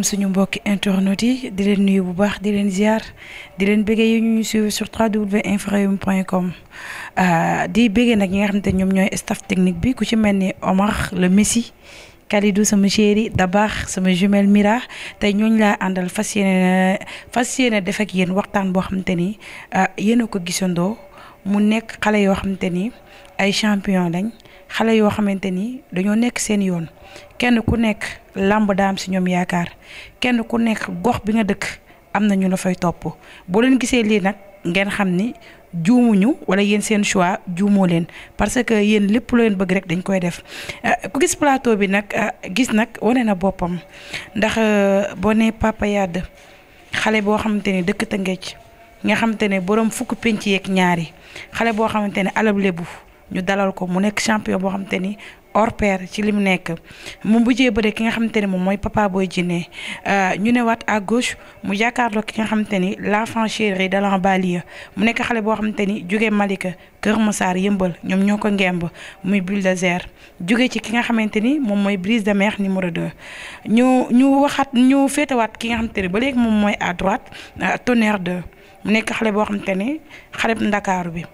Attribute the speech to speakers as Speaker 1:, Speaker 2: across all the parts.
Speaker 1: asalaamaaleykum suñu tous internet nuyu bu baax di ziar suivre sur euh di nak ñi staff technique bi ku ci Omar le Messi Kalidou sama chéri Nous sama jumelle Mira tay ñooñ la andal nous def ak yeen waxtaan ah, mu champion xalé yo xamante ni dañoo nekk seen yoon kenn ku nekk lamb daam si ñoom yaakaar kenn ku nekk gox bi nga dëkk am na ñu la fay topp boo leen gisee lii nag ngeen xam ni juumuñu wala yéen seen choix juumoo leen parce que yéen lépp lu leen bëgg rek dañ koy def ah, ku gis plateau bi nag ah, gis nag wane na boppam ndax ah, boo nee Papa Yade xale boo xamante ni dëkk ngecc nga xamante ne borom fukk penc yeeg ñaari xale boo xamante ne alab lébu ñu dalal ko mu nekk champion boo xam ni hors pair ci li mu nekk mu mujjee bëre ki nga xamante ni moom mooy Papa Boy Djiné euh, ñu ne waat à gauche mu jàkkaarloo ki nga xamante ni l'enfant chéri de la banlieue mu nekk xale boo xamante ni jóge Malika Kër Massar yëmbal ñoom ñoo ko ngemb muy Bulldozer jóge ci ki nga xamante ni moom mooy Brise de Mer numéro 2 ñu ñu waxat ñu féetewaat ki nga xamante ni ba léegi moom mooy à droite euh, Tonnerre 2 mu nekk xale boo xamante ni xale bu Ndakaaru bi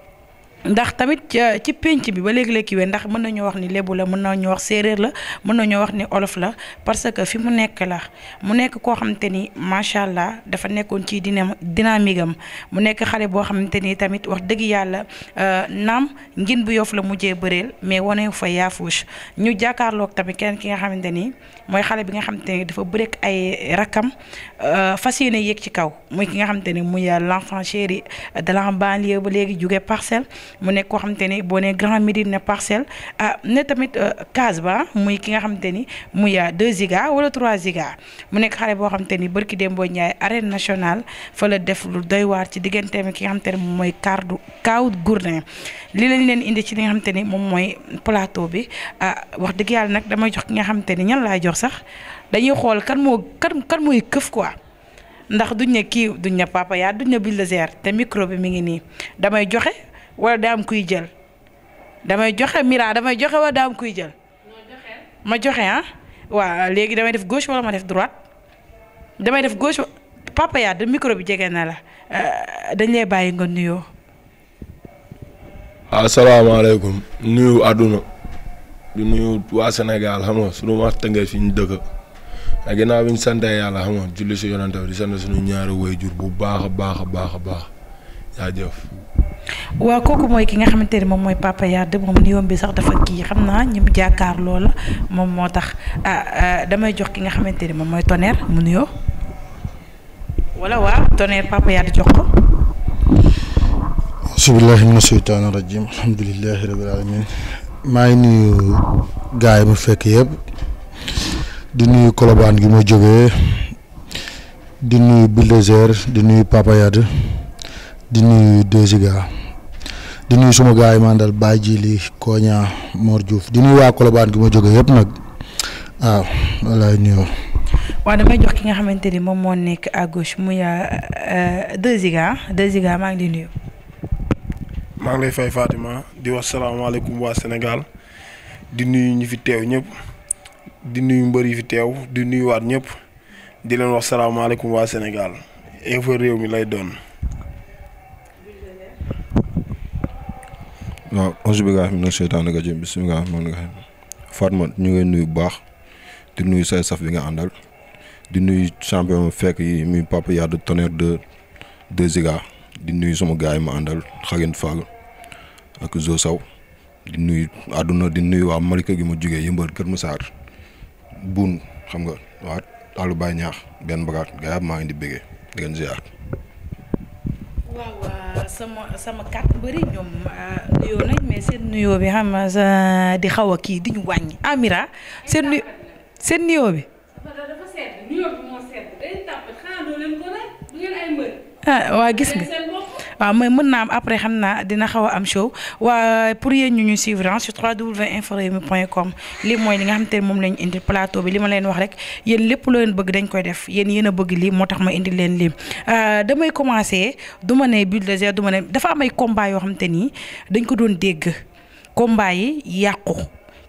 Speaker 1: ndax tamit euh, ci pénc bi ba léegi-léegi we ndax mën nañoo wax ni lébu la mën nañoo wax séeréer la mën nañoo wax ni olof la parce que fi mu nekk la mu nekk koo xamante ni macha allah dafa nekkoon ci dina dynamique am mu nekk xale boo xamante ni tamit wax dëgg yàlla euh, naam ngin bu yof la mujjee bëreel mais wane fa yaafuus ñu jàkkaarloog tamit keneen ki nga xamante ni mooy xale bi nga xamante ni dafa bëreek ay rakam euh, fas yéene yéeg ci kaw muy ki nga xamante ni muy l'enfant chéri de la banlieue ba léegi jóge parcelle mu nekk koo xamante ni boo nee Grand Médine na parcelle ah ne tamit euh, case ba muy ki nga xamante ni muy 2 euh, giga wala 3 giga mu nekk xale boo xamante ni barki Dembo Ndiaye arène nationale fa la def lu doy waar ci digganteem ki nga xamante ni moom mooy du Kaw Gourdin li lañ leen indi ci li nga xamante ni moom mooy plateau bi ah wax dëgg yàlla nag damay jox ki nga xamante ni ñan laay jox sax dañuy xool kan moo kan kan mooy këf quoi. ndax duñ ne kii duñ ne papa yaa duñ ne bulldozer te micro mi ngi nii damay joxe wala da am kuy jël damay joxe mira damay joxe wala da am kuy jël. ma joxe ah wa legui damay def gauche wala ma def droite damay def gauche papa ya de micro bi jégué na la euh, dañ lay bàyyi nga nuyo
Speaker 2: assalamu alaykum nuyo aduna di nuyo wa senegal xam nga sunu wax tënkee fi ñu dëkk ak ginnaaw bi ñu sant xam nga julli ci yonentaw di sant suñu ñaara wayjur bu baaxa baaxa baaxa baax ya jëf
Speaker 1: wa koku moy ki nga xamanteni mom moy papa Yade mom nuyoom bi sax dafa ki xamna naa jaakar lool mom motax ah, ah damay jox ki nga xamanteni mom moy toner mu nuyo wala wa toner papa Yade jox ko
Speaker 3: subhanallahi min rajim alhamdulillahi rabbil alamin may ngi nuyu gaay mu fekk yeb di nuyu kolobaan gi mo joge di nuyu bulldozer di nuyu papa di nuyu 2 di nuyu suma gaay man dal baay jili koña mor diouf di nuyu wa kolobaan gi ma joge yep nag waaw walaay nuyu
Speaker 1: wa damay jox ki nga xamanteni mom mo nek a gauche mu ya 2 ziga 2 ziga ma ngi di nuyu
Speaker 2: ma ngi lay fay fatima di salam alaykum wa senegal di nuyu ñi fi tew ñep di nuyu mbeur yi fi tew di nuyu wat ñep di leen wax salaamaaleykum waa sénégal info rew mi lay doon
Speaker 4: waaw auzu billaahi mina sheytaani rajiim bismillaahi rahmaani rahiim ma ñu ngeen nuyu bu baax di nuyu say saf bi nga àndal di nuyu champion fekk yi muy Papa Yade Tonnerre de di nuyu sama gars yi ma àndal Xarin Fall ak Zo di nuyu àdduna di nuyu waa Malika gi ma jugee yëmbal Kër Massar buun xam nga waa àllu Baye ñaax benn bagaat gaa maa ngi di bëggee di leen ziar
Speaker 1: waaw ah, sama sama carte bëri ñoom ah, nuyoo nañ mais seen nuyoo bi xam nga di xaw a kii di ñu wàññi Amira seen nuy seen nuyoo bi. dafa sedd nuyoo bi day tàpp xanaa doo leen ko rek du ay mbër. Ah, wa je nga wa mais Je après xam show pour yéen ñu suivre hein, sur www.inforewmi.com lii mooy li nga xam te ne indi plateau bi li ma leen wax rek yéen lépp loo leen bëgg dañ koy def yéen yéen bëgg lii ma ah, commencer du ma ne Bulldozer du ma ne dafa combat combat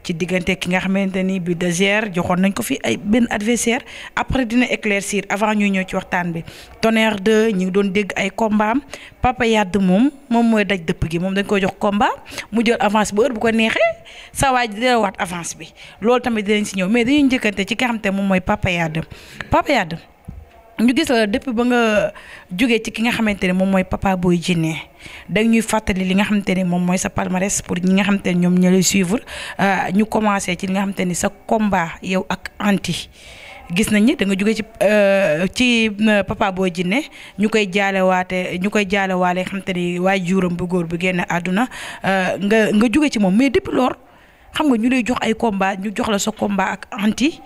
Speaker 1: ci diggante ki nga xamante ni bi Désert joxon nañ ko fi ay ben adversaire après dina éclaircir avant ñu ñëw ci waxtaan bi Tonnerre 2 ñu ngi doon dégg ay combat Papa Yade moom moom mooy daj dëpp gi moom dañ koy jox combat mu jël avance bu heure bu ko neexee sa waay dina waat avance bi loolu tamit dinañ si ñëw mais dañuy njëkkante ci ki nga xamante moom mooy Papa Yade Papa Yade ñu gis la depuis ba nga jógee ci ki nga xamante ne moom mooy booy jinne Djiné ñuy fàttali li nga xamante ne moom mooy sa palmarès pour ñi nga xamante ne ñoom ñoo lay suivre euh, ñu commencé ci li nga ni sa komba yow ak anti gis nañ ni da nga jógee ci euh, ci euh, Papa Boy jinne ñu koy jaalewaate ñu koy jaalewaale xam te ni waaye juróom bu góor bu génn àdduna nga nga jóge ci moom mais depuis lool xam nga ñu lay jox ay combat ñu jox la sa combat ak anti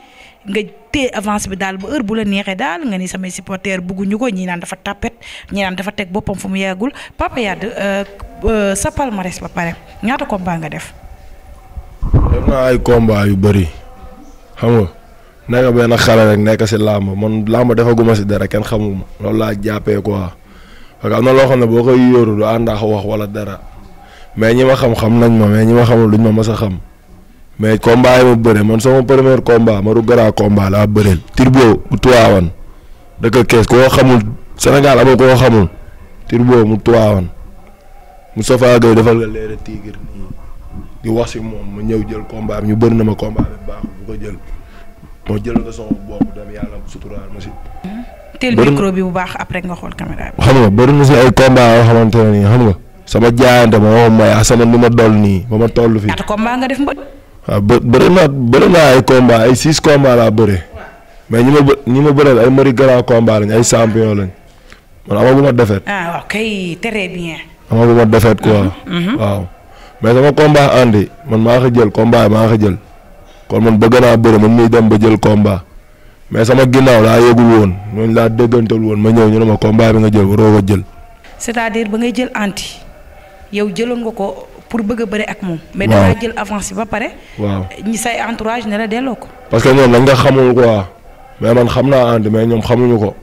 Speaker 1: nga té avance bi dal bu heure bu la nexé dal nga ni samay supporters bugguñu ko ñi naan dafa tapet ñi naan dafa tek bopam fu mu yagul Papa euh, euh sa palmarès ba paré ñaata combat nga def.
Speaker 2: def naa ay combat yu bari xam nga nga benn xala rek nekk ci lamb man dafa guma ci dara ken xamuma lool la jappé quoi parce que na lo xamne ne yoru koy yóoru du ak wax wala dara mais ñima xam xam nañ ma mais ñima xamul duñ ma mësa xam mais combat yi ma bëre man sama premier combat maru gara combat la bëreel Turbo mu tuwaawan dëkk kees koo xamul Sénégal amul koo xamul Turbo mu tuwaawan Moustapha Gueye defal nga leere tigir nii di wax si moom ma ñëw jël combat bi ñu bëri na ma combat bi baax bu ko jël mo jël
Speaker 1: nga sama bopp dem yàlla suturaal ma si. teel micro bi bu baax après nga xool caméra
Speaker 2: bi. xam nga bëri na si ay combat yoo xamante ne nii xam nga sama jaayante ma waxuma sama ni ma doll nii ba ma toll
Speaker 1: combat nga def mbëj.
Speaker 2: waaw bë bëri naa bëri naa ay combat ay six combat laa bëri mais ñi ma bë ñi ma bëreel ay mari grand combat lañ ay champion lañ man amaguma defet.
Speaker 1: ah waaw kay très bien.
Speaker 2: amaguma defet quoi. Uh-huh, uh-huh. waaw mais sama combat andi man maa ko jël combat maa ko jël kon man bëgg naa bëri man muy dem ba jël combat mais sama ginnaaw laa yëgul woon ñooñu laa déggantal woon ma ñëw ñu ne ma combat bi nga jël waroo ko jël.
Speaker 1: c'est-à-dire ba ngay jël anti yow jëloon nga ko. pour bëgg a ak mom mais dafa jël avance ba pare. waaw ñi say entourage né la délo ko.
Speaker 2: parce que ñoom dañ nga xamul quoi mais man xamna and mais ñoom xamuñu ko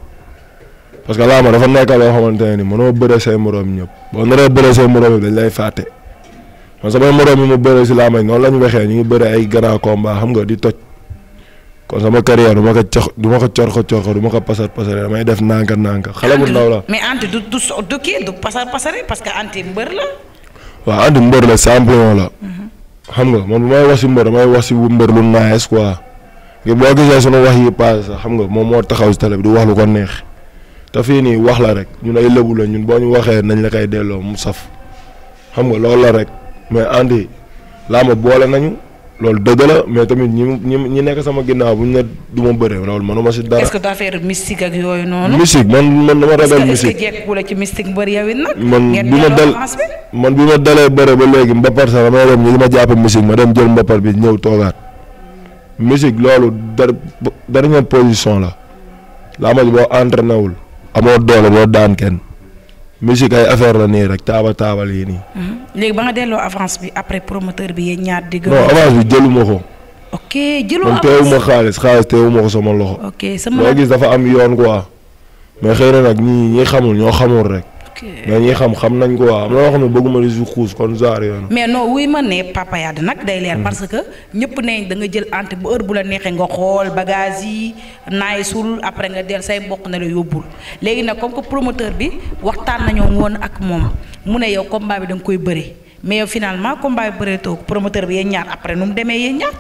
Speaker 2: parce que laa ma dafa nekk lo xamanteni ne ni mënoo bëre say moroom ñëpp boo naree bëre say morom dañ lay faté man sama morom mu ma bëre si may noonu la ñu ngi bëre ay grand combat xam nga di toj sama carrière ko ko ko pasar pasare damay def nanka nanka xale bu ndaw la.
Speaker 1: mais Anta du du du du pasar pasare parce que Anta la.
Speaker 2: waaw andi mbër la champion la. Mhm. xam nga man bu may wax si mbër damay wax si mbër lu nice quoi ngir boo gisee sunu wax yi passé sax xam nga moom moo taxaw si télé bi di wax lu ko neex te fii nii wax la rek ñun ay lëbu la ñun boo ñu waxee nañ la koy delloo mu saf xam nga lool la rek mais andi laa ma boole nañu. loolu dëgg la mais tamit ñi ñi ñi nekk sama ginnaaw bu ñu ne du ma bëre loolu mënu ma si dara. est-ce que
Speaker 1: affaire mystique ak yooyu noonu. mystique man man dama ragal mystique est-ce ci mystique man bi ma dal
Speaker 2: man bi ma dalee bëre ba léegi mbapat sax dama dem ñi li ma jàpp mystique ma dem jël mbapat bi ñëw toogaat musique loolu dara dernière position la laa ma boo entre nawul amoo doole boo daan kenn. musique ay affaire la nii rek taabal taabal yi nii.
Speaker 1: Mhm. léegi ba nga delloo avance bi après promoteur bi yéen ñaar digg. non avance bi jëluma ko. ok jëloo avance teewuma
Speaker 2: xaalis xaalis teewuma ko sama loxo. ok sama gis xëy na nag ñii ñi xamul ñoo xamul rek. mais ñi xam xam nañ ko waaw am na loo xam bëgguma di si xuus kon genre yoon.
Speaker 1: mais non wuy ma ne Papa Yade nag day leer mm-hmm. parce que ñëpp ne da nga jël ante bu heure bu la neexee nga xool bagage yi naay sul après nga del say mbokk na la yóbbul léegi nag comme que promoteur bi waxtaan nañoo woon ak moom mu ne yow combat bi da nga koy bëri mais yow finalement combat bi bëree toog promoteur bi yéen ñaar après nu mu demee yéen ñaar.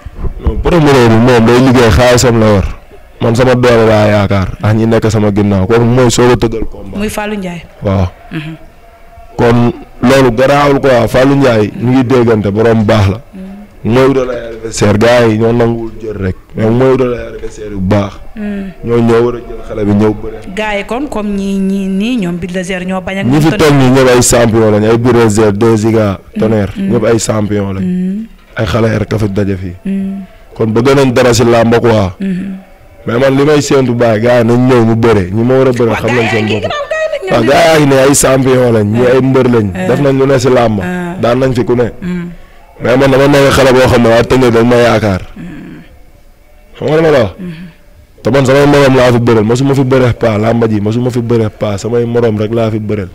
Speaker 2: promoteur bi moom day liggéey xaalisam la war. man sama doole laa yaakaar ak ñi nekk sama ginnaaw kooku mooy soog a tëggal
Speaker 1: combat. muy Fallou Ndiaye. waaw. Mhm.
Speaker 2: kon loolu garaawul quoi Fallou Ndiaye ñu ngi déggante borom baax la. Mhm. mooy wutal ay adversaire gars yi ñoo nanguwul jël rek mais mooy wutal ay adversaire yu baax. Mhm. ñoo ñoo war a jël xale bi ñëw bëre.
Speaker 1: gars kon comme ñii ñii nii ñoo bañ ak. fi toog
Speaker 2: ñi ñëpp ay champion lañ ay Bulldozer deux Ziga. Tonnerre ñëpp ay champion lañ. ay xale rek a fi daje fii. kon bëgg nañ dara si làmb quoi. mais man li may séentu baay gars yi nañ ñëw ñu bëre ñi ma war a bëre xam nañ seen bopp waaw gars yaa ne ay champion lañ ñi ay mbër lañ eh. def nañ lu ne si làmb eh. daan nañ fi ku ne mm. mais man dama nekk xale boo xam ne waa tënge dañ ma yaakaar mm. mm-hmm. te man samay morom laa fi bëreel masuma fi bëre paa làmba ji masuma fi bëre paa samay morom rek laa fi bëreel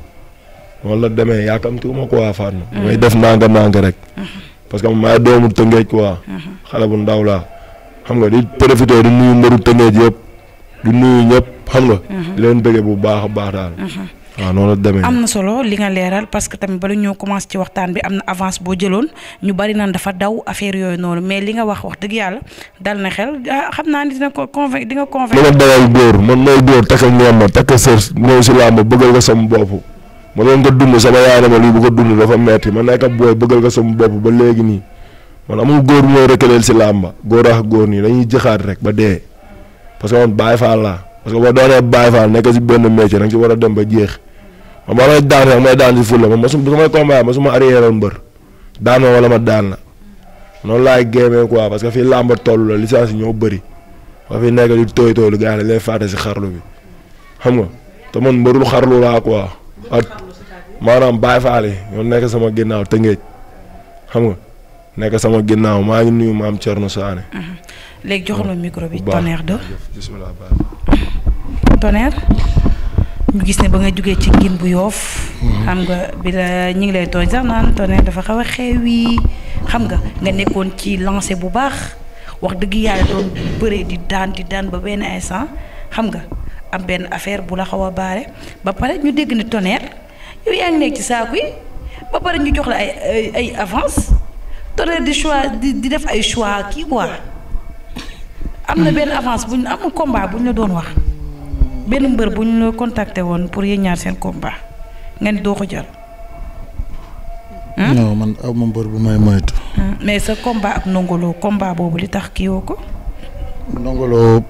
Speaker 2: noonu la demee yaakamtiwuma ko waa Fatma mm. may def nanga nanga rek mm-hmm. parce que maay doomu tëngeej quoi mm-hmm. xale ndaw laa xam nga di profité di nuyu mbaru tëngeej yëpp di nuyu ñëpp xam nga. Mhm. di leen bëggee bu baax a baax daal. Mhm. waaw noonu la demee am
Speaker 1: na solo li nga leeral parce que tamit bala ñoo commencé ci waxtaan bi am na avance boo jëloon ñu bari naan dafa daw affaire yooyu noonu mais li nga wax wax dëgg yàlla dal na xel ah, xam naa ni dina ko convainc di nga convainc. dama
Speaker 2: dawal góor man mooy góor takk ñoom ma takk sër ñëw si làmb bëggal ko sama bopp ma doon ko dund sama yaay dama lii bu ko dund dafa metti ma nekk booy bëggal ko sama bopp ba léegi man amul góor bu may rëkkaleel si làmba góor ak góor nii dañuy jëxaat rek ba dee parce que man Baye Fall laa parce que boo doonee Baye Fall nekk si benn métier da si war a dem ba jeex man ma may daan rek may daan si fulla man mosu may combat ma wala ma daan la noonu laay géemee que fii làmba toll la licence yi ñoo bëri fi nekk di tooy tooy lu gars yi lay si xarlu bi xam nga te man mbërul xarlu laa quoi ak maanaam Baye Fall yi ñoo nekk sama ginnaaw tëngeej xam nga. nekk sama ginnaw ma ngi nuyu maam Thierno Sané. Uh-huh.
Speaker 1: léegi joxaloo micro bi Tonnerre do
Speaker 2: bismillah uh-huh.
Speaker 1: Tonnerre ñu gis ne ba nga jógee ci ngin bu yof uh-huh. xam nga bi la ñi ngi lay tooñ sax naan Tonnerre dafa xawa xewi xam nga nga nekkon ci lancer bu baax wax deug yàlla doon beure di dan di dan ba ben instant xam nga am ben affaire bu la xawa baare ba pare ñu dégg ni Tonnerre yow yaang nekk ci saaku yi ba pare ñu jox la ay ay avance. tonnerre di choix di def ay choix kii quoi. am na benn avance bu ñu am combat bu ñu la doon wax benn mbër bu ñu la contacté woon pour yéen ñaar seen combat nga ni doo ko jël.
Speaker 3: Hmm? non man aw mbër bu may moytu.
Speaker 1: Hmm, mais sa combat ak nongolo combat boobu li tax kii woo ko.
Speaker 3: nongolo.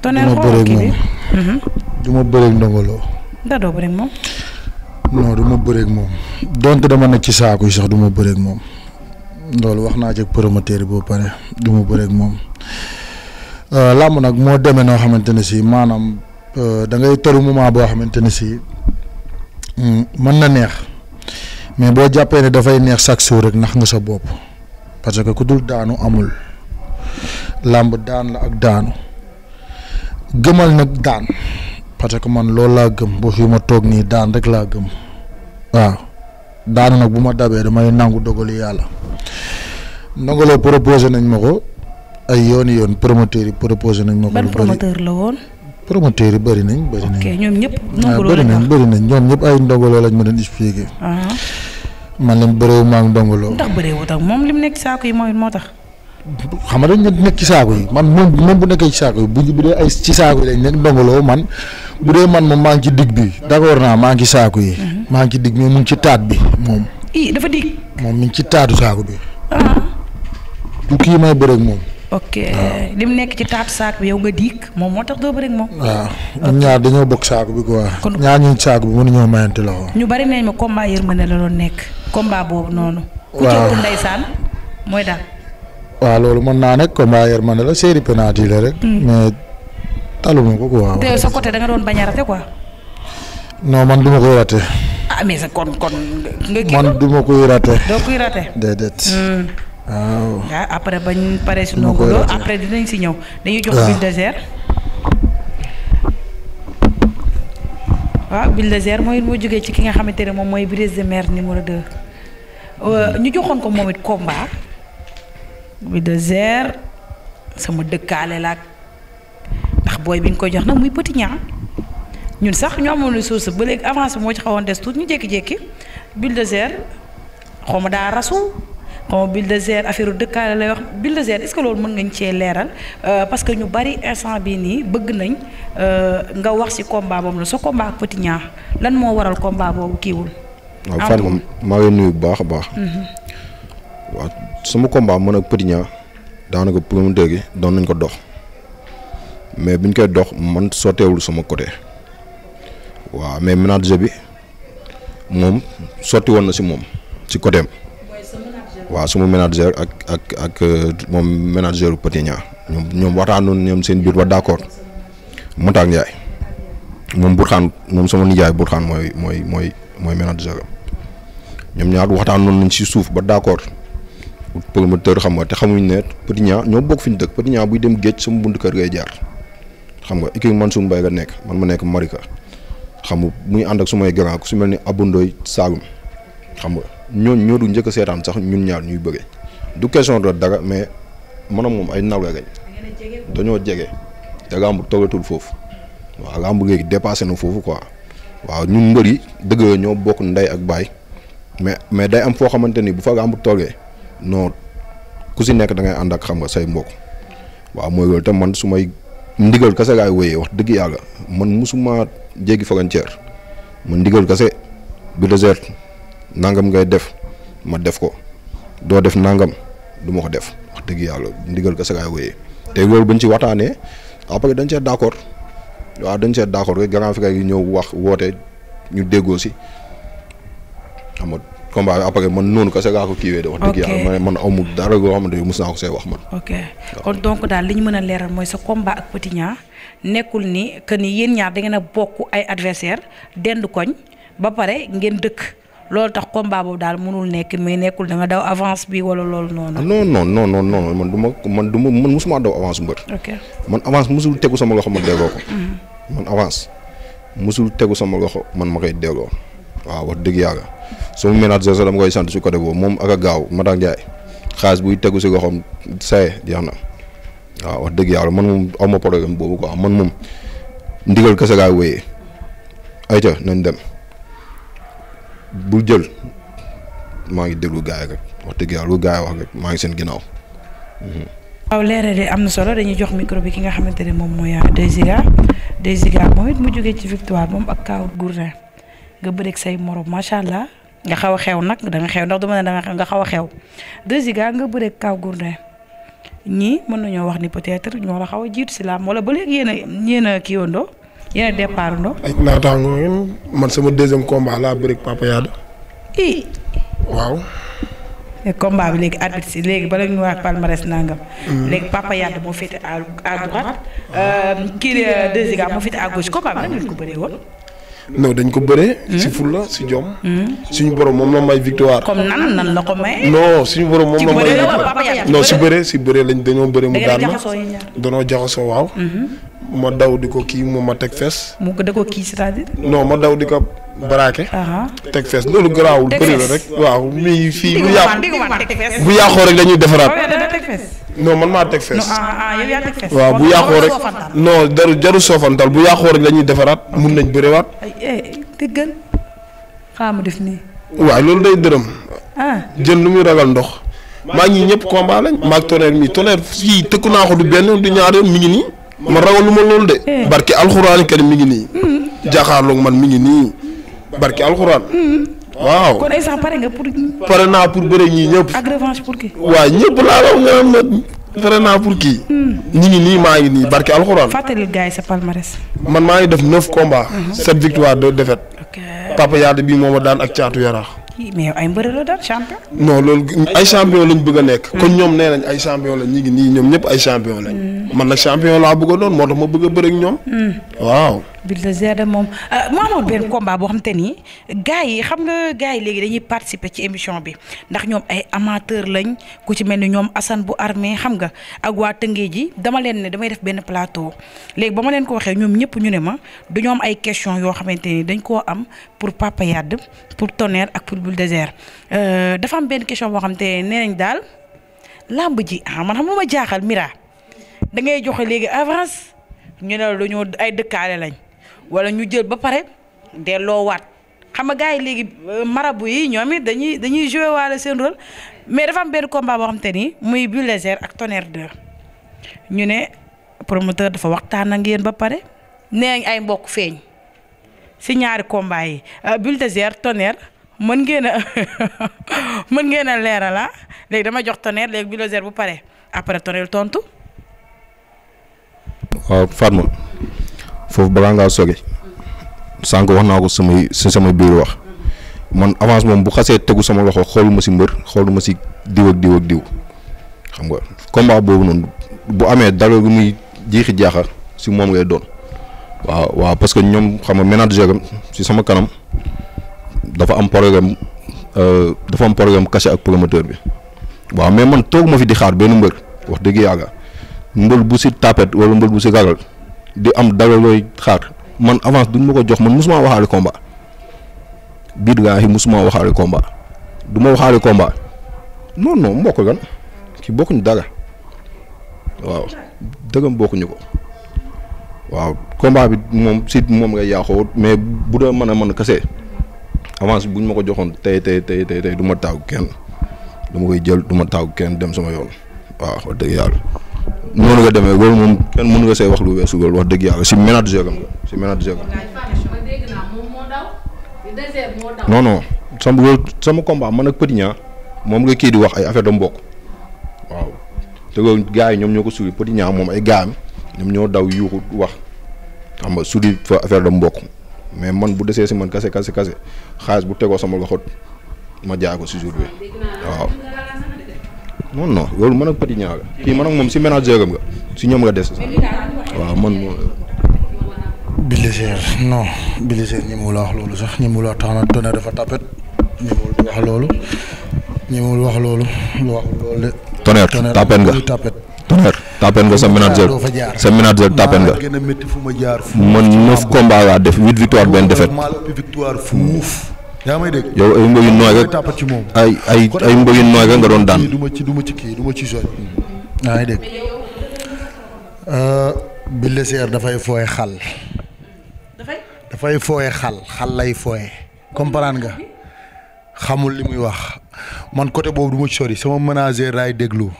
Speaker 3: tonnerre xooloo kii bi hmm. du ma bëreeg ndongoloo.
Speaker 1: da doo bëreeg moom.
Speaker 3: non du ma moom donte dama nekk ci saako yi sax du ma bëreeg moom. loolu waxna ci promoteur bo ba pare du mu mom euh lamb nak mo démé no xamanteni ci manam euh da ngay toru moment bo xamanteni ci si mm, mën na neex mais bo jappé né da fay neex chaque jour rek nax nga sa bop parce que kudul daanu amul lamb daan la ak daanu gëmal nak daan parce que man loolu la gëm bo fi ma tok ni daan rek la gëm waaw. daanu nag bu ma dabee damay nangu dogali yàlla
Speaker 1: ndongoloo proposé
Speaker 3: nañ ma ko ay yooni yoon promoteur yi proposé nañ ma ko. ban promoteur la woon. promoteur yi bëri nañ bëri nañ. ok ñoom ñëpp. Ah, bëri nañ bëri nañ ñoom ñëpp ay ndongoloo lañ ma doon expliqué. Ah. man leen bëreewu maa ngi ndongoloo.
Speaker 1: moom li mu nekk saako yi mooy moo tax.
Speaker 3: xam nga dañ nekk ci saako yi man moom même bu nekkee ci saako yi bu bu dee ay ci saako yi dañ nekk ndongoloo man bu dee man moom maa ngi ci digg bi d'accord naa maa ngi ci saako yi. Mhm. maa ngi ci digg bi mu ci taat bi moom. ii dafa digg. mi ci taatu saako bi. Ah. du kii ah.
Speaker 1: li mu nekk ci taatu saako yow nga digg moom moo tax doo bëreeg moom.
Speaker 3: waaw ah. ñun ñaar dañoo bokk saako bi quoi. kon ñaar ñu saako bi mënuñoo mayante loxo.
Speaker 1: ñu bari nañ ma combat yërmande la doon nekk combat boobu noonu. waaw ku ci ëpp ndeysaan mooy daal
Speaker 3: waaw loolu mën naa nekk combat yërmande la série penalty la rek. Hmm. mais taluma ko quoi. waaw te sa
Speaker 1: côté da doon bañ a raté quoi.
Speaker 3: non man du koy raté.
Speaker 1: ah sa kon kon
Speaker 3: nga kii man du ma koy rate doo koy raté déedéet.
Speaker 1: Hmm. waaw. Ah, après bañ pare si Ndongo Lo après dinañ si ñëw. dañuy jox ah. Bulldozer. waaw Bulldozer mooy moo jógee ci ki nga xamante ne moom mooy brise de mer numéro 2 euh, ñu joxoon ko moom it combat. Buldozer sama dëkkaale laa ak ndax booy bi ñu koy jox nag muy petit ñaa ñun sax ñoo amoon suuf ba léegi avance moo ci xawoon des tuuti ñu jékki-jékki Buldozer xaw ma daa rasu xaw ma Buldozer affaire dëkkaale lay wax Buldozer est-ce que loolu mën ngañ cee leeral euh, parce que ñu bari instant bii nii bëgg nañ euh, nga wax ci combat boobu la sa combat ak petit ñaa lan moo waral combat boobu kiiwul. am
Speaker 4: waaw baax baax.
Speaker 1: Mm-hmm.
Speaker 4: sama combat man ak Petit Niang daanaka promoteur gi doon nañ ko dox mais biñ koy dox man sotteewul suma côté waaw mais manager bi moom sotti woon na si moom si côté am waaw sama manager ak ak ak euh, moom manager bu Petit Niang ñoom ñoom waxtaanoon ñoom seen biir ba d'accord Moutaak Ndiaye moom Bourkhane moom sama nijaay Bourkhane mooy mooy mooy mooy manager am ñoom ñaar waxtaanoon nañ si suuf ba d'accord. promoteur xam nga te xamuñ ne Petit Niang ñoo bokk fi dëkk Petit Niang buy dem géej sama buntu kër ngay jaar xam nga man Mansour Mbaye la nekk man ma nekk Marika xam nga muy ànd ak sumay grand su mel ni Abondoy Saloum xam nga ñooñu ñoo du njëkk a seetaan sax ñun ñaar ñuy bëggee du question de dara mais manam moom ay nawle gañ dañoo jege te lamb tollatul foofu waaw lamb léegi dépassé na foofu quoi waaw ñun mbër yi dëgg ñoo bokk ndey ak baay mais mais day am foo xamante ni bu fa lamb toggee non ku si nekk da ngay ànd ak xam nga say mbokk waaw mooy loolu te man su may ndigal kase laay wéyee wax dëgg yàlla man musuma jéggi frontière man ndigal kase bi désert nangam ngay def ma def ko doo def nangam du ma ko def wax dëgg yàlla ndigal kase laay wéyee te loolu buñ ci waxtaanee après dañ cee d'accord waaw dañ cee d'accord rek grand frère yi ñëw wax woote ñu déggoo si xam nga combat bi après man noonu kese gaa ko kiiwee de wax dëgg yàlla man man amul dara goo xamante ne mos naa ko see wax man
Speaker 1: li ñu mën a leeral mooy sa combat ak Petit Niang nekkul ni que ni yéen ñaar da ngeen a bokk ay adversaire dend ba pare ngeen dëkk loolu tax combat boobu daal mënul nekk mais nekkul da nga daw avance bi wala loolu noonu
Speaker 4: non non non non non man du ma man ma man mosumaa daw avance mbër ok man avance mosul tegu sama loxo ma déggoo ko mm-hmm. man avance mosul tegu sama man ma koy déggoo waaw wax dëgg yàlla suma manager sax dama koy sant si côté boobu moom ak a gaaw Matar Ndiaye xaalis buy tegu si goxam saye jeex na waaw wax dëgg yàlla man moom aw ma problème boobu quoi man moom ndigal kese gaay wéyee ayca nañ dem bul jël maa ngi déglu gaay rek wax dëgg yàlla lu gaay wax rek maa ngi seen ginnaaw. Mhm.
Speaker 1: waaw leeral yi am na solo dañuy jox micro bi ki nga xamante ne moom mooy 2 Giga 2 Giga moom it mu jógee ci victoire moom ak kaw Gourdin. nga bëreeg say morom macha allah nga xaw a xew nag da nga xew ndax duma ne da nga xaw a xew deuxi Ziga nga bëreeg Kaw Gourdin ñii mën nañoo wax ni peut-être ñoo la xaw a jiitu si laam wala ba léegi yéen a yéen a kii yondoo yéen a départ ndoo. ay
Speaker 2: naataango ngeen man sama deuxième combat laa bëreeg Papa Yada.
Speaker 1: i waaw. e combat bi léegi arbitre si léegi bala ñu wax palmarès nangam. Mm. léegi Papa Yade moo féete à à droite. Euh, kii deuxi Ziga moo féete à gauche combat bi nan ngeen ko bëree woon.
Speaker 2: non dañ ko bëree. si hmm? fulla si jom. Hmm? suñu borom moom la may victoire.
Speaker 1: comme nan nan la ko may.
Speaker 2: non suñu borom moom la may. victoire non si bëree si bëree lañ dañoo bëree mu daan ma dañoo jaxasoo waaw. Hmm? ma daw di ko kii moom ma teg fees.
Speaker 1: mu da ko kii c'est-à-dire.
Speaker 2: ma daw di ko. braqué Texas, fees loolu garaawul bëri la rek waaw mi fi bu yàq
Speaker 1: bu yàqoo rek dañuy defaraat oh,
Speaker 2: non man maa teg fees
Speaker 1: ah, ah, waaw bu yàqoo rek
Speaker 2: non jaru jaru soofantal bu yàqoo rek dañuy defaraat mun nañ bëriwaat
Speaker 1: eh, dëggal xaamu def nii
Speaker 2: waaw loolu day dërëm ah. jën lu muy ragal ndox maa ngi ñëpp combat lañ mi tonnerre fi tëkku naa ko du benn du ñaar yoon mi ngi nii man ragaluma loolu de eh. barke alxuraani karim mi ngi nii mm. jàkkaarloog man mi ngi barki alxuraan. Hmm. waaw kon
Speaker 1: instant pare nga pour. pare naa pour bëre ñii ñëpp. ak revanche pour kii. waaw laa la
Speaker 2: nga am na pare naa pour kii. Hmm. ñu ngi nii maa ngi nii barki alxuraan.
Speaker 1: fàttali gars yi
Speaker 2: man maa ngi def neuf combats. Hmm. sept victoires deux papa yaata bii moom a daan ak caatu yaraax.
Speaker 1: mais ay mbër la daal champion.
Speaker 2: non loolu ay champion lañ bëgg a nekk. kon ñoom nee nañ ay champion la ñu ngi nii ñoom ñëpp ay champion lañ. man nag champion laa bëgg a doon moo tax ma bëgg a bëre ak ñoom. waaw.
Speaker 1: Buldozer Zedda moom euh, mu amoon benn combat boo xam te ni gars yi xam nga gars yi léegi dañuy participer ci émission bi ndax ñoom ay amateur lañ ku ci mel ni ñoom Assane bu armée xam nga ak waa Tëngéej ji dama leen ne damay def benn plateau léegi ba ma leen ko waxee ñoom ñëpp ñu ne ma dañoo am ay question yoo xamante ni dañ koo am pour Papa Yade pour Tonnerre ak pour Buldozer euh, dafa am benn question boo xam te ne nee nañ daal làmb ji ah man xam ma jaaxal Mira da ngay joxe léegi avance ñu ne la dañoo ay dëkkaale lañ. wala ñu jël ba pare delloowaat xam nga gars yi léegi euh, marabu yi ñoom it dañuy dañuy joué seen rôle mais dafa am benn combat boo xam te ni muy Bulle Léger ak Tonnerre 2 ñu ne promoteur dafa waxtaan a yéen ba pare nee ay mbokk feeñ si ñaari combat yi euh, Bulle Léger Tonnerre mën ngeen a mën ngeen a leeral ah léegi dama jox Tonnerre léegi Bulle Léger bu pare après Tonnerre tontu.
Speaker 4: waaw Fatma. fof bala nga soge sànq wax naa ko samay sama biir wax man avance mom bu xasse teggu sama loxo ci mbeur xol ma ci diw ak diw ak diw xam nga combat bobu non bu amé dalo gu muy jexi jaxa ci mom ngay doon wa wa parce que ñom xam nga manager am ci sama kanam dafa am programme euh, dafa am programme caché ak promoteur bi wa mais man toguma ma fi di xaar benn mbeur wax deug yaaga mbeul bu ci tapet wala mbeul bu ci galal di am dara looy xaar man avance duñ ma ko jox man musuma waxaale combat biir gaa yi musuma waxaale du ma waxaale combat non non mbokk lan ki bokkuñ dara waaw dërëm bokkuñu ko waaw combat bi moom si moom ngay yàqoo mais bu doon mën a mën kese avance buñ ma ko joxoon tey tey tey tey tey du ma taagu kenn du koy jël du ma taagu kenn dem sama yoon waaw wax dëgg yàlla. noonu nga demee loolu moom kenn mënu nga say wax lu weesu loolu wax dëgg yàlla si manager am nga si manager am sama loolu sama combat man ak Petit Niang moom nga kii di wax ay affaire da mbokk waaw te loolu yi ñoom ñoo ko suri Petit Niang moom ay gars ñoom ñoo daw yuuxu wax xam nga suri fa affaire da mbokk mais man bu desee si man kase kase kase xaalis bu tegoo sama loxo ma jaay ko si jour bi waaw non non loolu man ak Petit Niang la kii man ak moom si ménageur am nga si ñoom nga des. waaw man.
Speaker 3: Biliseer non Biliseer ñi mu la wax loolu sax ñi mu la wax tax na Tonnerre dafa tapet ñi mu wax loolu ñi mu wax loolu lu wax loolu de. Tonnerre tapet nga tapet. Tonnerre tapet nga sa manager sa
Speaker 4: manager tapet nga man neuf combat laa def huit victoire benn défaite. yaa may dégg yow ay mbëg yu nooy ay ay ay mbëg nga doon daan. duma
Speaker 3: ci du ma ci kii du ma dégg euh, bi leseer dafay fooye xal. dafay dafay xal xal lay fooye comprendre nga xamul li muy wax man côté boobu du ci sori sama ménager laay déglu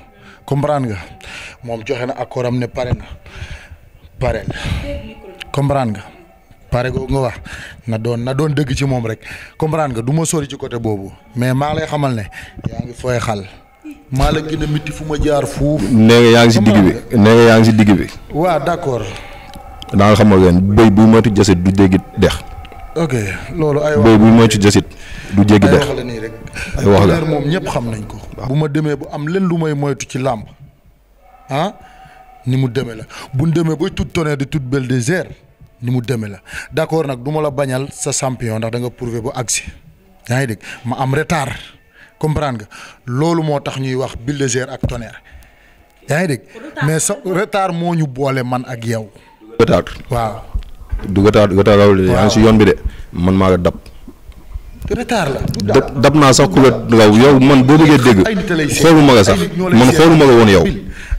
Speaker 3: comprendre nga moom joxe na accord am ne pare na pare comprendre nga. pare go nga wax na doon na doon deug ci mom rek comprendre nga duma sori ci côté bobu mais ma lay xamal ne yaa xal ma la gëna miti fuma jaar fu
Speaker 4: nee nga yaa si digg bi nee nga yaa ngi si digg bi
Speaker 3: waaw d' accord
Speaker 4: nga xamal leen beuy bu ci jasit du deggit dex
Speaker 3: ok lolu ay beuy bu ci jasit du jéggi dex ay wax la mom ñepp xam nañ ko bu ma bu am len lu may moytu ci lamb ah ni mu démé la bu demee bay tout tonnerre di tout belle des ni mu demee la d' accord nag du ma la bañal sa champion ndax danga nga prouver ba agsi yaa ngi dégg ma am retard comprendre nga loolu moo tax ñuy wax Bulldozer ak Tonnerre yaa ngi dégg mais sa retard moo ñu boole man ak yow.
Speaker 4: retard waaw. du retard retard yaa ngi si yoon bi de man maa la dab.
Speaker 3: retard la
Speaker 4: dab naa sax ku la raw yow man boo bëggee dégg xooluma nga sax man xooluma nga woon yow.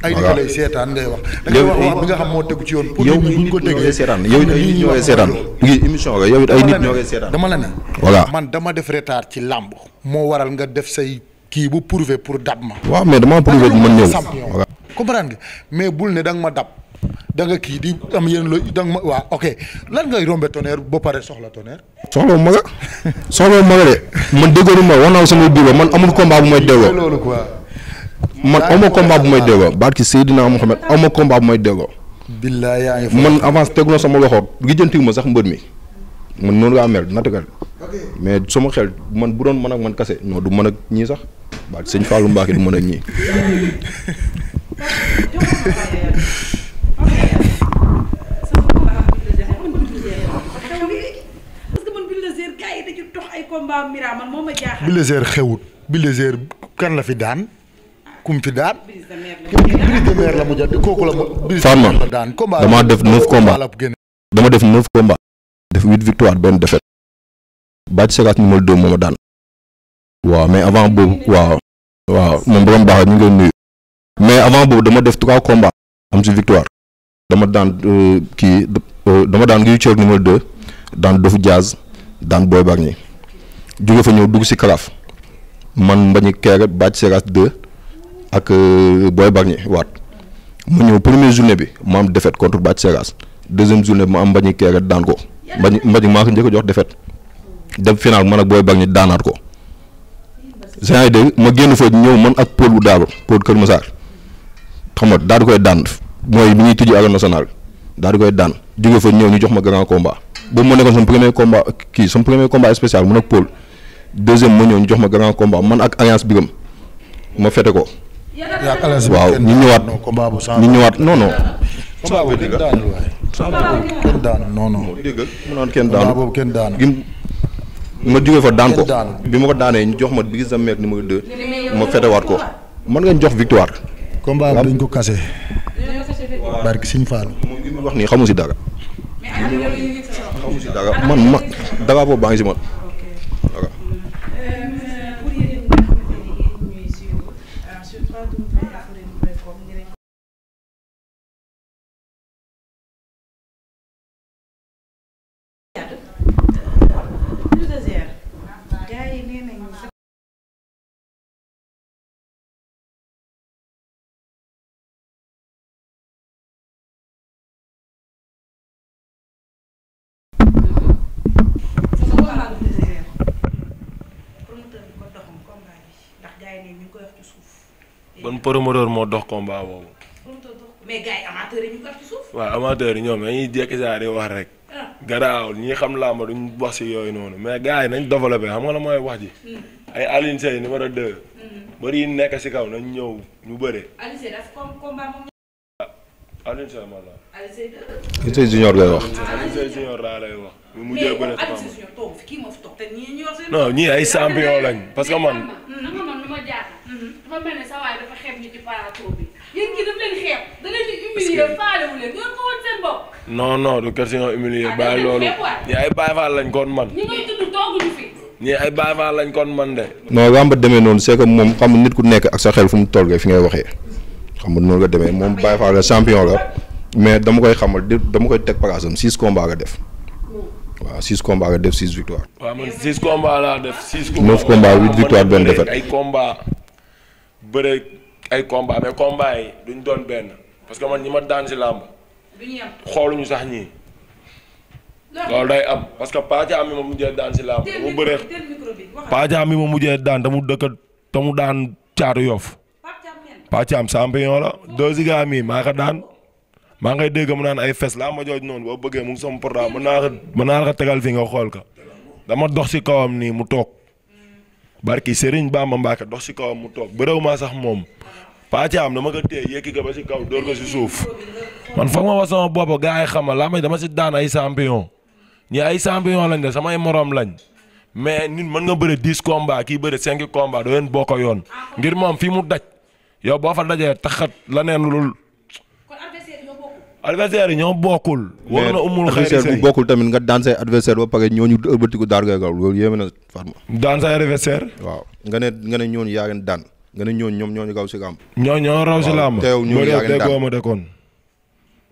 Speaker 4: ay nit lay
Speaker 3: seetaan ngay wax da ngay wax bi nga xam moo tegu ci yoon
Speaker 4: pour yow buñ ko tegee seetaan yow it ay nit ñoo koy seetaan ngi émission nga ay nit ñoo koy seetaan dama
Speaker 3: la ne voilà man dama def retard ci làmb moo waral nga def say kii bu prouver pour dab ma waaw mais dama prouver mën ñëw comprendre nga mais bul ne da ma dab da nga kii di am yenn lo da ma waa ok lan ngay rombe tonnerre ba pare soxla tonnerre.
Speaker 4: soxla wu ma nga soxla wu ma nga de man déggoo ma wax naa sama biir man amul combat bu may déggoo loolu quoi. man aw ma combat bu may déggoo barki Seydina Mohamed aw ma combat bu may déggoo. man avance tegu na sama loxo lijjantiw ma sax mbër mi man noonu la mel naturel mais sama xel man bu doon mën ak man kase non du mën ak ñii sax barki sëñ Fallou Mbacke du mën ak ñii.
Speaker 3: kan la fi daan. kum fi daan. mu jël kooku def neuf combats
Speaker 4: dama def neuf combats. def huit victoire benn défaite. Bathie Seras numéro deux moo ma daan. waaw mais avant boobu waaw. waaw moom borom baax ñu ngi nuyu. mais avant boobu dama def trois combats. am si victoire. dama daan euh, kii euh, dama daan Gris Bordeaux numéro deux. daan Dofu Diaz. daan Boy Bargny. jóge fa ñëw dugg si kalaaf. man Mbagnick Keere Bathie Seras deux. ak euh, Boy Bargny waat ma ñëw première journée bi ma am défaite contre Bathie Seras deuxième journée bi ma am Mbagnick Keere daan ko Mbagnick Mbagnick ma ko njëkk jox défaite dem final man ak Boy Bargny daanaat ko yaa ngi dégg ma génn fa ñëw man ak Paul bu daaru Paul Kër Massar xam nga daal di koy daan mooy bi ñuy tijji Arène national daal di koy daan jóge fa ñëw ñu jox ma grand combat boobu moo nekkoon sama premier combat kii sama premier combat spécial man ak Paul deuxième ma ñëw ñu jox ma grand combat man ak alliance Birame ma fete ko.
Speaker 3: waaw ñu ñëwaat ñu ñëwaat non non. saa boobu kenn daanu waaye. saa boobu
Speaker 4: kenn daanu non non. dégg mu naan kenn daanu boobu kenn daanu. ma jógee fa daan ko bi ma ko daanee ñu jox ma bi gis na meek numéro 2 ma fetewaat ko mën nga jox victoire. combat bi dañ ko kase. barki Sëñ Fallu. moom li mu wax nii xamu si dara. xamu man ma dara boobu baa ngi si man.
Speaker 2: ban promoteur moo dox combat boobu.
Speaker 1: mais gars yi amateurs yi ñu kat ci suuf.
Speaker 2: waaw amateurs yi ñoom dañuy jékki saa di wax rek. Ah. garaawul ñi xam làmb duñ si yooyu noonu mais gars yi nañ développé xam nga la mooy wax ji. Hmm. ay Alioune Seye numéro 2. Hmm. bëri yi nekk si kaw nañ ñëw ñu bëre.
Speaker 1: Alioune Seye daf junior lay wax. Ah,
Speaker 2: Alioune laa
Speaker 1: mu mujjee bëre si Alioune Seye junior
Speaker 2: ay champion lañ parce man.
Speaker 1: no mhm. mel ne sa waay
Speaker 2: dafa lañ kon man. ñi lañ kon man de.
Speaker 4: non làmb demee noonu c'est que moom xam nit ku nekk ak sa xel fu mu toll fi ngay waxee xam nga noonu la demee moom Baay Faal la champion la mais dama koy xamal di dama koy teg palaasam six combats nga def. waaw six combats nga def six victoire.
Speaker 2: waaw man six combats laa def. neuf combats huit victoire benn défaite ay combats. bëre ay combat mais combat yi duñ doon benn parce que man ñi ma daan si làmb xooluñu sax ñii loolu day am parce que paaja mi ma mujjee daan si làmb damu bëree paaja mi ma mujjee daan damu dëkk tamu daan caatu yof paacaam champion la deux ziga mi maa ko daan maa ngay dégg mu naan ay fes laa ma jooj noonu boo bëggee mu ngi sama programme mën naa mën naa la ko tegal fi nga xool ko dama dox si kawam nii mu toog barki Serigne ba Mbacke dox si kawam mu toog bëréw maa sax moom paa dama ko téye yékki ko ba si kaw dóor ko si suuf man foog ma wax sama bopp gaa xamal laa may dama si daan ay champion ñi ay champion lañ de samay morom lañ mais nit mën nga bëre dix combats kii bëre cinq combats doo leen bokk yoon ngir moom fii mu daj yow boo fa dajee taxat la neen lul adversaire ñoo
Speaker 4: bokul war na umul xëy adversaire bu bokkul tamit nga danser adversaire ba pare ñooñu ëbëti ko dar kaw lool yéme na farma. danser adversaire. waaw nga ne nga ne ñooñu ya ngeen dan nga ne ñooñu ñom ñooñu gaw ci gam
Speaker 2: ñoo ñoo raw ci lamb teew ñu ya ngeen dan ma de kon.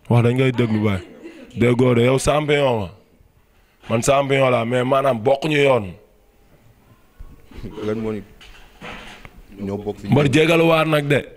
Speaker 2: wax dañ ngay déglu baay. déggoo de yow champion wa man champion la mais manam bok ñu yoon.
Speaker 4: lan mo ni ñoo bok fi. mar
Speaker 2: jégal waar nak de.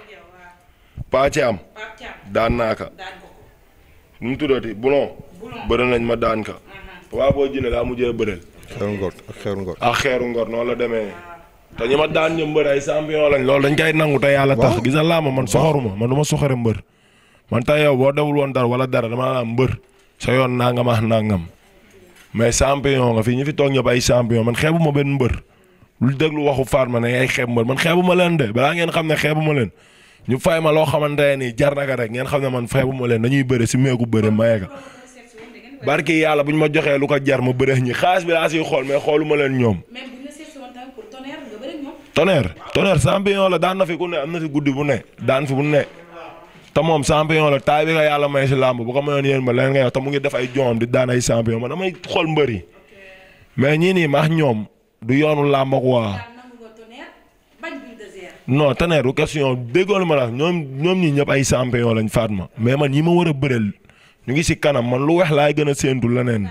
Speaker 2: Paa am daan naa ka. nu mu tuddati bulon. bëri nañ ma daan ka. Mhm. waa boo jëlee daa mujjee bëreel. xeeru ngor ak xeeru ngor. ak xeeru ngor noonu la demee. te ñu ma daan ñu mbër ay champion lañ. loolu dañ koy nangu te yàlla tax. gis nga laama man soxoruma man du ma soxore mbër. man tey yow boo deful woon dara wala dara dama naan mbër. sa yoon nangam nangam. mais champion nga fii ñu fi toog ñëpp ay champion man xeebu ma benn mbër. lu déglu waxu ma ne ay xeeb mbër man xeebu ma leen ngeen xam ne xeebu ma leen ñu fay ma lo xamantene ni jar naka rek ngeen xamne man fay bu ma leen dañuy beure ci meegu beure maye ko barki yalla buñ ma joxe lu ko jar ma beure ñi xaas bi la siy xool mais xooluma leen ñom toner toner champion la daan na fi ku ne am na fi guddi bu ne daan fi bu ne ta mom champion la tay bi nga yalla may ci lamb bu ko mayon yeen ma leen nga wax mu ngi def ay joom di daan ay champion man damay xol mbeuri mais ñi ni ma ñom du yoonu làmb quoi. non Tonnerre question déggoo la ma la ñoom ñii ñi ñëpp ay champion lañ Fatma mais man ñi ma war a bëreel ñu ngi si kanam man lu weex laay gën a séentu leneen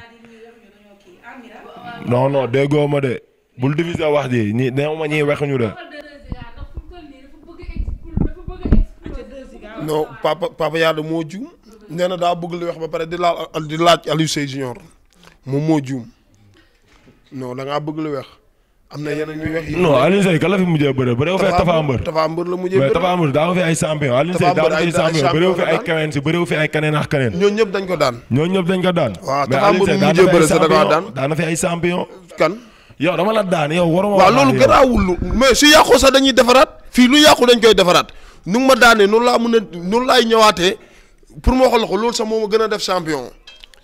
Speaker 2: non non déggoo ma de bul diviser wax ji ñi néew ma ñuy weexuñu de. non papa papa Yada moo juum nee na daa bëgg lu wax ba pare di laal laaj Aliou Seye Junior moom moo juum non da bëgg lu weex am na yeneen yu wax yi. non kan la fi mujjee bëre bëre wu fee Tapha Mbeur. Tapha Mbeur la mujjee bëre fi ay champion Alioune Seye daa fi ay champion bëre fi ay keneen si bëre ñëpp dañ ko daan. ñooñu ñëpp dañ ko daan. waaw Tapha Mbeur mu fi ay champion kan. yow dama la daan yow waruma. waaw loolu garaawul lu mais su yàqu sax dañuy defaraat fii lu yàqu dañ koy defaraat nu ma daanee noonu laa mën a noonu laay ñëwaatee pour moo wax la ko loolu sax moo ma gën a def champion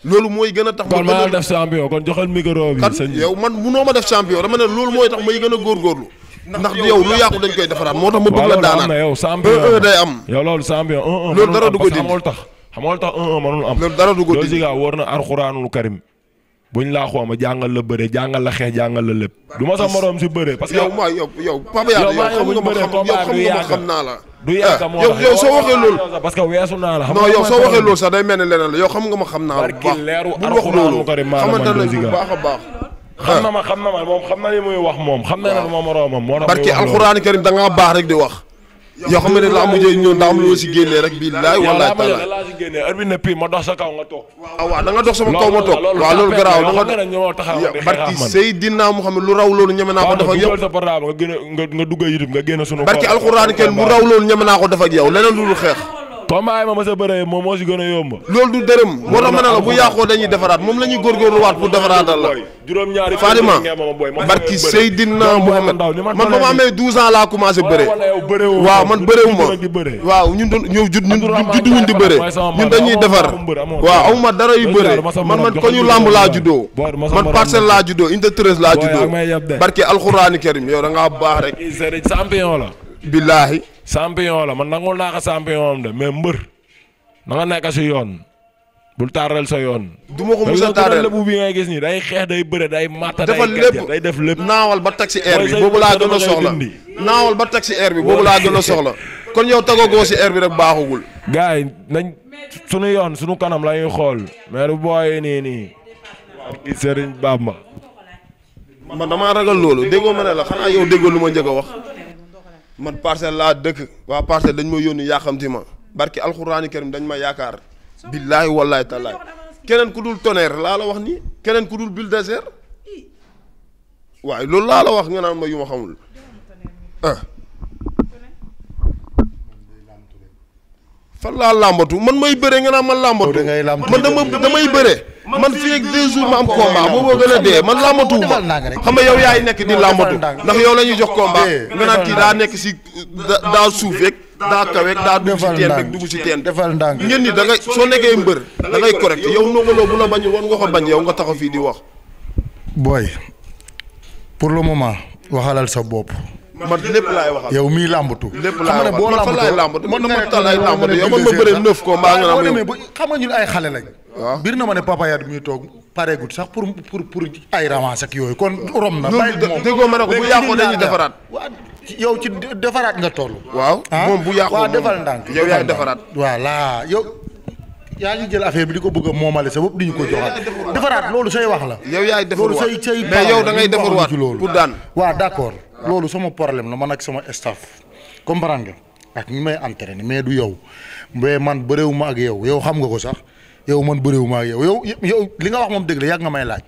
Speaker 2: loolu mooy gën a tax. kon maa def champion kon joxal micro bi. sëñ yow man munoo ma def champion dama ne loolu mooy tax may gën a góorgóorlu. ndax yow lu yàqu dañ koy defaraat moo tax ma bëgg la daanaat yow champion day am. yow loolu champion un un loolu dara du ko dindi xamul tax xamul tax dara du ko dindi loolu si war na alxuraanul karim buñ laa xooma jàngal la bëre jàngal la xeex jàngal la lépp. du ma sax moroom si bëre parce que yow yow yow Papa Yade nga ma xam naa la du yàgg moo tax yow soo waxee loolu parce que weesu naa la. xam non yow soo waxee loolu sax day mel ni leneen la yow xam nga ma xam naa. bu baax bu wax loolu xamante nañ bu baax a baax. xam na ma xam na ma moom xam na li muy wax moom. xam na ne moom moroomam. moo tax barki alxuraani karim da ngaa baax rek di wax yoo xam ne laa mujjee ñëw ndax lu ma si génnee rek billaay wallaay taala ma dox sa kaw nga toog ah, waaw waaw na nga dox sama kaw ma toog waaw loolu garaaw na nga barki lu raw loolu ñeme naa ko def yow a barki alxuraan kenn bu raw loolu ñeme naa ko dafa ak yow leneen lu dul xeex combat yi ma mës a bëree a yomb. loolu du dërëm. moo tax ma ne la bu yàqoo dañuy defaraat moom la ñuy góorgóorluwaat pour defaraatal la. juróom barki Seydina Mohamed man ba ma amee 12 laa commencé bëree. waaw man bëreewu waaw ñun du ñëw judd ñun wuñ di bëree ñun dañuy defar waaw awuma dara yu bëree man man ko ñu làmb laa juddoo man parcelle laa juddoo unité laa juddoo barki alxuraani karim yow da baax rek. la. billaahi. champion la man nangul naa ko am mais mbër na nga nekk si yoon bu taareel sa yoon. du ma ko mos a taareel lébu bi ngay gis nii day xeex day bëre day matt day gàncax day def lépp. naawal ba teg si air bi boobu laa gën a soxla ba teg si air bi boobu laa gën a kon yow taggoogoo si air bi rek baaxugul. gars sunu yoon sunu kanam la ñuy xool mais bu booyee nii nii. ak Serigne ma man damaa ragal loolu déggoo ma ne la xanaa yow déggoo lu ma njëkk a wax. man parcel la deuk wa parcel dañ ma yónni yàqamti ma barki alxuraani karim dañ ma yakar billahi wallahi taala kenen ku dul tonnerre la la wax ni kenen ku dul bul desert wa laa la la wax nga naan ma yuma xamul ah fan laa làmbatu man may bëre nga naan man làmbatu man dama damay bëre man fii ak deux jours ma am combat boo ko gën a dee man làmbatu ma xam nga yow yaay nekk di làmbatu ndax yow la jox combat nga naan kii daa nekk si daa suuf rek daa kaw rek daa dugg si teen rek dugg si teen defal ndànk ngeen ni da ngay soo nekkee mbër da ngay correct yow Ndongo Lo bu la bañul woon nga ko bañ yow nga taxaw fii di wax.
Speaker 3: booy pour le moment waxalal sa bopp.
Speaker 2: man lépp laay waxal yow miy làmbatu. lépp laay waxal man fan man ma tal ay
Speaker 3: làmbatu yow man ma bëree neuf ko mbaa nga naan yow xam nga ay xale lañ. biir na ma ne Papa Yade muy toog pareegut sax pour pour pour ay ramas ak yooyu kon rom na. bàyyi moom déggoo ma ko bu yàqoo dañuy defaraat. waaw yow ci defaraat nga toll. waaw moom bu yàqoo waaw defal ndànk yow yaay defaraat. voilà yow. yaa ngi jël affaire bi di ko bëgg a moomale sa bopp di ñu ko joxaat defaraat loolu say wax la. yow yaay defarwaat loolu say say. mais yow da ngay defarwaat pour daan waaw d'accord loolu sama problème la man ak sama staff comprendre nga ak ñi may entraîné mais du yow mais man bëreewuma ak yow yow xam nga ko sax yow man bëreewuma ak yow yow yow li nga wax moom dëgg la yàgg nga may laaj.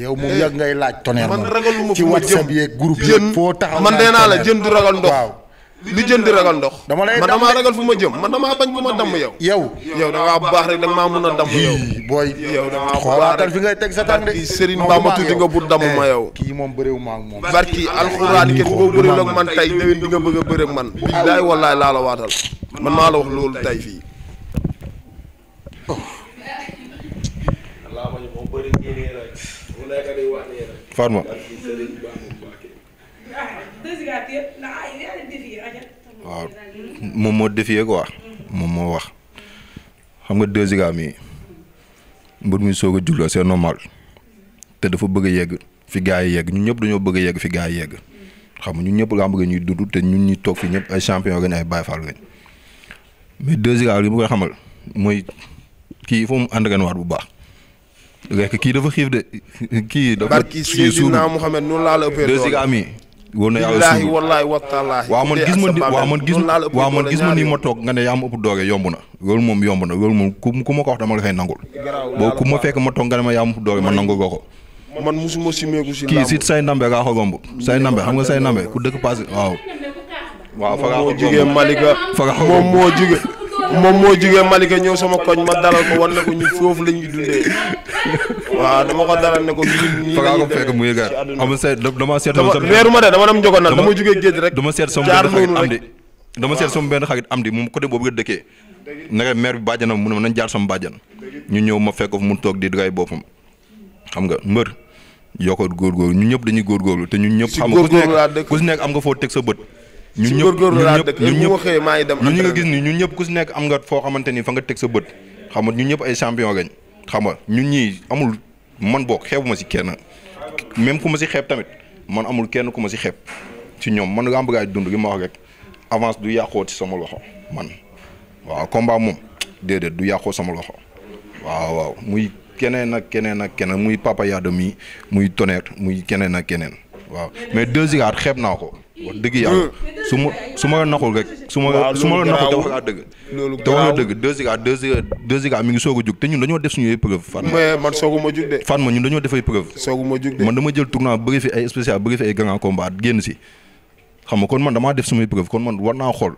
Speaker 3: yow moom eh, yàgg ngay laaj. tonnerre man ragaluma ci whatsapp yeeg groupe yeeg. foo taxaw man dee naa la jën
Speaker 2: du ragal ndox li jënd ragal ndox. dama lay man damaa ragal fu ma jëm man damaa bañ bu ma damm yow. yow yow da ngaa baax rek da nga maa a damm yow. booy yow da ngaa xoolaatal fi ngay teg sa tànk damm eh, ma yow. kii barki alxuraan kenn boo bëriwul ak man tey déwén di bëgg a bëri ak man. billaay wallaay laa la waatal man maa la wax loolu tey fii. Fatma.
Speaker 4: waaw moom moo défier quoi moom moo wax xam nga deux Giga mu mbir mi soog a julloo c'est normal te dafa bëgg a yegg fi gars yi yegg ñun ñëpp dañoo bëgg a yegg fi gars yi xam nga ñun ñëpp laa gi ñuy dund te ñun ñu toog fi ñëpp ay champion gañ ay Baye Fall gañ mais deux Giga li waat bu baax. rekk kii dafa xiif de kii dafa. barki Seydina Mouhamed noonu laa wóor na yàlla suñu
Speaker 2: wallaahi wataalaahi waaw man gis ma ni waaw man ma ni
Speaker 4: toog nga ne yaa ëpp doole yomb na loolu moom yomb na loolu moom ku ku ma ko wax la koy nangul boo ku ma fekk ma toog nga ne ma yaa ma ëpp doole ma nangul goo ko kii si say ndambe gaa ko gomb say ndambe xam nga say ndambe ku dëkk passé waaw waaw fa gaa ko gomb moo jugee mom mo jige Malika ñew sama koñ ma dalal ko wan na ko ñu fofu la ñuy dundee
Speaker 2: waaw dama ko dalal ne ko ñi fa ko fekk muy gar
Speaker 4: amul say dama seet. dama weeru ma dé dama dem Jokalante dama jógee géej rek. dama seet sama benn xarit am di dama seet sama benn xarit am di moom côté boobu nga dëkkee. nga maire bi bajana mu ne nañ jaar sama bàjjan ñu ñew ma fekk ko mu tok di dugay boppam xam nga yokot gor gor ñu ñëpp dañuy gor góorgóorlu te ñu ñëpp. xam nga ku si nekk am nga fo tek sa bët ñun ñëpp ñun ñëpp ñun ñi nga gis ni ñun ñëpp ku si nekk am nga foo xamante ni fa nga teg sa bët xam nga ñun ñëpp ay champion gañ xam nga ñun ñii amul man bokk xeebuma si kenn même ku ma si xeeb tamit man amul kenn ku ma si xeeb ci ñoom man nga am bëggaay dund gi ma wax rek avance du yàqoo ci sama loxo man waaw combat moom déedéet du yàqoo sama loxo waaw waaw muy keneen ak keneen ak keneen muy Papa Yada mi muy Tonnerre muy keneen ak keneen waaw mais deux Giga xeeb naa ko. wax dëgg yàlla su ma su ma la naxul rek su ma la su ma la naxul te wax nga dëgg te wax nga dëgg deux Ziga deux Ziga deux Ziga mi ngi soog a jug te ñun dañoo def suñu ay preuve Fatma
Speaker 2: mais man soogu ma
Speaker 4: jug de Fatma ñun dañoo def ay preuve soogu ma jug de man dama jël tournoi bëri fi ay spécial bëri fi ay grand combat génn si xam nga kon man damaa def sumay preuve kon man war naa xool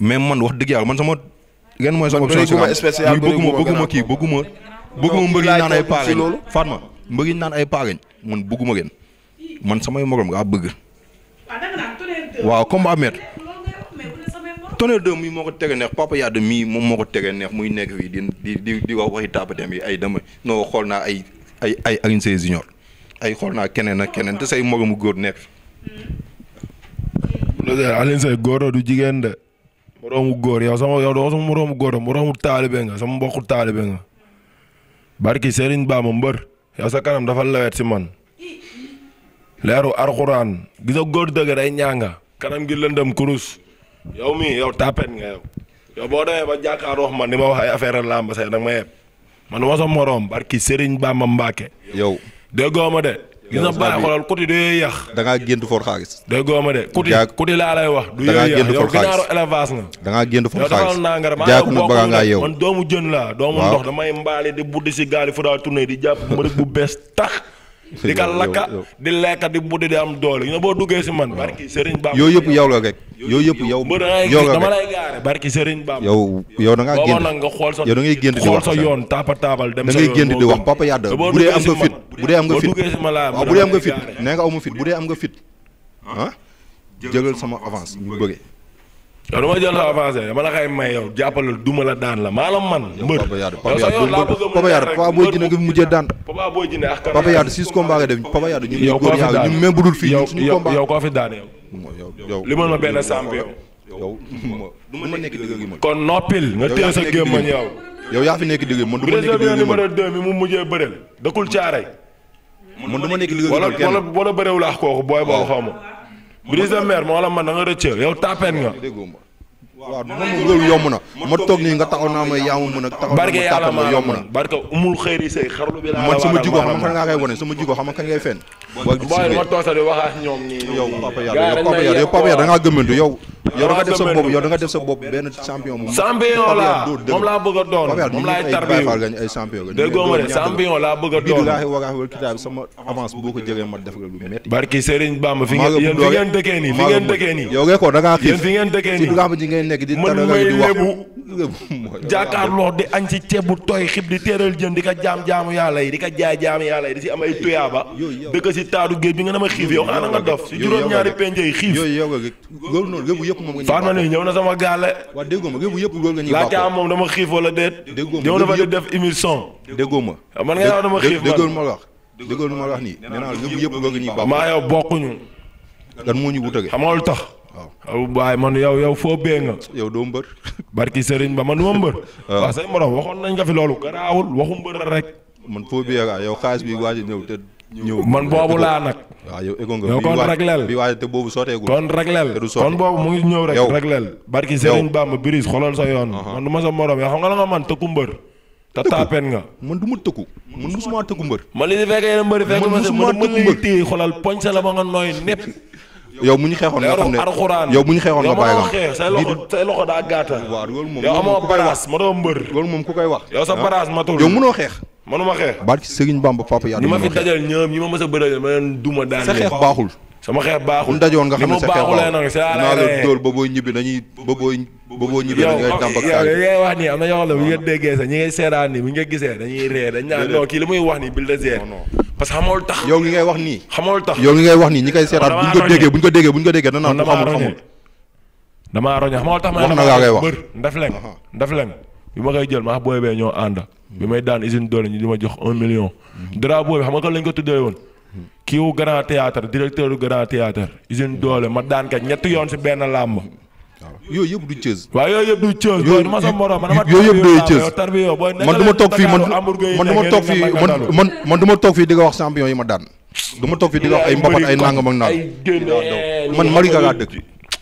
Speaker 4: mais man wax dëgg yàlla man sama ren mooy sama option muy bëgguma bëgguma kii bëgguma bëgguma mbëri naan ay pareñ Fatma mbëri naan ay pareñ man bëgguma ren man samay morom laa bëgg Ah, waaw combat met Tonnerre 2 muy moo ko tege neex Papa Yade mii moom moo ko tege neex muy nekk fii di di wax waxi tapatem yi ay dama noo xool naa ay ay ay Alioune Sèye ay xool naa keneen ak keneen te say moromu góor nekk fi.
Speaker 2: Hmm. Alioune Sèye góor du jigéen de. moroomu góor yow sama yow doo sama moroomu góor moroomu taalibe nga sama mbokku taalibe nga barki Serigne Ba ma mbër yow sa kanam dafa lawet si man. leeru alxuraan gisa gor dëgg day ñaanga kanam gi lendam kurus yow mi yow tapen nga yow yow bo demee ba jàkkaaroo man ni ma wax ay affaire lamb sey nak ma man waso morom barki Serigne Bamba mbake yow de goma de. gis ba xolal kuti de yah da nga gendu for xaalis. de goma de kuti kuti la lay wax. du yah yow ginaaru da nga gendu for xaalis yow ba nga yow. man doomu jeun la doomu ndox damay mbaale di buddi ci gali fu di japp mo rek bu bes tax. di ka lakka di lekka di buddi di am doole ñu ne boo duggee si man. barki Serigne
Speaker 4: yooyu yëpp yow la rek. yooyu yëpp yow yow la yow yow da ngaa génn booba sa yow ngay génn di wax xool sa yoon taapa taabal dem sa yoon da ngay génn di wax papa yàdda bu dee am nga fit bu dee am nga fit bu dee am ah? nga fit nee nga aw fit bu dee am nga fit jëlal sama avance ñu bëggee yow dama jël sa
Speaker 2: avancé dama la xay may yow jàppale duma la daan la maalam man. mbër Papa Yade Papa
Speaker 4: Boy Papa Boy Djiné ak Papa Yade Papa Yade ñun
Speaker 2: góor yaa ñun
Speaker 4: même bu dul fii suñu koo fi daan yow. li ma ma benn champion. yow
Speaker 2: du ma nekk digg gi ma. kon noppil nga téye sa gémmañ yow.
Speaker 4: yow yaa fi nekk digg man du ma nekk
Speaker 2: digg bi mu mujjee bëreel dëkkul caaray. man du nekk digg wala wala bëreewul ak kooku booy Brise de Mer moo la man da nga rëcc yow taapen nga.
Speaker 4: waaw moom loolu yomb na ma toog nii nga taxaw naa ma yaa ma mën a taxaw naa ma taapen nga yomb na.
Speaker 2: barke umul xëyri say xarlu man sama jikko xam
Speaker 4: nga kan nga sama jikko xam nga kan ngay fenn. booy ma
Speaker 2: toog yow papa yàlla yow papa yàlla
Speaker 4: da ngaa yow yow da nga def sa bopp yow da nga def sa bopp benn champion moom champion la moom
Speaker 2: laa bëgg a doon moom laay tarbi
Speaker 4: ay champion nga déggoo ma de champion
Speaker 2: laa bëgg a doon billahi
Speaker 4: wa rahmatullahi kitaab sama avance boo ko jëlee ma def la lu metti barki Serigne Bamba fi ngeen fi ngeen dëkkee nii fi ngeen dëkkee nii yow ko da nga xiif fi ngeen dëkkee nii lamb ji ngay nekk di dara ngay di wax
Speaker 2: jàkkaarloo di añ ci ceebu tooy xib di teeral jën di ka jaam jaamu yàlla yi di ka jaay jaamu yàlla yi di si am ay tuyaaba dëkk si taadu géej bi nga dama xiif yow ana nga dof si juróom ñaari
Speaker 4: penje yi xiif yëpp moom nga. Fatma nii ñëw na sama gaale. waaw déggoo ma yëpp yëpp loolu nga ñuy baaxoo moom dama xiif wala déet. déggoo ma ñëw na fa di def émission. déggoo ma ah, man nga wax dama xiif man déggoo ma wax déggoo ma wax nii nee maa yow bokkuñu.
Speaker 2: kan moo ñu wutagee xam nga lu tax. waaw waaye man yow yow foo bee nga. yow doo mbër. barki Serigne Ba man du ma mbër. waaw ah. waaw say morom waxoon nañ nga fi loolu. garaawul waxu mbër
Speaker 4: rek. man foo bee yow xaalis bi waaj a te man boobu laa nag. waaw yow égo nga kon reglel bi waaye te boobu sooteegul kon reglel kon boobu mu ngi ñëw rek reglel barki Serigne
Speaker 2: Bamba Brise xolal sa yoon uh-huh. man du ma sa morom yow xam nga la nga man tëkku mbër te taapen nga man du ma tëkku
Speaker 4: man musuma tëkku mbër
Speaker 2: man li si fekk yéen mbëri fekk ma si man mën lay la ba nga nooy nepp
Speaker 4: yow mu ñu xeexoon nga xam ne ñu xeexoon nga bàyyi wax
Speaker 2: say loxo say loxo daa gàtta waaw loolu moom yow amoo baraas ma doo mbër loolu moom ku koy wax yow sa ah. baraas matul yow mënoo xeex manuma xeex.
Speaker 4: barki Serigne Bamba papa yaa. ni ma fi dajal
Speaker 2: a bëre ma leen duma daan sa xeex baaxul. sama xeex baaxul dajoon nga sax ñi ngay seeraan nii nga gisee dañuy ree dañ naan wax nii parce que xamul tax yow li wax nii xamul
Speaker 4: tax yow li wax nii ñi koy seeraan bu ñu ko déggee bu ñu ko déggee bu ñu ko déggee danaa ko xamul xamul
Speaker 2: ma wax na nga ngay wax ndaf leen bi ma koy jël maa booy bee ñoo ànd bi may daan usine doole ñu di ma jox un million. drapeau bi xam nga kan lañ ko tuddee woon. kiiw grand théâtre directeur du grand théâtre usine doole ma daan ka ñetti yoon si benn làmb. yooyu yëpp du cëz. waaw yooyu yëpp du cëz. yooyu ma sa morom man ma tarbiyo man du ma toog fii man man du ma toog fii man
Speaker 4: man du ma toog fii di nga wax champion yi ma daan. du ma toog fii di nga wax ay mbapat ay nangam ak naan.
Speaker 2: man Malika laa dëkk.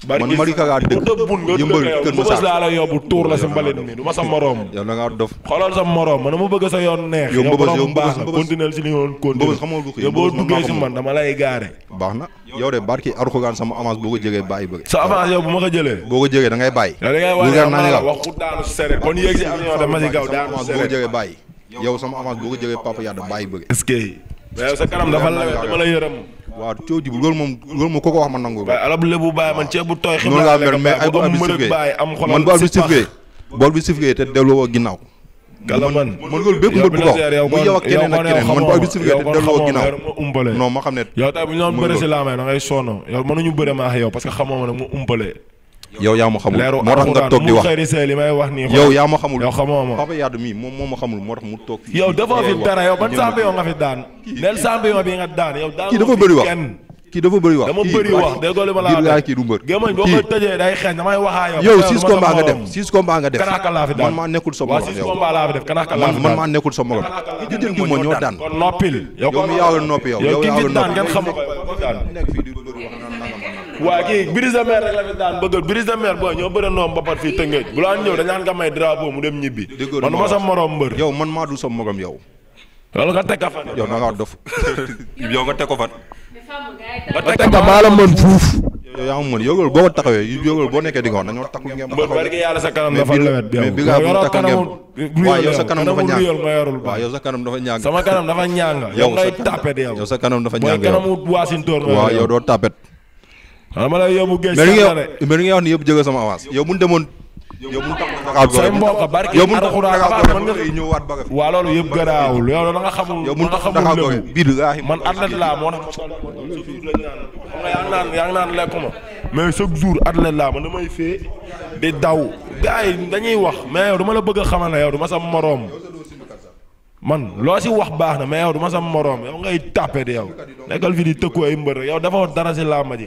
Speaker 4: man Malika laa dëkk yëmbal kër Moussa laa tuur la si mbalit mi du ma sa moroom. yow da ngaa dof
Speaker 2: sa moroom man ma bëgg sa yoon neex. yow mbëbës yow mbëbës
Speaker 4: yow continuer lay gaare. baax na yow de barki Alxuraan sama avance boo ko jëlee bàyyi bëgg. sa avance yow bu ma ko jëlee. boo ko jëlee da bàyyi. da ngay wax daanu sere kon yéeg si avion da ma si gaw daanu sere yow sama avance boo ko jëlee papa yàlla bàyyi bëgg. est-ce sa kanam dafa waaw coow ji loolu moom loolu moom ko ko wax ma nangu. waaw alab lébu
Speaker 2: bàyyi man ceeb bu
Speaker 4: tooy. xibaar laa mel mais ay bu am a am bu arbitre bool bi sifflé te delloo ginnaaw.
Speaker 2: man man loolu bépp mbër bu ko mu yow keneen ak keneen man bu arbitre te delloo ginnaaw umbale non ma xam ne yow tey bu ñu doon bëre si laamay da ngay sonn yow mënuñu bëre ma ak yow parce que xamoo ma ne mu umbale
Speaker 4: yow yaa ma xamul moo tax nga toog di wax
Speaker 2: yow yaa ma xamul yow xamoo ma
Speaker 4: moom moo ma xamul moo tax mu toog fii yow dafoo fi dara yow ban champion
Speaker 2: nga fi daan neel champion bi nga daan yow daan kii
Speaker 4: dafa bëri wax kii dafa bëri ma la wax kii du mbër gémmañ boo ko tëjee day
Speaker 2: xeeñ damay waxaa yow yow six combat nga def
Speaker 4: six combat nga def man maa nekkul sa morom six combat laa fi def kanaka laa fi man maa nekkul ma ñoo daan yaa la noppi yow yow yaa la noppi yow ki daan ngeen xam ko nekk fii di
Speaker 2: bëri wax naan waaye kii brise de mer rek la fi daan bëgg brise de mer booy ñoo bëre noom mbapat fii tëngëj bu laan ñëw dañ naan
Speaker 4: may drapeau mu dem ñibbi man ma sa morom mbër yow man maa du sa morom yow loolu nga teg ko fan yow nga dof yow nga teg fan
Speaker 5: nga teg ko maa mën fuuf
Speaker 4: yow yaa mën yogal boo ko taxawee yogal boo nekkee di nga wax dañoo takku ngeen taxaw barki yàlla sa kanam dafa lewet bi nga bu takku ngeen waaw yow sa kanam dafa waaw yow sa kanam dafa sama kanam
Speaker 2: dafa yow ngay
Speaker 4: tapet yow yow sa kanam dafa yow
Speaker 2: waaw yow
Speaker 4: doo tapet dama lay yóbbu géej mais li ngay wax ni yëpp jóge sama avance yow mun demoon yow mun tax say yow mun tax
Speaker 2: ñëwaat ba waaw yëpp garaawul yow da nga xamul mun tax xamul lépp bii man athlète laa moo tax ma xam nga yaa ngi naan yaa ngi naan lekkuma mais chaque jour athlète laa man damay fee di daw gars dañuy wax mais yow dama la bëgg a xamal ne yow dama sa moroom man loo si wax baax na mais yow duma sam moroom yow ngay tàppe di yow nekkal fi di tëkku ay mbër yow dafa dara si làmb ji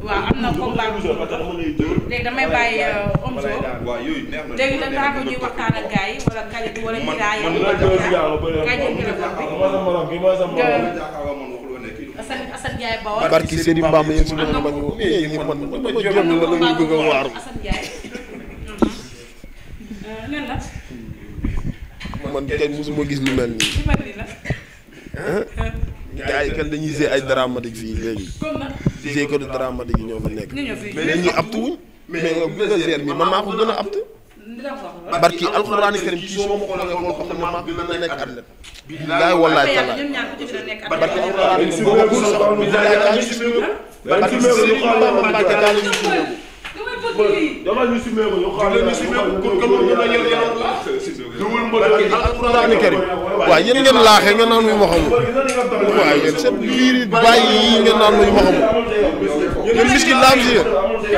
Speaker 1: waaw am na combat léegi damay bàyyi Omzo
Speaker 2: léegi nag laata
Speaker 1: ñuy waxtaan ak gars yi wala kàddu wala jiraay Assane Assane Ndiaye Bawol barki Serigne Mbamba
Speaker 2: yéen si ma ma bëgg a waaru man kenn musuma gis lu mel nii gars yi kan dañuy see ay dramatique fii léegi see ko dramatique yi ñoo fa nekk mais ñi aptu wuñ mais bulldozer mi man maa ko gën a aptu barki alxuraani karim kii soo ma xoolee xool ko xam ne maa gën a nekk athlète billaay wallaay talaay
Speaker 1: barki a karim boo ma ko soxla billaay kaa ñu suñu
Speaker 2: barki sëriñ Bamba Mbàkke kaa ñu suñu dama ñu simmee ko ñu xaaral ñu simmee ko pour que moom mën a yor yaram la. duwul mbër yi alxuraan karim waaw yéen ngeen laaxee ngeen naan muy ma xamul. waaw yéen seen biir yi bàyyi naan muy ma xamul. yéen laam si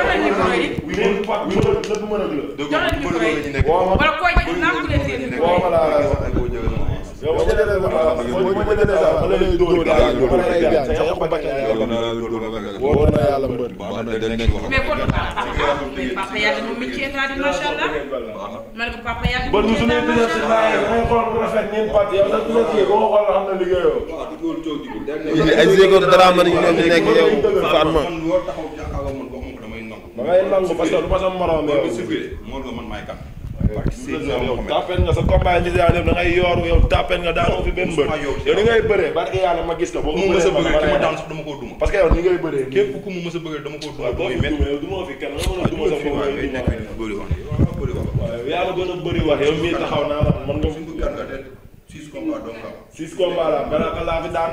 Speaker 2: yéen. yow boo jëlee la boo jëlee la bala lay dóor daal dóor la lay gaañ sa yokk bakkan
Speaker 4: yaa yokk wóor
Speaker 2: na
Speaker 1: yàlla mbër
Speaker 4: mais kon
Speaker 1: papa yàlla moom mi cee daal macha allah man ko
Speaker 2: papa yàlla ba nu suñuy dina si naaye bu ñu xool bu rafet ñeen pat yow nag dina kii
Speaker 4: boo xool xam ne liggéeyoo ay jéego dara man ñu ñoo fi nekk yow Fatma da ngay nangu parce que du ma sa morom
Speaker 2: yow tàppeen nga sa combat yi yaa dem da ngay yooru yow tàppeen nga daanoo fi benn mbër yow ni ngay bëree barke yàlla ma gis la boo mu mës a bëgg ki ma daan sax dama koo duma parce que yow ni ngay bëree képp ku mu mës a bëgg dama koo fi kenn dama duma sa bëri wax yaa ma a taxaw naa la mën nga fi kan nga def
Speaker 4: six combats donc
Speaker 2: six combats la balaa laa daan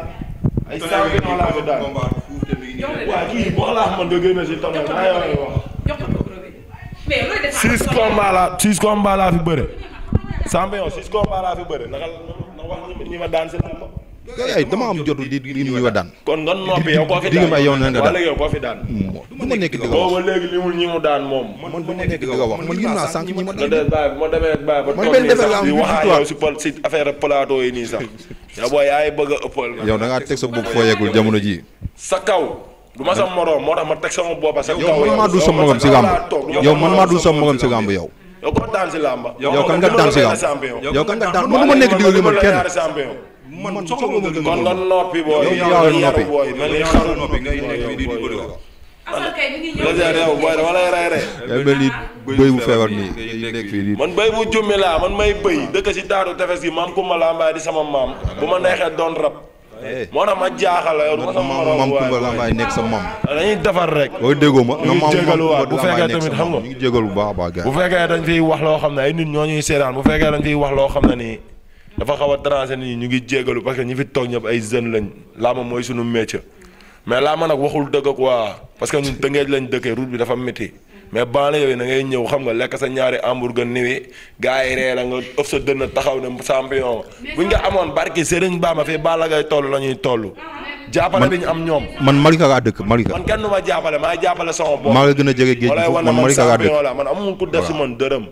Speaker 2: ay champion laa fi daan waaw kii boo nga génne si tam
Speaker 1: six combats laa
Speaker 2: six combats laa fi bëre. champion six combats laa fi bëre daan si làmb.
Speaker 4: ay dama am jotu di di daan.
Speaker 2: kon nga noppi yow koo fi daan yow na fi daan. nekk di nga wax booba mu daan moom. man du ma di nga wax man yëg naa sànq ñi ma demee ba si pol si affaire plateau yi nii sax. yow booy yaay bëgg a ëppal.
Speaker 4: yow da teg sa bopp foo yeggul jamono ji.
Speaker 2: sa kaw. du ma sa moroom moo tax ma teg sama bopp sa kaw yow man maa dul sa moroom si làmb yow man maa dul
Speaker 4: sa moroom si làmb yow.
Speaker 2: yow ko daan si làmb. yow kan nga daan si làmb yow kan nga nekk diw man kenn. man a bëy ah, bu jummi laa man may bëy dëkk si taatu tefes yi maam ku ma laa mbaay di sama maam bu ma neexee doon rab Eh. Eh. moo tax ma jaaxal la yow du ma sa morom maam
Speaker 4: maam. dañuy defar rek. booy déggoo ma ñu ngi jégaluwaat bu tamit xam nga ñu ngi jégalu bu baax a baax gars bu fekkee
Speaker 2: dañ fiy wax loo xam ne ay nit ñoo ñuy seetaan bu fekkee dañ fiy wax loo xam ne nii dafa xaw a tranché nit ñi ñu ngi jégalu parce que ñi fi toog ñëpp ay jeunes lañ laama mooy suñu métier mais laa laama nag waxul dëgg quoi parce que ñu tëngeej lañ dëkkee route bi dafa métti mais banlieue yooyu na ngay ñëw xam nga lekk sa ñaari hamburger niwi gars yi ree la nga ëf sa dënn taxaw ne champion buñ nga amoon barki Serigne Bamba fii Balla Gaye toll la ñuy toll jàppale bi ñu am ñoom
Speaker 4: man Malika laa dëkk Malika man
Speaker 2: kenn du ma jàppale maa jàppale sama bopp maa la gën a jege géej man Malika laa dëkk la man amul ku def si man dërëm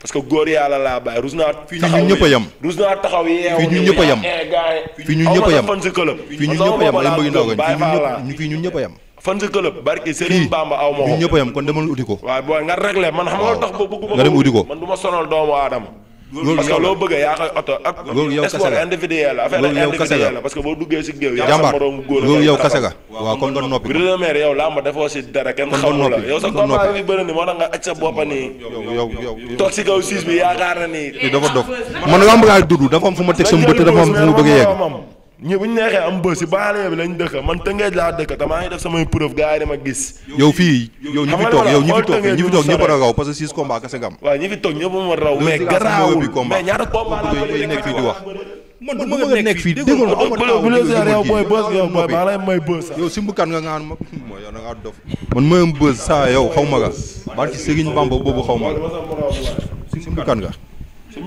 Speaker 2: parce que góor yàlla laa bàyyi rus naa fii ñu ñëpp a yem rus naa taxaw yeewu fii ñu ñëpp a yem eh, fii ñu ñëpp a yem fii ñu ñëpp a yem ay mbëri ndaw fii ñu
Speaker 4: ñëpp fii ñu ñëpp a
Speaker 2: yem fan sa club barki Serigne Bamba aw ma ko ñëpp
Speaker 4: yam kon demal udi ko
Speaker 2: waaw booy nga régler man xam nga tax bo bëgguma
Speaker 4: nga dem udi man
Speaker 2: du sonal doomu aadama parce que loo bëgg yaa koy oto ak sport individuel affaire individuel parce que bo duggee si géew yaa sa morom góor loolu yow kase ga
Speaker 4: kon nga noppi Brise
Speaker 2: de yow làmb defoo si dara kenn xamul la yow sa combat bi bëri ni moo nga sa yow yow na dafa dof man dafa
Speaker 4: am sama dafa am bëgg yegg
Speaker 2: ñi buñ nexé am bëss ci baale bi lañ dëkk man tëngeej la dëkk ta ma ngi def sama preuve gaay dama gis yow fi yow ñi fi tok yow ñi fi tok ñi fi tok ñepp raw
Speaker 4: parce que six combat
Speaker 2: kese nga wa waaw ñi fi tok ñepp mo raw mais garaawul mais ñaar combat la nekk fi di wax
Speaker 4: man duma nga nekk fii dégol ma ba bu lo sar yow boy bës yow boy ba lay may bës yow kan nga ngaan ma mo yow nga dof man mooy am bës sa yow xawma nga barki sëriñ bamba boobu xaw ma simbu kan nga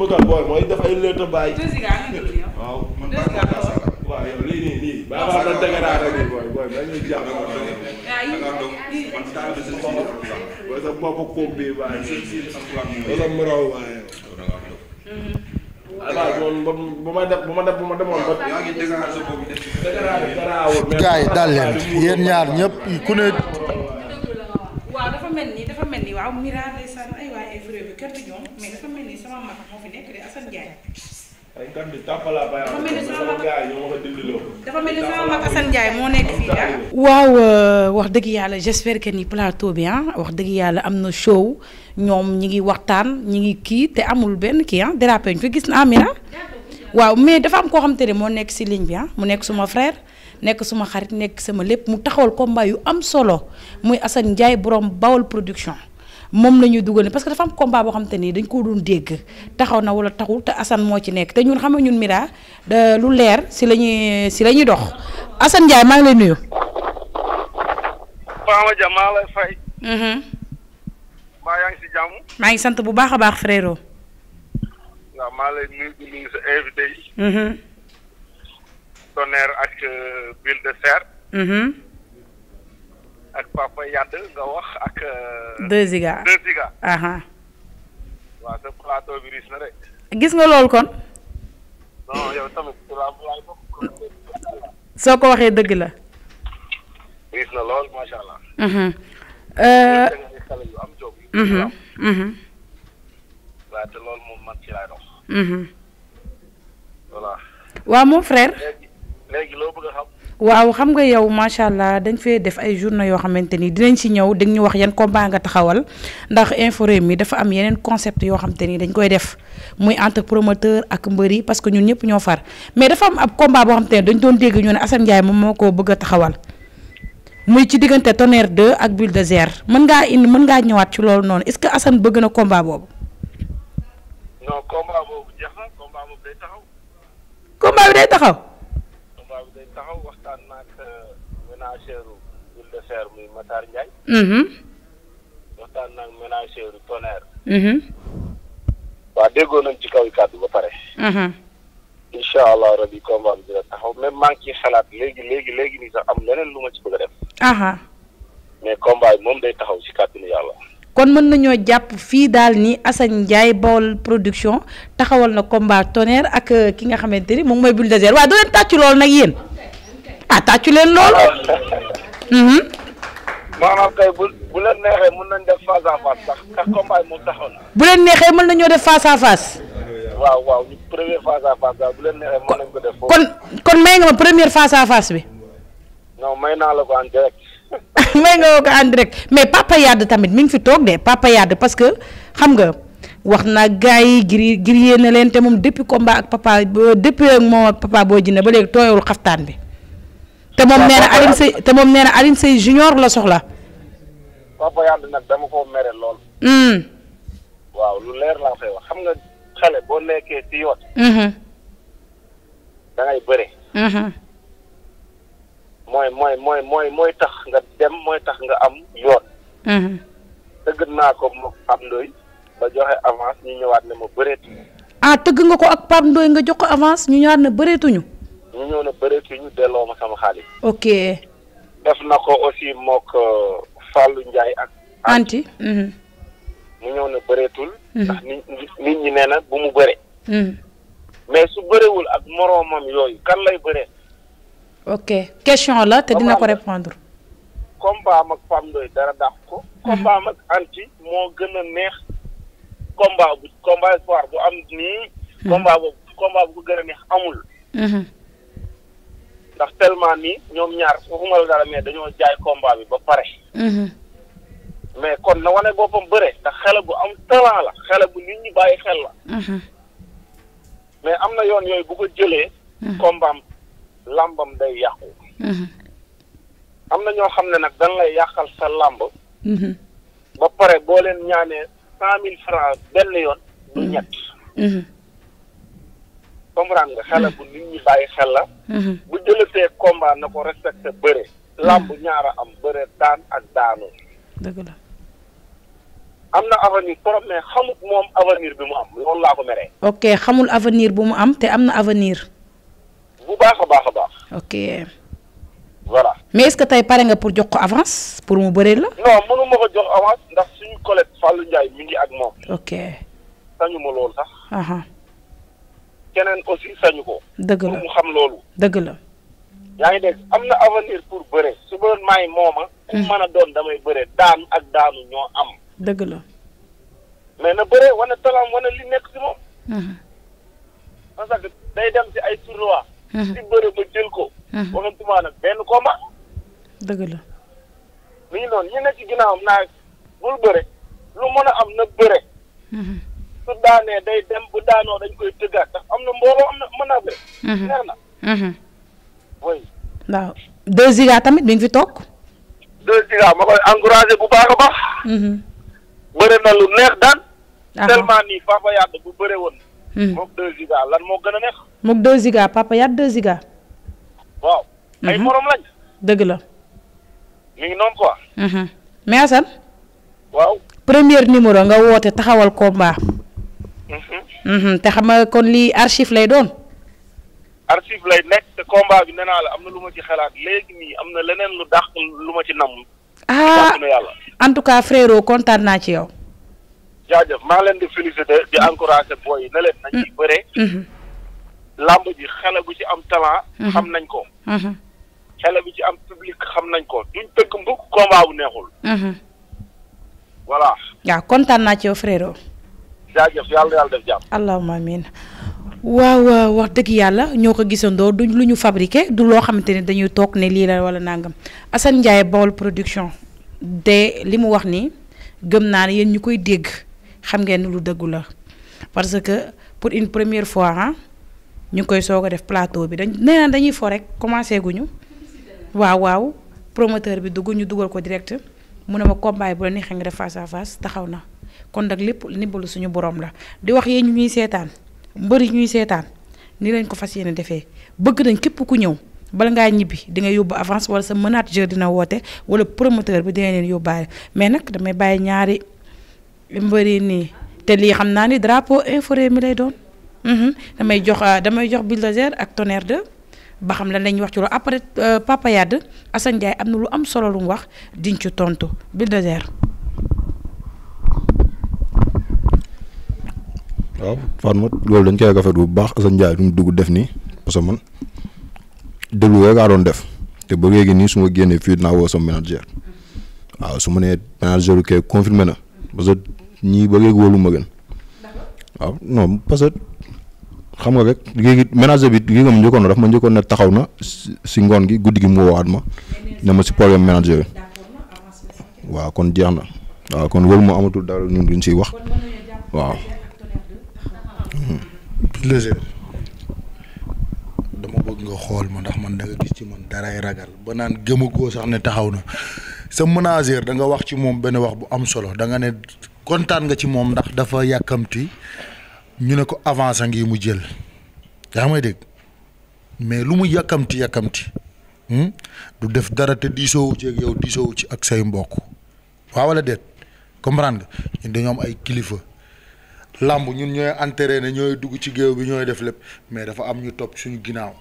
Speaker 2: kan boy moy def ay lëta bàyyi yow ba ma doon dëgëraat rek booy booy ba ñuy jàpp. booy sa bopp ma def bu ma def bu ma demoon ba. dëgëraat yi
Speaker 3: daal leen yéen ñaar
Speaker 2: ñëpp ku ne.
Speaker 1: waaw dafa mel ni dafa mel ni waaw Mira ndeysaan ay waay ay frère bi ñoom mais dafa mel ni sama mag moo fi nekk de Assane Ndiaye. dañ ah. waaw euh, wax dëgg yàlla j'espère que ni plateau bi ah, wax dëgg yàlla am na show ñoom ñi ngi waxtaan ñi ngi kii te amul benn kii ah dérapé fi gis na Amina waaw mais dafa am koo xam te moo nekk si ligne bi ah, mu nekk suma frère nekk suma xarit nekk sama lépp mu taxawal combat yu am solo muy Assane Ndiaye boroom Bawol production. moom la ñuy dugal parce que dafa am combat boo xam te ni dañ ko doon dégg taxaw na wala taxul te Assane moo ci nekk te ñun xam ñun Mira lu leer si la ñuy si la ñuy dox Assane Ndiaye mhm. maa ngi sant bu baax a baax frérot.
Speaker 6: waaw maa lay nuyu di nuyu sa invité yi. Mhm.
Speaker 1: ak
Speaker 6: euh, ak Papa Yade nga wax ak. Euh, deux Ziga deux Ziga.
Speaker 1: waaw
Speaker 6: sa plateau bi riche na rek.
Speaker 1: gis nga loolu kon.
Speaker 6: non yow tamit
Speaker 1: soo ko waxee dëgg la.
Speaker 6: riche na lool macha allah.
Speaker 1: Mhm. Euh, mhm, mhm.
Speaker 6: waaw te loolu moom man ci laay dox. voilà.
Speaker 1: waaw mon frère.
Speaker 6: a
Speaker 1: waaw xam nga yow macha allah dañ fee def ay journée yoo xamante ni dinañ si ñëw dañ ñu wax yan combat nga taxawal ndax Infos mi dafa am yeneen concept yoo xamante ni dañ koy def muy entre promoteur ak mbër yi parce que ñun ñëpp ñoo far mais dafa am ab combat boo xamante ni dañ doon dégg ñu ne Assane Ndiaye moom moo ko bëgg taxawal muy ci diggante Tonnerre de ak Bulldozer mën ngaa indi mën ngaa ñëwaat ci loolu noonu est-ce que Assane bëgg na combat boobu. non taxaw. Mm-hmm.
Speaker 6: waxtaan nag ménageur tonnerre. Mm-hmm. waa déggoo nañ ci kaw yi kàddu ba pare. Mm-hmm. incha allah rabi combat bi dina taxaw même maa ngi ciy xalaat léegi léegi léegi nii sax am leneen lu ma ci bëgg a def. mais combat moom day taxaw si kàddu yàlla.
Speaker 1: kon mën nañoo jàpp fii daal ni Assane Ndiaye Baol production taxawal na combat tonnerre ak euh, ki nga xamante ni moom mooy bulldozer waaye doo leen tàccu loolu nag yéen ah tàccu leen loolu.
Speaker 6: maanaam kay bu bu leen neexee mën nañ def face à na.
Speaker 1: bu leen neexee mën nañoo def face à face. waaw waaw ko kon kon may nga ma première face à face bi.
Speaker 6: non may naa la ko en direct.
Speaker 1: nga ko en direct mais Papa Yade tamit mi ngi fi toog de Papa Yade parce que xam nga wax naa gars yi giri giriyee na leen te moom depuis combat ak papa euh, depuis ak moom ak papa boo jinne ba léegi tooyewul xaftaan bi. te moom nee na Alioune Seye te moom nee na junior la soxla.
Speaker 6: papa yàlla nag dama koo mere lool. Hmm. waaw lu leer laa koy wax xam nga xale boo nekkee ci yoon. Hmm. da bëre. Hmm. mooy mooy mooy mooy mooy tax nga dem mooy tax nga am yoon. tëgg naa ko moom Pape Ndoye ba joxe avance ñu ñëwaat ne ma bëreetuñu.
Speaker 1: Ah, tëgg nga ko ak Pape Ndoye nga jox ko avance ñu ñëwaat ne bëreetuñu.
Speaker 6: ñu ñëw ne bëreetuñu delloo ma sama xaalis. ok. def na ko aussi mook euh, Fallou njaay ak.
Speaker 1: anti mm-hmm.
Speaker 6: mu ñëw na bëreetul. Mm-hmm. nit ñi nee na bu mu bëre. Mm-hmm. mais su bërewul ak moroomam yooyu kan lay bëree.
Speaker 1: ok question la te dina ko répondre.
Speaker 6: combat am ak dara dàq ko. combat am moo gën a neex. combat bu espoir bu am nii. combat boobu bu ko gën a neex amul. ndax tellement nii ñoom ñaar waxuma la dara mais dañoo jaay combat bi ba pare. Mhm. mais kon na wane boppam bëre ndax xele bu am talent la xele bu nit ñi bàyyi xel la. Mhm. mais am na yoon yooyu bu ko jëlee. kombaam mhm. làmbam day yàqu. am na ñoo xam ne nag dañ lay yàqal sa làmb. ba pare boo leen ñaanee cent mille francs benn yoon.
Speaker 1: du ñett.
Speaker 6: comprendre nga xela bu nit ñi bàyyi xel la mhm. bu jëlatee combat na ko respecté bëre mhm. làmb ñaar a am bëre daan ak daanu dëgg la am na avenir trop mais xamut moom avenir bi mu am loolu laa ko meree
Speaker 1: ok xamul avenir bu mu am te am na avenir
Speaker 6: bu baax a baax a baax ok voilà
Speaker 1: mais est que tey pare nga pour jox ko avance pour mu bëree la
Speaker 6: non mënu ma ko jox avance ndax suñu collègue Fallou Ndiaye mi ngi ak moom ok sañu ma
Speaker 1: sax
Speaker 6: keneen aussi sañu ko. dëgg la mu xam loolu. dëgg la. yaa ngi dégg am na avenir pour bëre su ma maay mooma. ku hmm. mën a doon damay bëre daan ak daanu ñoo am. dëgg la. mais na bëre wane talaam wane li nekk si moom. Hmm. parce que day dem si ay tournoi. si hmm. bëre ba jël ko. waxatuma nag benn combat. dëgg la. mi ngi noonu ñu ne ci ginnaawam naa bul bëre lu mën a am na bëre. su daanee day dem bu daanoo dañ koy tëggaat mhm.
Speaker 1: mhm. tamit mi ngi fi toog.
Speaker 6: deux Ziga ma koy encouragé bu baax a mhm. bëri na lu neex daan. Ah. tellement nii Papa Yade bu bëree woon. mook deux lan moo gën a neex.
Speaker 1: mook deux Ziga Papa Yade deux
Speaker 6: waaw. ay morom lañ. dëgg la. mi ngi noonu quoi.
Speaker 1: mais Assane. waaw. premier numéro nga woote taxawal combat. Mhm. te xam nga kon lii archive lay doon.
Speaker 6: archive lay nekk te combat bi nee la am na lu ma ci xalaat léegi nii am na leneen lu dàq lu ma ci nam.
Speaker 1: ah en tout cas frérot kontaan naa ci yow.
Speaker 6: jaajëf maa leen di féliciter di mm-hmm. encourager booy yi ne leen nañ ci bëre. Mm-hmm. làmb ji xale bu ci am talent. Mm-hmm. xam nañ ko. xale bu ci am public xam nañ ko duñ tëkk mbokk combat bu neexul. voilà.
Speaker 1: waaw kontaan naa ci yow frérot. jaajëf yàlla yàlla def waaw wax dëgg yàlla ñoo ko gisandoo du lu ñu fabriqué du loo xamante ne dañuy toog ne lii la wala nangam Assane Ndiaye Baol production de li mu wax ni gëm naa ne yéen ñu koy dégg xam ngeen lu dëggu la parce que pour une première fois ah ñu ngi koy soog a def plateau bi dañ nee naan dañuy fo rek gu ñu waaw waaw promoteur bi dugg ñu dugal ko direct mu ne ma combat bu la neexee nga def face à face taxaw na. kon nag lépp ndimbalu suñu borom la di wax yéen ñu ñuy seetaan mbër yi ñuy seetaan ni lañ ko fas yéene defee bëgg nañ képp ku ñëw bala ngaa ñibbi di nga yóbbu avance wala sa manager dina woote wala promoteur bi dina leen yóbbaale mais nag damay bàyyi ñaari mbër yi nii te lii xam naa ni drapeau inforé mi lay doon mhm. damay jox euh, damay jox bulldozer ak tonnerre de ba xam lan lañuy wax ci loolu après euh, Papa Yade Assane Ndiaye am na lu am solo lu mu wax diñ ci tontu bulldozer
Speaker 4: waaw Fatma loolu dañ koy rafetlu bu baax Assane Ndiaye du mu dugg def nii parce que man déglu rek laa doon def te ba léegi nii su ma génnee fii dinaa woo sama manager waaw su ma nee manager kee kay confirmé na parce que ñii ba léegi wóolu ma gën waaw non parce que xam nga rek léegi manager bi léegi ma njëkkoon na daf ma njëkkoon ne taxaw na si ngoon gi guddi gi mu woowaat ma ne ma si problème manager bi waaw kon jeex na waaw kon wóolu ma amatul dara ñun duñ siy wax waaw.
Speaker 3: léger dama bëgg nga xool ma ndax man da gis ci man daray ragal ba naan gëmagoo sax ne taxaw na sa ménagère da nga wax ci moom benn wax bu am solo danga ne kontaan nga ci moom ndax dafa yàkkamti ñu ne ko avance ngi mu jël yaa may dégg mais lu mu yàkkamti yàkkamti hmm? du def dara te diisoowu ci ak yow diisoowu ci ak say mbokk waaw wala déet comprendre nga ñun dañoo am ay kilifa. làmb ñun ñooy entraîné ñooy dugg ci géew bi ñooy def lépp mais dafa am ñu topp suñu ginnaaw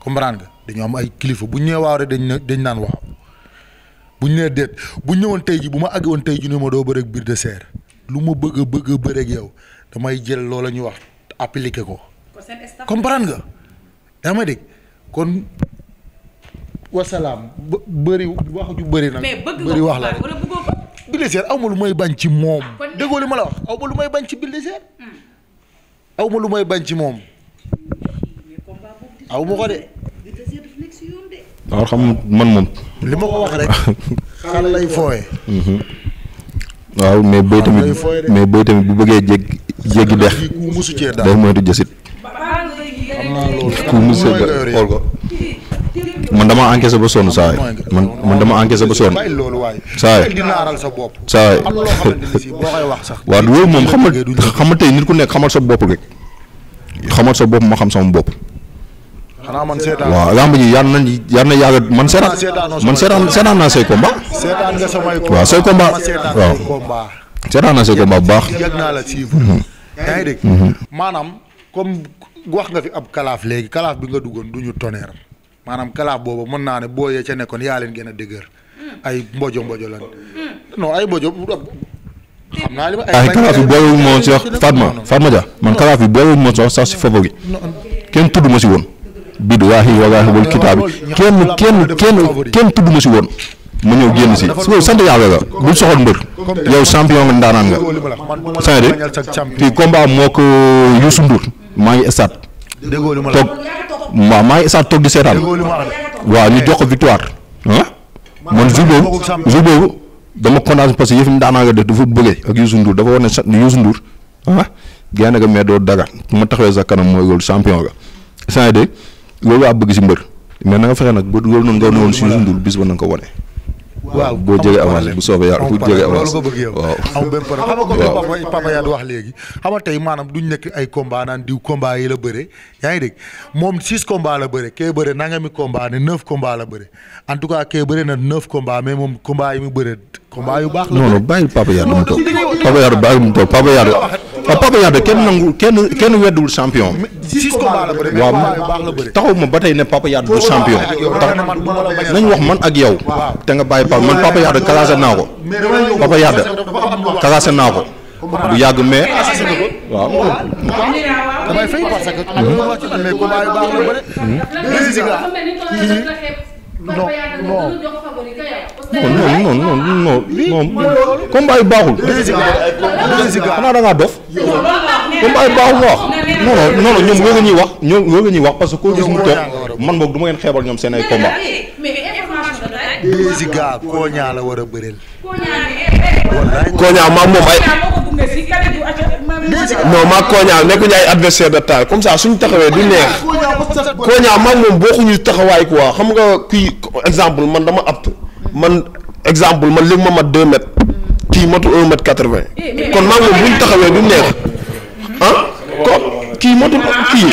Speaker 3: comprendre nga dañoo am ay kilifa bu ñu nee waaw rek dañ ne dañ naan waaw bu ñu nee déet bu ñëwoon tey ji bu ma àgg woon tey ji ni ma doo bëreeg biir de serre lu ma bëgg bëgg a bëreeg yow damay jël loola ñu wax appliqué ko. comprendre nga. yaa ma kon wasalaam bë bëri wax ju bëri nag. bëri wax la Bulldozer aw ma lu may bañ ci moom.
Speaker 2: déggoo li ma la wax aw lu may
Speaker 3: bañ ci Bulldozer. Hmm. aw ma lu may bañ ci moom. aw ma ko de.
Speaker 4: waaw xam man moom. li ma ko lay fooye. Mhm. waaw mais béy tamit mais béy tamit bu bëggee jéggi jéggi dex. day moytu jësit. xam
Speaker 3: naa loolu. ku musu xool
Speaker 4: ko. man dama encaissé ba sonn saa man man dama encaissé ba sonn saa yi saa yi waaw loolu moom xam nga xam nga tey nit ku nekk xamal sa bopp rek xamal sa bopp ma xam sama bopp.
Speaker 3: xanaa man seetaan waaw lamb ji
Speaker 4: yar nañ yar na yàgg man seetaan man seetaan seetaan naa say combat.
Speaker 3: seetaan nga samay combat waaw say combat waaw seetaan naa say bu baax. yëg naa la si. Mm-hmm. Mm-hmm. maanaam comme wax nga fi ab kalaaf léegi kalaaf bi nga duggoon du ñu tonnerre. maanaam kalaaf boobu mën naa ne booyee ca nekkoon yaa leen gën a dëgër mm. ay mbojo mbojo lan mm. non ay mbojo xam naa li ma ay ah, kalaaf yi booyewuñ moo si wax Fatma
Speaker 4: Fatma Dia man kalaaf yi booyewuñ moo si wax sax si favori kenn tudd ma si woon bid waaxi wagaaxi wal kitaab bi kenn kenn kenn kenn tudd ma si woon ma ñëw génn si su sant yàlla la bul soxal mbër yow champion nga ndaanaan nga sant de fii combat moo ko Youssou Ndour maa ngi stade toog waaw maa ngi saa toog di seetaan waaw ñu jox ko victoire ah man jour boobu jour boobu dama kontaan parce que yëf mu daanaa nga def dafa bëggee ak Youssou Ndour dafa war ne sa Youssou Ndour ah génn nga mais doo daga bu ma taxawee sa kanam mooy loolu champion ga saa de loolu laa bëgg si mbër mais na nga fexe nag ba loolu noonu nga wane.
Speaker 3: waaw boo jëlee avance bu soobee yàlla bu jëlee avance loolu nga bëgg yow waaw am benn problème xam nga comme papa yaa wax léegi xam nga tey maanaam duñ nekk ay combat naan diw combat yi la bëre yaa ngi dégg moom six combat la bëre kee bëre nangami combat ne neuf combat la bëre en tout cas kee bëre na neuf combat mais moom combat yi mu bëre combat yu baax la non non
Speaker 4: bàyyi papa yaa mu toog papa yaa bàyyi mu toog papa yaa waaw Papa Yade kenn nangu kenn kenn wedduwul champion. waaw taxaw ma ba tey ne Papa Yade du champion. tax nañ wax man ak yow. te nga bàyyi Papa man Papa Yade classé naa ko. Papa Yade naa ko. bu yàgg mais. Ah, waaw.
Speaker 1: Ah. non non
Speaker 4: non non non moom combat baaxul.
Speaker 1: Ah. xanaa
Speaker 4: da dof. combat baaxul nga wax. Ah. non non ñoom loolu ñuy wax ñoom loolu ñuy wax parce koo gis mu toog man boog du ma ngeen xeebal ñoom seen ay combat. Liss la war a bëreel. Konia eh, eh. moom
Speaker 1: ay. non maa Koña
Speaker 2: nekkuñu ay adversaire de taille comme ça suñu taxawee du neex. Koña maa moom bokkuñu taxawaay quoi xam nga kii exemple man dama apt man exemple man léegi ma mat deux mètres. kii matul un mètre quatre vingt.
Speaker 4: Eh, kon maa moom buñ taxawee du
Speaker 2: neex ah ko kii matul kii.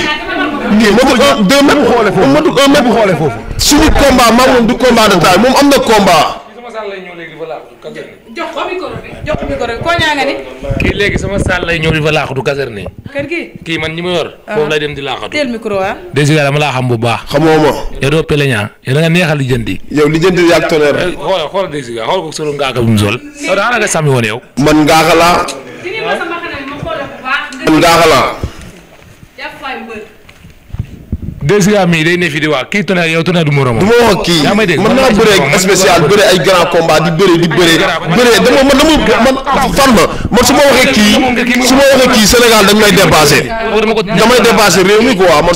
Speaker 2: kii matul un deux mètres matul un suñu combat maa moom du combat de taille moom am na combat.
Speaker 1: jox ko micro bi koo ñaa ni.
Speaker 5: kii léegi sama saal lay ñëw di fa laaxatu caserne. kër kii man ñi ma yor. Ah. foofu lay dem di laaxatu.
Speaker 1: teel ah.
Speaker 5: dama laa xam bu baax. xamoo ma. yow doo pele ñaa yow da nga neexal li yow li jëndi ak tonnerre. Eh, xool xool dèjà xool ko solo ngaaka bi mu sol. yow daanaka sàmmi woon yow. man ngaaka man ngaaka deux gars mi day ne fii di waa kii tonnerre yow tonnerre du moromam. du ma wax ak kii man naa bëree spécial ma man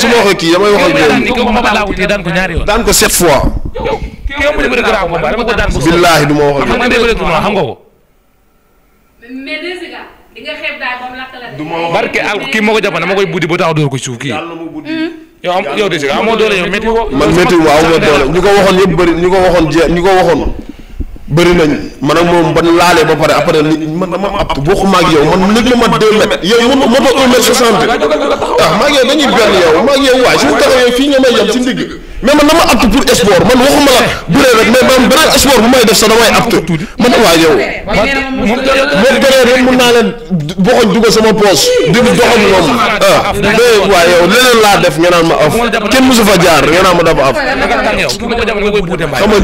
Speaker 5: su moo ko yow am yow de si amoo doole yow métti woo. man métti waaw ma
Speaker 2: doole ñu ko waxoon yëpp bëri ñu ko waxoon jeex ñu ko waxoon bëri nañ man ak moom ban laalee ba pare après man dama ab bokkuma ak yow man nit la ma deux mètres yow yow moo tax un mètre soixante ah maa ngi yow dañuy benn yow maa ngi yow waay su taxawee fii nga may yem si ndigg mais man dama apte pour sport man waxuma la bëree rek mais man beneen sport bu may def sax damay apte man waaye yow. moom gënee rek
Speaker 5: mun naa leen boxoñ dugal sama poche di doxoñ moom ah mais waaye yow leneen laa def nga naan ma af kenn mosu fa jaar nga naan ma dafa af.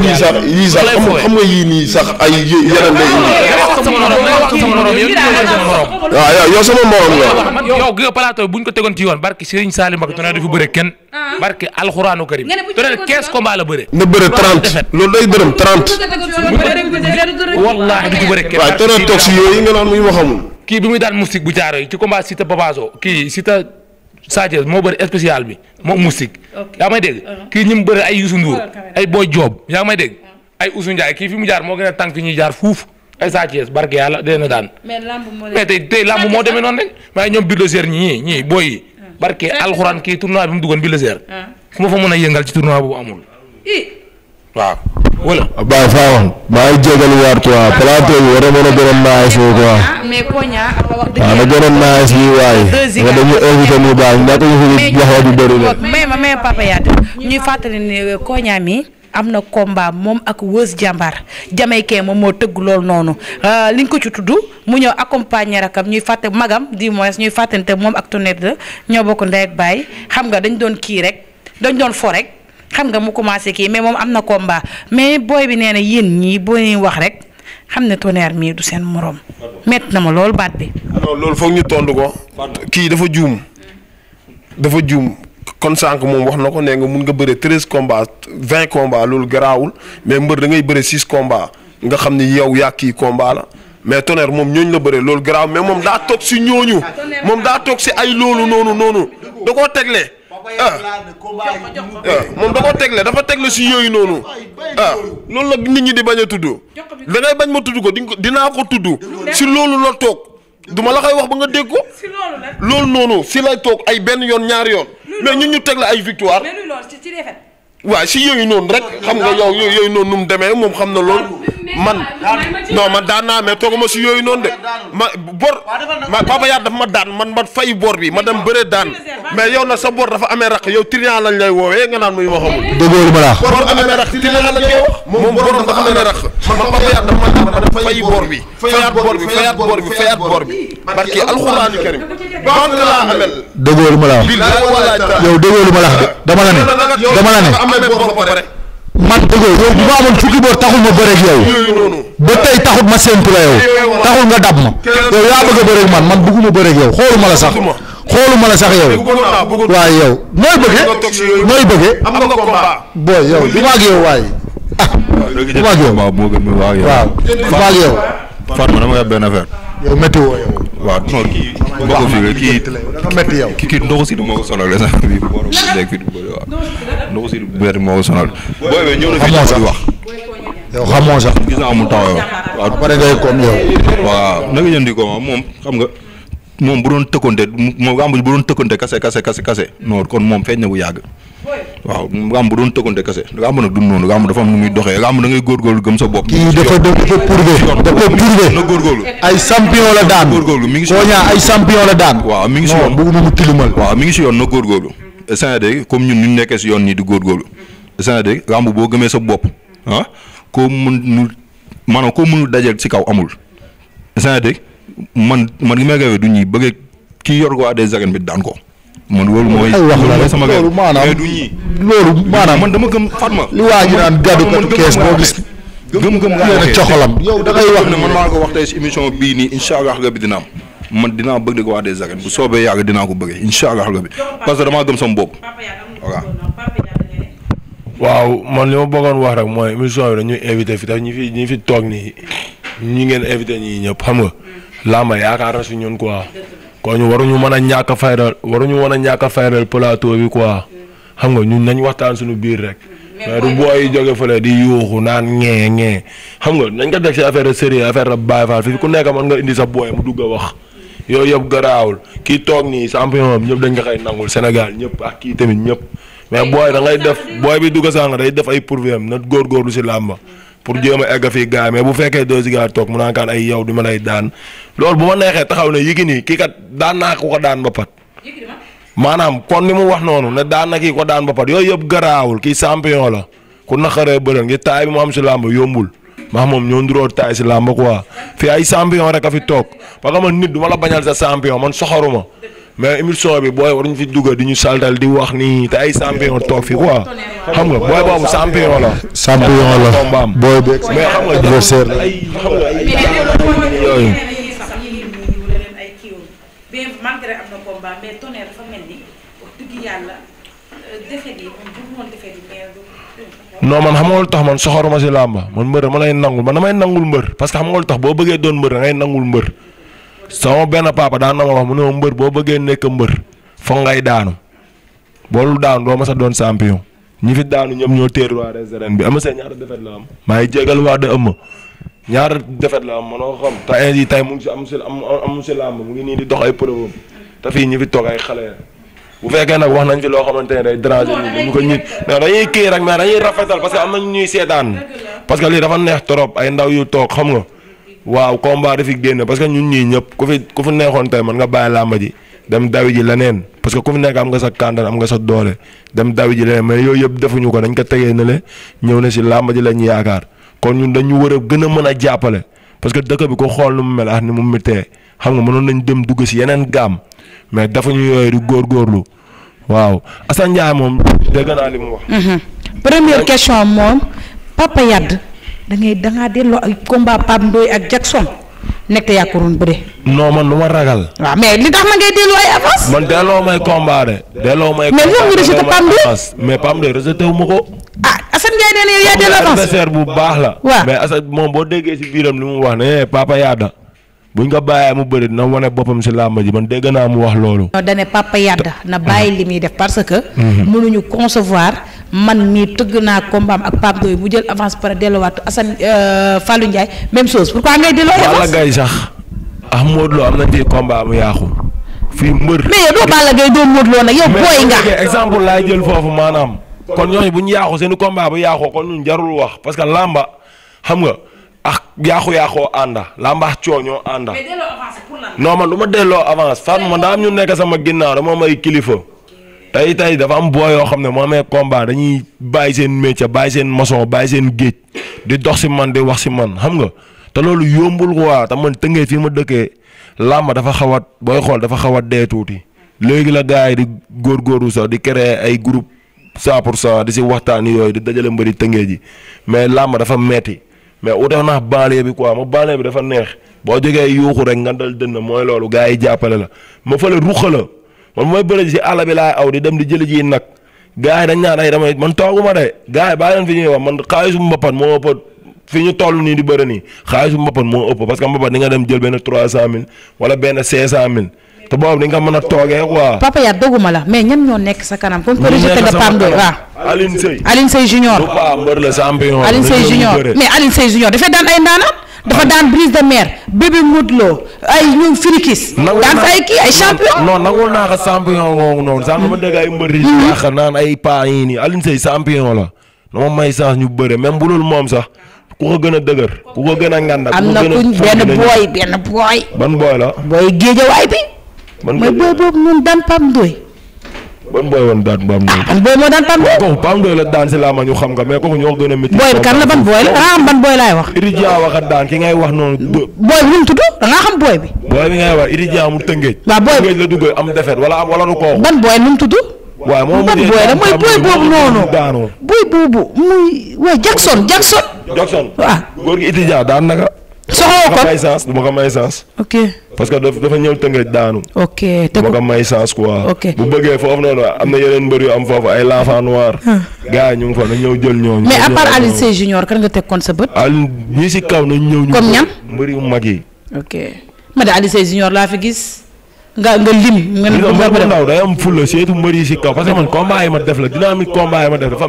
Speaker 5: xam nga yii sax yii sax xam nga yii nii sax ay yeneen lay indi. waaw ah, yow sama morom nga. yow bu kenn. Ah. barke alxuraanu karim. te ne 15 combats la bëre. na bëre 30 loolu day dërëm
Speaker 1: 30. wallaahi du ci bëre kenn.
Speaker 5: waaw te doon toog si yooyu nga naan muy waxamul. kii bi muy daan moustique bu jaaro yi ci combat Siteu Papa Sow kii Siteu Sadio moo bëri spécial bi moom moustique. yaa may dégg ah. kii ñi mu bëri ay Youssou Ndour ah, ay Boy Diop yaa may dégg. ay Ousseynou Ndiaye kii fi mu jaar moo gën a tànk ñuy jaar fuuf. ay Sa Thiès barke yàlla dee na daan. mais lamb moo demee noon rek. mais ñoom bulldozer ñii ñii booy barke alxuraan kii tournoi bi mu duggoon bi seer ah. fu fa mën a yëngal ci tournoi boobu amul. waaw ah,
Speaker 1: wala.
Speaker 2: maa ngi jégalu waat quoi ah, plateau war a mën a gën a naaj fii quoi
Speaker 1: waaw na gën
Speaker 2: a
Speaker 4: naaj fii
Speaker 1: waaye nga dañu invité mu baax ñàkk Koña mi. am na combat moom ak wës jàmbaar jamaykee moom moo tëgg loolu noonu euh, liñ ko ci tudd mu ñëw accompagner rakam ñuy fàtte magam di moins ñuy fàttante moom ak Tonnerre de ñoo bokk ndey ak baay xam nga dañ doon kii rek dañ doon fo rek xam nga mu commencé kii mais moom am na komba mais booy bi nee na yéen ñii boo ñuy wax rek xam ne Tonnerre mii du seen morom métti na ma lool baat bi. loolu foog ñu
Speaker 2: tontu ko. kii dafa juum. dafa juum. kon sànq moom wax na ko nee nga mun nga bëre treize combats vingt combats loolu garaawul mais mbër da ngay bëre six combats nga xam ni yow yaa kii combat la mais tonnerre moom ñooñu la bëre loolu garaw mais moom daa toog si ñooñu ah, moom daa toog si ay loolu noonu noonu da koo tegle ah moom da koo tegle dafa tegle si yooyu noonu ah loolu la nit ñi di bañ a tudd da ngay bañ ma tudd ko dinaa ko tudd si loolu la toog. duma la koy wax ba nga dégg ko.
Speaker 1: si loolu loolu
Speaker 2: noonu si lay toog ay benn yoon ñaari yoon. mais ñun ñu teg la ay victoire.
Speaker 1: mais
Speaker 2: waaw si yooyu noonu rek. xam nga yow yooyu noonu nu mu demee moom xam na loolu.
Speaker 1: man non man
Speaker 2: daan naa mais tooguma si yooyu noonu de ma bor ma Papa Yade dafa ma daan man ma fay bor bi ma dem bëre daan mais yow nag sa bor dafa amee raq yow triant lañ lay woowee nga naan muy ma xamul. déggoo li ma la wax. bor amee raq triant lañ ma bi fayaat bor bi fayaat bor bi fayaat bor bi barki laa li ma la la
Speaker 3: wax de dama la ne dama la ne. man dëggoo yow bu ma amoon fukki boor taxul ma bëreeg yow ba tey taxut ma séntu la yow taxul nga dab ma yow yaa bëgg a man man bëgguma bëreeg
Speaker 4: yow xooluma la sax xooluma la sax yow
Speaker 3: waaye yow nooy bëggee nooy bëggee
Speaker 4: booy yow du ma yow waaye ah du ma yow waaw du ma ak yow. Fatma dama yow. waaw non kii boo ko fi kii dafa métti yow kii kii ndoxu si du moo ko sonal sax bi moo nekk fi du bëri waaw ndoxu si du bëri moo ko sonal booy bi ñëw na fi di wax yow xamoo sax gis naa amul temps yow waaw pare ngay comme yow waaw na nga jëndi xam nga moom bu doon tëkkonte moom gàmb bu doon tëkkonte kase kase kase kase noonu kon moom feeñ na bu yàgg waaw gàmb bu doon tëkkonte kase gàmb nag du noonu gàmb dafa am nu muy doxee gàmb da ngay góorgóorlu gëm sa bopp. kii dafa dafa prouvé dafa prouvé na góorgóorlu ay champion la daan mi ngi si yoon ay la daan waaw mi ngi si yoon bëgguma mu tilimal ngi si yoon na góorgóorlu c'est-à-dire comme ñu nekkee yoon nii di góorgóorlu cest à boo gëmee sa bopp ah koo mën nu maanaam koo mënul dajeel si kaw amul cest à man man li may rawee du ñuy bëgg kii yor waa des arènes bi daan ko. man loolu mooy loolu sama loolu maanaam du ñii loolu maanaam man dama gëm Fatma. li waa ji naan gàddu katu kees boo gis. gëm-gëm laa waxee wax ne man maa ko wax tey si émission bii nii incha allah rabbi dina am man dinaa bëgg di wax des arènes bu soobee yàgg dinaa ko bëggee incha allah rabbi parce que damaa gëm sama bopp voilà.
Speaker 2: waaw man li ma bëggoon wax rek mooy émission bi dañuy invité fi daf ñu fi ñu fi toog nii ñu ngeen invité ñii ñëpp xam nga. lama ya ka si ñun quoi ko ñu waru ñu mëna ñaaka fayral waru ñu wona ñaaka fayral plateau bi quoi xam nga ñun nañ waxtaan suñu biir rek. mais du boy joge fele di yuxu naan ngé ngé xam nga nañ ko def si affaire sérieux affaire baay fa fi ku nekk man nga indi sa boy mu dugg wax. yoy yeb garaawul ki tok ni champion bi dañ nga nangul Sénégal ñep ak ki tamit ñep mais boy da ngay def boy bi dugg sànq day def ay pourvem na lu ci lamba pour jéem a egg fii gars mais bu fekkee deux gars toog mu naan kaan ay yow di ma lay daan loolu bu ma neexee taxaw ne Yékini kii kat daan naa ko ko daan ba maanaam kon ni mu wax noonu ne daan na kii ko daan ba yooyu yëpp garaawul kii champion la ku naqaree bële ngi taay bi mu am si làmb yombul maa moom ñoo nduróo taay si làmb quoi fii ay champion rek a fi toog parce que man nit du la bañal sa sampion man soxoruma mais émission bi booy waruñu fi dugg di ñu saltal di wax ni te ay champion tok fi quoi xam nga boy boobu champion la. champion la boy booy mais xam nga adversaire la xam nga ay yooyu. malgré amna combat
Speaker 1: mais tonnerre fa melni ni wax dëgg yàlla defet yi bu woon defet yi mais non man
Speaker 2: xam nga lu tax man soxoruma ci lamba man mbeur ma lay nangul man damay nangul mbeur parce que xam nga lu tax bo beugé don mbeur ngay nangul mbeur sama ben papa da na wax mu ne mbeur bo beugé nek mbeur fo ngay daanu bo lu daanu do ma sa don champion ñi fi daanu ñom ñoo terroir waa réserve bi am sa ñaar defet la am may ngi jégal waa de am ñaar defet la am mo no xam ta indi tay mu ngi am si am am si am mu ngi ni di dox ay problème ta fi ñi fi tok ay xalé bu fekké nak wax nañ fi lo xamantene day déranger ñi dañu ko ñit da dañuy kii rek ma dañuy rafetal parce que am nañ ñuy sétane parce que li dafa neex trop ay ndaw yu tok xam nga waaw combat dafi génn parce que ñun ñii ñëpp ku fi ku fi neexoon tey man nga bàyyi làmba dem dawi ji leneen parce que ku fi nekk am nga sa kàntan am nga sa doole dem dawi ji leneen mais yooyu yëpp defuñu ko dañ ko tegee ne le ñëw na si làmba ji la ñu yaakaar kon ñun dañu war a gën a mën a jàppale parce dëkk bi ko xool nu mu mel ak ni mu mitee xam nga mënoon nañ dem dugg si yeneen gaam mais dafa ñu yooyu di góorgóorlu waaw Assane Ndiaye moom dégg naa li mu
Speaker 1: wax. Mhm. première question moom Papa Yade da ngay da nga delo ay combat pam doy ak Jackson nek ya ko run bëre. no man luma ragal. wa ah, mais li tax ma ngay delo ay avance. man
Speaker 2: delo may combat de. delo may combat mais loolu nga rejeté pam doy mais pam doy rejeté wu mako
Speaker 1: ah asan ngay nee ya delo yaa delloo avance adversaire
Speaker 2: bu baax la. mais asan mom bo déggé ci biram limu wax né eh, papa ya da buñ nga baye mu beure na woné bopam ci lamba ji man dégg ya na mu wax ah. lolu
Speaker 1: non da ne papa yàdda na baye limi def parce que. mënuñu mhm. concevoir man mi teug na combat ak pap doy bu jël avance par delo wat assane euh, fallu ndjay même chose pourquoi ngay delo wala gay
Speaker 2: sax ah modlo amna di combat mu yaxu fi meur mais yow do bala gay do modlo nak yow boy nga exemple la jël fofu manam kon ñoy buñ yaxu seen combat bu yaxu kon ñu jarul wax parce que lamba xam nga ak yaxu yaxo anda lamba cioño anda mais
Speaker 5: delo avance pour lan non
Speaker 2: man duma delo avance fan man da am ñu nekk sama ginnaw dama may kilifa tey tey dafa am boo yoo xam ne moo amee combat dañuy bàyyi seen métier bàyyi seen maçon bàyyi seen géej di dox si man di wax si man xam nga te loolu yombul quoi te man tëngee fii ma dëkkee làmb dafa xaw a booy xool dafa xaw a dee tuuti léegi la gars yi di góoru sax di créer ay groupe cent pour cent di si waxtaan yooyu di dajale mbëri tëngee ji mais làmb dafa metti mais ute naa banlieue bi ko ma banlieue bi dafa neex boo jegee yuuxu rek nga dal dënn mooy loolu gars yi jàppale la ma fële ruqa man mooy bëre ji si àll bi laay aw di dem di jëli ji nag gars yi dañ naan ay damay man tooguma de gars yi bàyyi fi ñuy wax man xaalisu mbappan moo ëpp fi ñu toll nii di bëre nii xaalisu mbappan moo ëpp parce que mbappan di nga dem jël benn trois cent mille wala benn cinq cent mille te boobu di nga mën a toogee quoi. papa
Speaker 1: yaa doguma la mais ñan ñoo nekk sa kanam. comme que rejeté de PAM doy waaw.
Speaker 2: Alioune Seye Alioune Seye junior. du pas mbër la champion. Alioune Seye junior mais
Speaker 1: Alioune Seye junior dafay daan ay ndaanaan. dafa daan brise ay ñu firikis. daan fa ay kii ay champion.
Speaker 2: non nangul mhm. paa yi nii Alioune Seye champion la. dama may chance ñu bëre même bu dul moom sax ku ko gën a dëgër ku ko gën a ngàndal. am na ku benn booy
Speaker 1: benn booy.
Speaker 2: ban booy la. booy géejawaay bi. man mooy booy
Speaker 1: boobu noonu daan Pape Ndoye.
Speaker 2: booy woon moo daan Pape Ndoye. kooku Pape Ndoye la daan xam nga mais kooku ñoo gën a métti. booy bi kan la ban da ngaa xam wax. Iridia wax a daan ki ngay wax noonu. booy bi nu mu tudd da ngaa xam booy bi. booy bi ngay wax Iridia mu tëngeej. waaw booy bi tëngeej la duggee am defet mooy booy boobu noonu.
Speaker 1: booy boobu muy Jackson Jackson. Jackson
Speaker 2: ah. góor gi Iridia daan naka soxla ko may chance du ma ko may chance. ok parce que dafa ñëw tëngëj daanu. ok te ma ko may chance quoi. bu bëggee foofu noonu am na yeneen mbër yu am foofu ay l'enfant noir. Ah. gars yi ñu ngi fa nañ ñëw jël ñooñu. mais à part
Speaker 1: Junior kan nga teg kon sa bët. Alioune ñi si kaw na
Speaker 2: ñëw. comme ñam mbër yu mag yi.
Speaker 1: ok ma de Alioune Junior laa fi gis. nga nga lim. nga
Speaker 2: ne ko ndaw day am fulla seetu mbër yi si kaw parce que man combat ma def la dynamique combat yi ma def dafa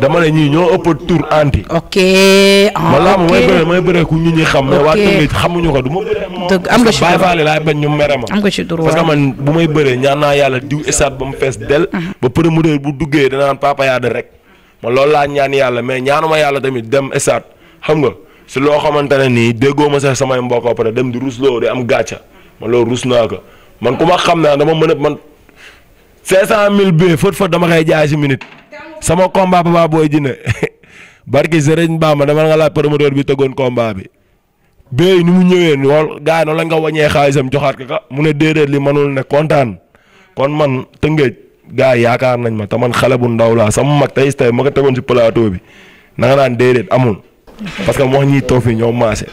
Speaker 2: dama ne ñii ñoo ëpp tur anti. ok ah, ma laamu may bëree may bëree ku ñu ñi xam. mais waa Tëngéej xamuñu ko du ma bëree moom. dëgg am laay bañ ñu mere ma. am nga si parce que man bu may bëree ñaan naa yàlla diw stade ba mu fees del ba promoteur bu duggee danaan papa yaa rek. ma loolu laa ñaan yàlla mais ñaanuma yàlla tamit dem stade xam nga si loo xamante ne nii déggoo ma sax samay mbokk ba pare dem di rusloo di am gàcca man loolu rus naa ko man ku ma xam naa dama mën a man 500000 bee fët fët dama koy jaay sama combat Papa Boy Djiné barki Serigne Bamba dama nga laaj promoteur bi tëggoon combat bi béy ni mu ñëwee lool gaa noonu la nga Mune xaalisam joxaat ko ka mu ne déedéet li manul ne kontaan kon man nañ ma taman man bu ndaw laa sama mak tey tey ma ko tegoon ci plateau bi na nga naan déedéet amul parce que wax ñi toog ñoo maase.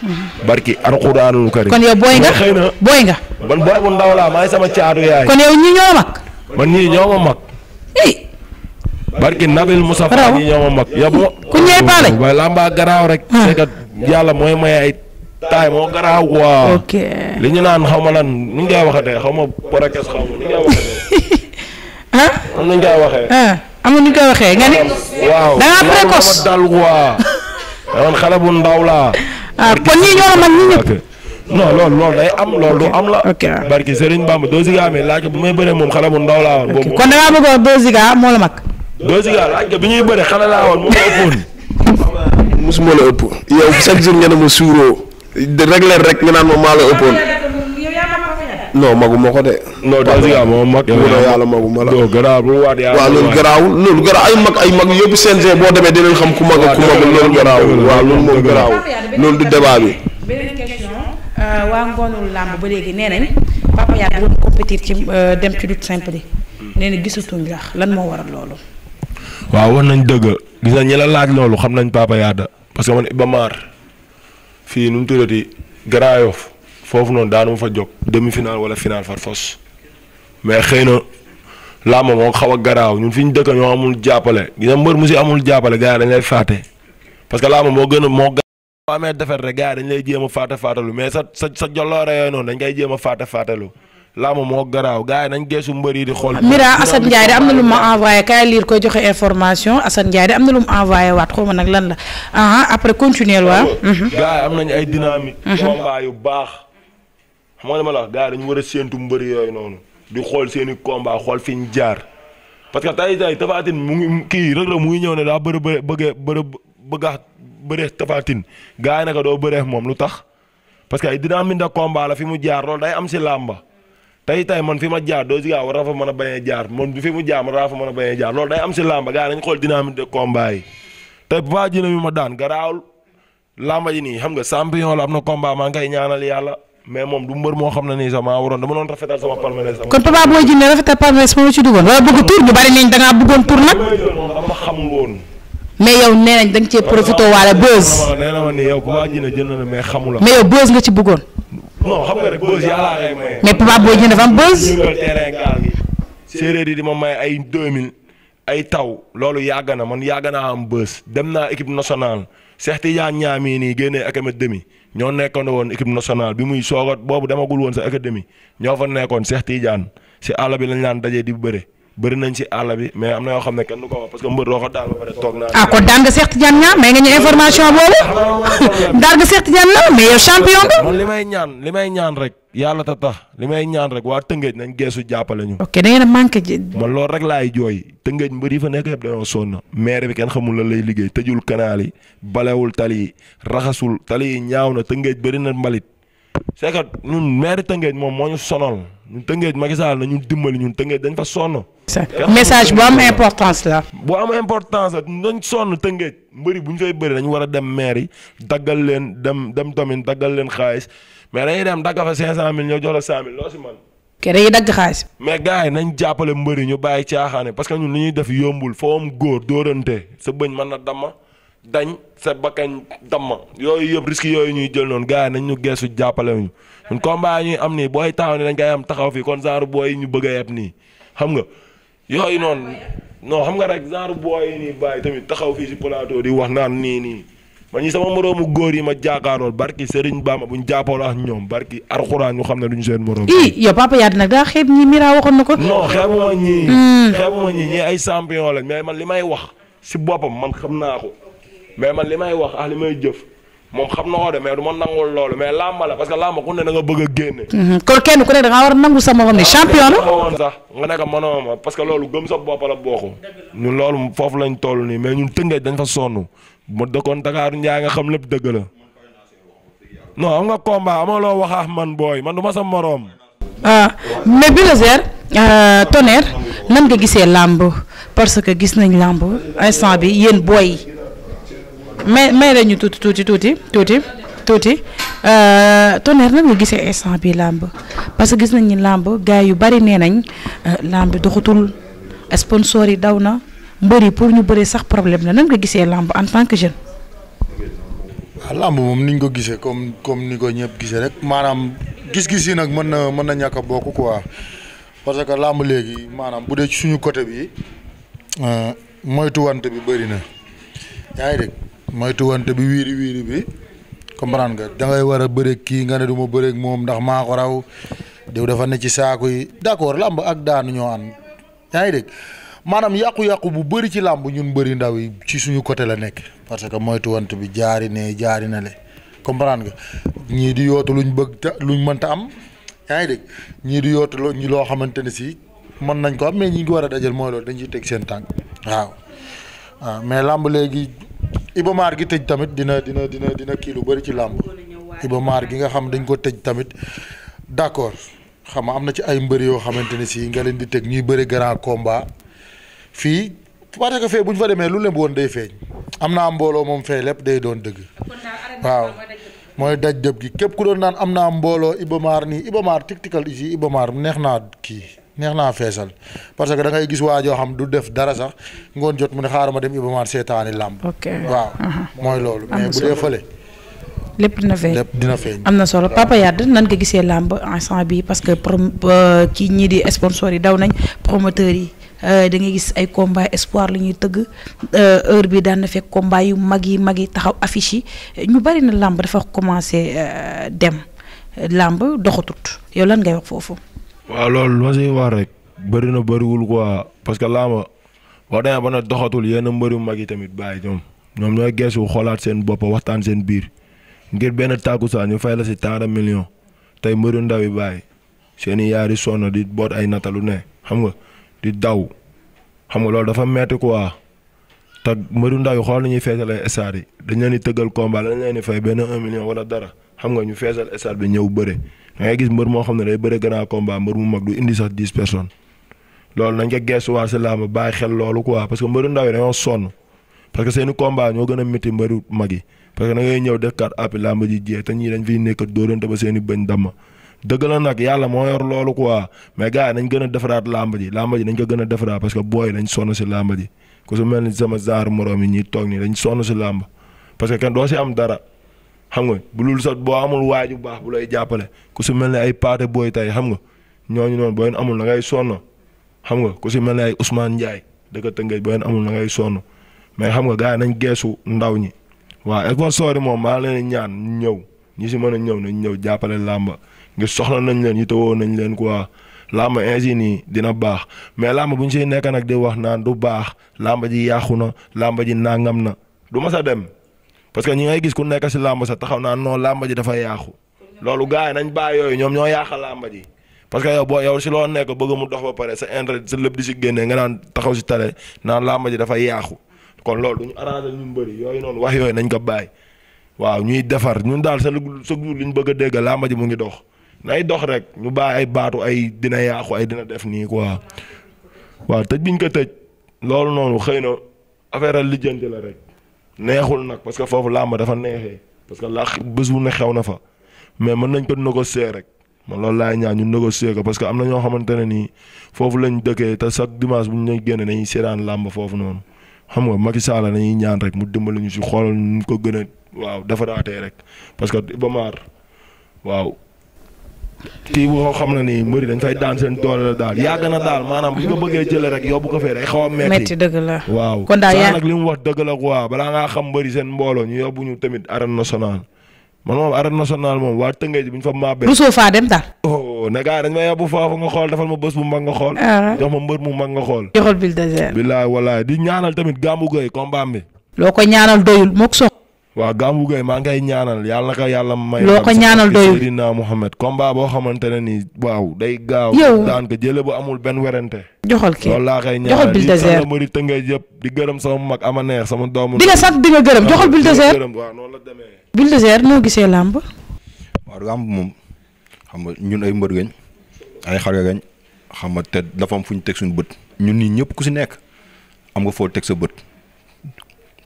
Speaker 2: barki alxuraanul karim kon yow boy nga boy nga. man boy bu ndaw sama caatu yaay.
Speaker 1: kon yow ñi
Speaker 2: ñoo mak. man barki Nabil Moussa ñi ñoo ma mag yabo ku ñëwee paale waaye garaaw rek ah. yàlla mooy maye ay taay moo garaaw quoi li ñu naan xaw ma lan nu ngay waxatee xaw xaw ma nu ngay waxatee ah
Speaker 1: am nu waxee
Speaker 2: dangaa précoce dal quoi man xale bu ndaw laa ah
Speaker 1: kon ñii ñoo la mag
Speaker 2: ñi ñëpp non loolu loolu day am loolu du am la. ok barki Serigne Bamba Doo Ziga amee laaj bu may bëree moom xale bu ndaw laa kon da
Speaker 1: bëggoon Doo Ziga moo la mag.
Speaker 2: Dóor Zigal laaj nga bi ñuy bëre xale laa la mosuma la ëpp yow chaque jour ngeen ne ma suuroo di réglé rek nga naan ma maa la ëppoon. non magu ko de. non Dóor Zigal moom mag. yow yàlla magu garaaw bu waat yàlla loolu garaawul loolu garaaw ay mag ay mag yóbbu CNG boo demee dinañ xam ku mag ak ku magul loolu garaawul waaw loolu moom garaawul loolu du débat bi.
Speaker 1: Euh, waa ngoonul làmb ba léegi nee nañ Papa Yade doon compétir ci euh, dem ci lutte simple yi nee na lan moo waral loolu.
Speaker 2: waaw war nañ dëgg gis nañ ñi la laaj loolu xam nañ Papa Yada parce que man Iba Mar fii nu mu tuddati Grand Yoff foofu noonu daanu fa jóg demi final wala final far fos mais xëy na làmb moo xaw a garaaw ñun fi ñu dëkk ñoo amul jàppale gis nga mbër mu si amul jàppale gars yi dañ lay fàtte parce que làmb moo gën a moo amee defar rek gars yi dañ lay jéem a fàtte fàttelu mais sa sa sa jolloore yooyu noonu dañ koy jéem a fàtte fàttelu lamu mo garaaw gaay nañ gessu mbeuri di xol Mira Assane Ndiaye de amna na lu ma
Speaker 1: envoyé kaay liir koy joxe information Assane Ndiaye de amna na lu mu envoyé waat xaw ma lan la ah après continuer wa mhm. gaay
Speaker 2: amna ñ ay dynamique. Mhm. combat yu bax xam nga li ma la wax dañu wara sentu mbeuri yoy nonu di xol seen combat xol fiñ jaar parce que tay tay tafatin mu ngi ki rek la mu ngi ñëw ne da beure bëri bëgg bëri bëgg a bëreex Tafatine gars naka do beure mom lu tax parce que ay dynamique de combat la fi mu jaar lol day am ci lamba tay tay man fi ma jaar do Kaaw war rafa fa baye a bañ a jaar man fi mu jaam rafa naa baye jaar lol day am ci lamba ga nañ xol dynamique de combat yi tey Papa Djiné mi ma daan garawul lamba ji ni xam nga champion la amna combat ma ngay ñaanal yalla mais mom du mbeur mo xamna ni sama waron dama non rafetal sama palmarès
Speaker 1: sama. kon Papa Boy jinné rafetal palmarès mo ci duggoon wala bëgg tour ñu bari nañ da nga bëggon tour nak
Speaker 2: dama xam woon.
Speaker 1: mais yow nee da nga cee buzz.
Speaker 2: nee ma ni yow ko wajina jënd na mais xamula. mais yow buzz nga ci bëggon non xam nga rek buzz yi ala lay maye. mais Papa Boy Djiné dafa séeréer yi di ma may ay 2000 ay taw loolu yàgg na man yàgg naa am bës dem naa équipe nationale Cheikh Tidiane ñaamii nii génnee académie ñoo nekkoon woon équipe nationale bi muy soogat boobu demagul woon sa académie ñoo fa nekkoon Cheikh Tidiane si àll bi lañ naan dajee di bëre. bëri nañ ci àll bi mais am na yoo xam ne kenn du ko wax parce que mbër doo ko daal ba pare toog naa. ah kon daan
Speaker 1: nga ñu information boobu daan nga Cheikh Tidiane mais yow champion nga.
Speaker 2: li may ñaan li may ñaan rek yàlla ta tax li may ñaan rek waa Tëngéej nañ geesu jàppale ñu. ok
Speaker 1: da ngeen a manqué ji.
Speaker 2: man loolu rek laay jooy Tëngéej mbër yi fa nekk yëpp dañoo sonn maire bi kenn xamul la lay liggéey tëjul kanaal yi balewul tali yi raxasul tali yi ñaaw na Tëngéej bëri na mbalit c'est que ñun maire Tëngéej moom moo ñu sonal ñun Tëngéej Macky Sall dimbali ñun Tëngéej dañ fa sonn.
Speaker 1: message bu am importance la.
Speaker 2: bu am importance la dañ sonn Tëngéej mbëri bu ñu fay bëri dañu war a dem maire yi daggal leen dem dem tamit daggal leen xaalis mais dañuy dem dagga fa 500000 ñëw jox la 100000 loo si mën. kër yi mais gars yi nañ jàppale mbëri ñu bàyyi caaxaane parce que ñun li ñuy def yombul foo am góor dóorante sa bëñ mën na dama dañ. sa bakkañ damm yooyu yëpp risques yooyu ñuy jël noonu gars yi nañ ñu geesu jàppale ñu ñun combat ñuy am nii booy taxaw ni dañ koy am taxaw fii kon genre booy ñu bëgg a yeb nii xam nga yooyu noonu xam nga rek genre booy yi tamit taxaw fii si plateau di wax naan nii nii man ñi sama moroomu góor yi ma jaakaaroon barki Serigne Bamba bu ñu jàppoon ak ñoom barki alxuraan ñu xam ne duñu ñu seen moroom. ii
Speaker 1: yow papa yaat nag daa xeeb ñi Mira waxoon na ko. non xeebuma ñii. Hmm.
Speaker 2: ñii ñii ay champion lañ mais man li may wax si boppam man xam naa ko. mais man limay wax ah limay jëf mom xamna ko de mais duma nangul loolu mais làmba la parce que làmba ku ne da nga bëgg a mhm. ko kenn ku ne da nga
Speaker 1: war nangul nangu sa morom ah, champion la.
Speaker 2: nga ne ko mënoo parce que loolu gëm sa bopp la boxu ñun loolu fofu lañ tollu ni mais ñun tënkee dañ fa mo de kon Dakar ñaa nga xam lepp deug la. non am nga combat wax ah man boy man duma sa morom.
Speaker 1: ah mais euh Tonnerre nan nga gisee lamb parce que gis nañ lamb instant bi yeen boy mais may dañu tuuti tuuti tuuti tuuti tuuti euh, Tonnerre nag nga gisee instant bi làmb parce que gis nañ ni làmb gars yu bari nee nañ euh, làmb doxatul sponsor yi daw na mbër yi pour ñu bëree sax problème na nañ ko gisee làmb en tant que jeune.
Speaker 3: waaw ah, làmb moom ni ko gisee comme comme ni ko ñëpp gisee rek maanaam gis-gis yi nag mën na mën na ñàkk bokk quoi parce que làmb léegi maanaam bu dee ci suñu côté bi euh, moytuwante bi bëri na yaa ngi tuwante bi wiri-wiri bi comprendre nga da ngay wara beure ki nga ne duma beure ak mom ndax mako raw diw dafa ne ci saaku yi d'accord lamb ak daanu ñoo an yaay manam yaqku yaqku bu beuri ci lamb ñun beuri ndaw yi ci suñu côté la nek parce que tuwante bi jaari ne jaari na le comprendre nga ñi di yotu luñ bëgg te luñ mënta am yaay ngi ñi di yotu lo ñi lo ne ci mën nañ ko am mais ñi ngi wara dajal moy lool dañ ci tek seen tank waaw ah mais lamb Iba gi tëj tamit dina dina dina dina kii lu bëri ci làmb Iba gi nga xam dañ ko tëj tamit d'accord xam nga am na ci ay mbër yoo xamante ne si nga leen di teg ñuy bari grand komba fii parce que fee bu ñu fa demee lu lemb woon day feeñ am naa mbooloo moom fee lépp day doon dëgg waaw mooy daj dëb gi képp ku doon naan am naa mbooloo Iba Mar nii Iba Mar tiktikal isi Iba neex naa kii neex naa feesal parce que da ngay gis waajoo xam du def dara sax ngoon jot mu ne xaaruma dem Ibamaat seetaani lamb waaw mooy loolu. mais bu dee fële.
Speaker 1: lépp dina feeñ lépp dina feeñ. am na solo Papa Yade nan nga gisee làmb instant bi parce que prom kii ñii di sponsor yi daw nañ promoteur yi. Euh, da ngay gis ay combat espoir lu ñuy tëgg euh, heure bi daan na fekk combat yu mag yi mag taxaw affiche ñu bari na lamb dafa commencé euh, dem lamb doxatut yow lan ngay wax foofu.
Speaker 2: waaw loolu lu ma siy wax rek bëri na bëriwul quoi parce que laama boo demee ba na doxatul yenn mbëri mag yi tamit bàyyi ñoom ñoom ñooy geesu xoolaat seen bopp waxtaan seen biir ngir benn tàkkusaan ñu fay la si tant million millions tey mbëri ndaw yi bàyyi seen i yaari sonn di boot ay natalu ne xam nga di daw xam nga loolu dafa metti quoi te mbëri ndaw yi xool ñuy feesalee stade yi dañ leen di tëggal combat dañ leen di fay benn un million wala dara xam nga ñu feesal stade bi ñëw bëre. da ngay gis mbër moo xam ne day bëre grand combat mbër mu mag du indi sax dix personnes loolu nañ ko gestuwaat si làmb bàyyi xel loolu quoi parce que mbëru ndaw yi dañoo sonn parce que seeni yi parce que ñëw def kat appi làmb ji jee te ñii dañ fiy nekk dóorante ba seen i bëñ damma dëgg la nag yàlla moo yor loolu quoi mais gars yi nañ gën a defaraat làmb ji làmb ji nañ ko gën defaraat parce que booy dañ sonn si làmb ji ku su mel ni sama genre morom yi ñuy toog nii dañ sonn si làmb parce que xam nga bu dul sa boo amul waaju baax bu lay jàppale ku si mel ne ay paate booy tey xam nga ñooñu noonu boo leen amul na ngay sonn xam nga ku si mel ne ay Ousmane Ndiaye dëkk Tëngéej boo leen amul na ngay sonn mais xam nga gars yi nañ geesu ndaw ñi waaw sponsor yi moom maa leen ñaan ñëw ñi si mën a ñëw nañ ñëw jàppale làmba ngir soxla nañ leen yitewoo nañ leen quoi làmba insi nii dina baax mais làmba bu ñu siy nekk nag di wax naan du baax làmba ji yàqu na làmba ji nangam na du ma sa dem. parce que ñi ngay gis ku nekk si làmb sa taxaw naan non làmb ji dafa yaaxu loolu gaa yi nañ bàyyi yooyu ñoom ñoo yaaxal làmb ji parce que yow boo yow si loo nekk bëgg mu dox ba pare sa intérêt sa lépp di si génnee nga naan taxaw si tale naan làmb ji dafa yaaxu kon loolu du ñu arrangé ñu bëri yooyu noonu wax yooyu nañ ko baay waaw ñuy defar ñun daal sa sa guur li ñu bëgg a dégg làmb ji mu ngi dox nay dox rek ñu bàyyi ay baatu ay dina yaaxu ay dina def nii quoi waaw tëj biñ ko tëj loolu noonu xëy na affaire lijjanti la rek. neexul nag parce que foofu làmb dafa neexee parce que la bés bu ne xew na fa mais mën nañ ko négocier rek man loolu laay ñaan ñu négocier ko parce que am na ñoo xamante ne nii foofu lañ dëkkee te chaque dimanche bu ñu génnee dañuy seetaan làmb foofu noonu xam nga Macky Sall dañuy ñaan rek mu dimbali ñu si xoolal ñu ko gën a waaw dafa rek parce que Ibamar waaw. kii boo xam ne nii mbëri dañ fay daan seen doole daal yàgg na daal maanaam bu ñu ko bëggee jëlee rek yóbbu ko fee day xaw a metti
Speaker 1: dëgg la waaw kon daal yaa nag
Speaker 2: li mu wax dëgg la quoi balaa ngaa xam ñu yóbbu ñu tamit arène nationale man moom arène nationale moom waa Tëngéej bu ñu fa maabee. Rousseau faa dem daal. oh ne gars dañ ma yóbbu nga xool defal ma bés bu mag nga xool. Ah. jox ma mbër mu mag nga xool.
Speaker 1: joxol bil désert.
Speaker 2: bilaay walaay di ñaanal tamit gàmmu gay combat bi.
Speaker 1: loo ko ñaanal doyul mook sox
Speaker 2: waaw Gambu Gueye maa ngay ñaanal yàlla yàlla may. loo ko ñaanal doyul Seydina Mohamed boo xamante ne nii waaw day gaaw. yow daan bu amul benn werante. joxal laa koy di sant mbëri Tëngéej mag
Speaker 4: ama sama doomu.
Speaker 2: di nga sant la demee.
Speaker 1: Bulldozer gisee làmb.
Speaker 4: waaw moom xam nga ñun ay mbër gañ ay xarga gañ xam te dafa am fu ñu teg suñu bët ñun nii ñëpp ku si nekk am nga foo teg sa bët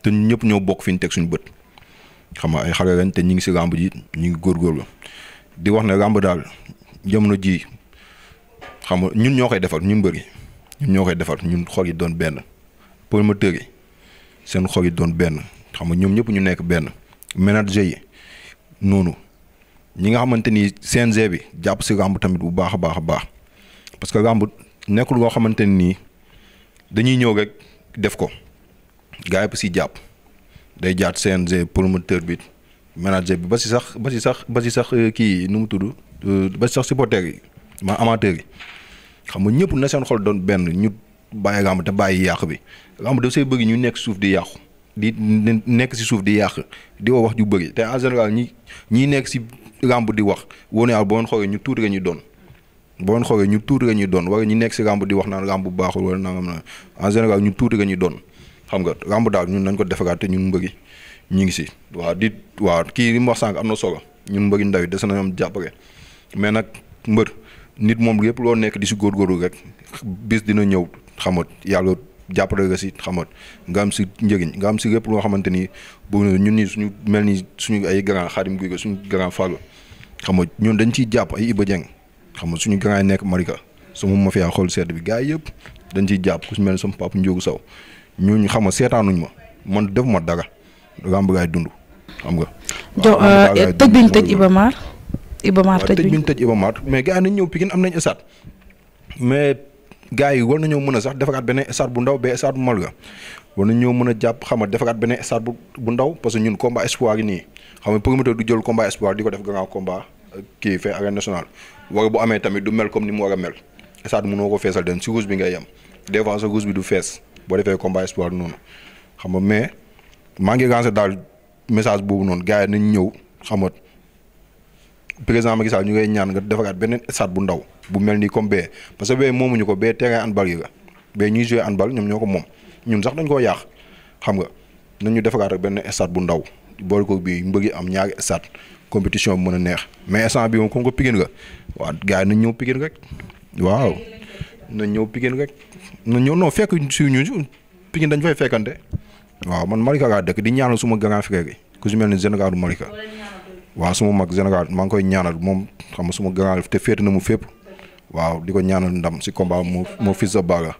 Speaker 4: te ñun ñëpp ñoo bokk fi ñu teg suñu bët xam nga ay xale lañ te ñu ngi si làmb ji ñu ngi góorgóorlu di wax ne làmb daal jamono ji xam nga ñun ñoo koy defar ñun bëri ñun ñoo koy defar ñun xol yi doon benn ma yi seen xol yi doon benn xam nga ñoom ñëpp ñu nekk benn manager yi noonu ñi nga xamante ni CNG bi jàpp si làmb tamit bu baax a baax a baax parce que làmb nekkul loo xamante nii dañuy ñëw rek def ko gaa yëpp si jàpp. day jaat CNG moteur bi manager bi ba si sax ba si sax ba si sax euh, kii nu mu tudd euh, ba si sax supporters yi ma amateurs yi xam nga ñëpp na seen xol doon benn ñu bàyyi làmb te bàyyi yàq bi làmb daf say bëgg ñu nekk suuf di yàqu di nekk si suuf di yàq di woo wax ju bëri te en général ñi ñi nekk si làmb di wax wóor na yàlla boo xoolee ñu tuuti la ñuy doon. boo xoolee ñu tuuti la ñuy doon wala ñu nekk si làmb di wax naan làmb bu baaxul wala nangam na en général ñu tuuti la ñuy doon. xam nga làmb daal ñun nañ ko defaraat te ñun mbëri ñu ngi si waa di waa kii li mu wax am na solo ñun mbëri ndaw yi des na ñoom jàppale mais nag mbër nit moom yëpp loo nekk di si góorgóorlu rek bis dina ñëw xamat yàlla jàppale nga si xamat nga am si njëriñ nga am si lépp loo xamante ni boobu ñun ñii suñu mel ni suñu ay grand xaadim guy suñu xam nga ñun dañ ciy jàpp ay Iba xam nga suñu grand nekk Marika sama mafia xool sedd bi gars yi yëpp dañ ciy jàpp ku si mel ni sama papa Ndiogou saw ñooñu xam nga seetaanuñ ma man def ma daga da am bëgg dund xam nga.
Speaker 1: jo euh, tëj bi ñu tëj Ibamar. Ibamar tëj bi ñu
Speaker 4: tëj mais gars yi nañ ñëw Pikine am nañ stade mais gars yi war nañoo mën a sax defaraat beneen stade bu ndaw ba stade bu Malga war nañoo mën a jàpp xam nga defaraat beneen stade bu bu ndaw parce que ñun combat espoir yi nii xam nga promoteur du jël combat espoir di ko def grand combat kii fee arène nationale war bu amee tamit du mel comme ni mu war a mel stade noo ko feesal den si rouge bi ngay yem des fois sa rouge bi fees. boo defee combat espoir noonu xam nga mais maa ngi lancé daal message boobu noonu gars yi nañ ñëw xam nga président Macky Sall ñu ngay ñaan nga defaraat beneen stade bu ndaw bu mel nii comme bee parce que bee moomuñu ko bee terrain handball yi la bee ñuy joué handball ñoom ñoo ko moom ñun sax dañ koo yàq xam nga nañ ñu defaraat rek benn stade bu ndaw boole ko bii mbëri am ñaari stade compétition bi mën a neex mais instant bi moom comme ko Pikine nga waaw gars yi nañ ñëw Pikine rek waaw nañ ñëw Pikine rek. na ñëw non fekk ñu piñ dañ fay e fekkante waaw man Malika ga dekk di ñaanal suma grand frère yi ku ci melni ni général Malika wa suma mag général ma ngi koy ñaanal mom xam suma grand te féete na mu fep waaw diko ñaanal ndam si combat mo mo fi sa baga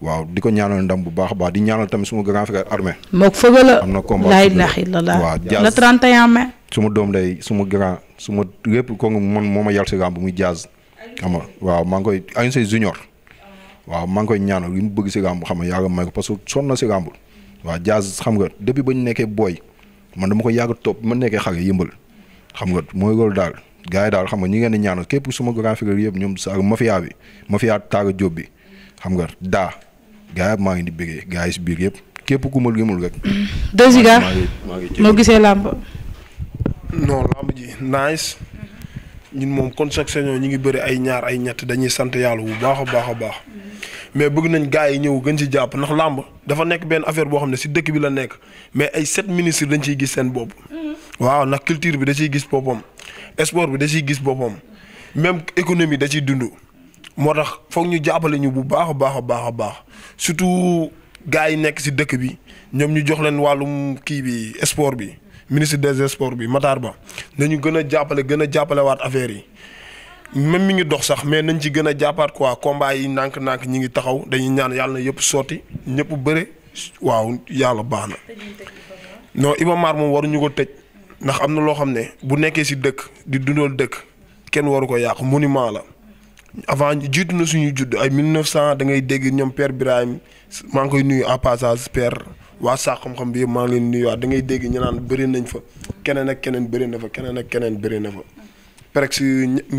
Speaker 4: waaw diko ñaanal ndam bu baax ba di ñaanal tamit suma grand frère armée
Speaker 1: mok feugala la combat la ilaha illallah waaw na 31 mai
Speaker 4: suma dom day suma grand suma lépp ko man moo ma yàl si ram bu muy jazz xam nga waaw maa ngi koy junior waaw maa ngi koy ñaanal li mu bëgg si làmb xam nga yàlla may ko parce que sonn na si làmb waaw Diaz xam nga depuis ba ñu nekkee booy man dama ko yàgg topp ma nekkee xale yëmbal xam nga mooy loolu daal gaa yi daal xam nga ñi ngeen di ñaanal képp suma grand frère yëpp ñoom sa mafia bi mafia taaga jóob bi xam nga daa gars yi maa ngi di bëggee gaa yi si biir yëpp képp ku ma limul rek.
Speaker 1: deux Giga noo gisee làmb.
Speaker 4: non làmb ji
Speaker 2: ñun moom kon chaque saison ñu ngi bëri ay ñaar ay ñett dañuy sant yàlla bu baax a baax a baax mais bëgg nañ gars yi ñëw gën ci jàpp ndax làmb dafa nekk benn affaire boo xam ne si dëkk bi la nekk mais ay sept ministres dañ ciy gis seen bopp. Mm-hmm. waaw ndax culture bi da ciy gis boppam sport bi da ciy gis boppam même économie da ciy dund moo tax foog ñu jàppale ñu bu baax a baax a baax a baax surtout gars yi nekk ci dëkk bi ñoom ñu jox leen wàllum kii bi sport bi. ministre des sports bi Matar Ba nañu gën a jàppale gën a jàppale affaire yi même mi ngi dox sax mais nañ ci gën a jàppaat quoi combat yi nànk-nànk ñi ngi taxaw dañuy ñaan yàlla na yëpp sotti ñëpp bëre waaw yàlla baax na. non Iba Mar moom waruñu ko tëj ndax am na loo xam ne bu nekkee si dëkk di dundal dëkk kenn waru ko yàq monument la. avant jiitu na suñu judd ay 1900 da ngay dégg ñoom père Birahim maa ngi koy nuyu en passage père. waa sax xam-xam bi yëpp maa ngi leen nuyuwaat da ngay dégg ñu naan bëri nañ fa keneen ak keneen bëri na fa keneen ak keneen bëri na fa presque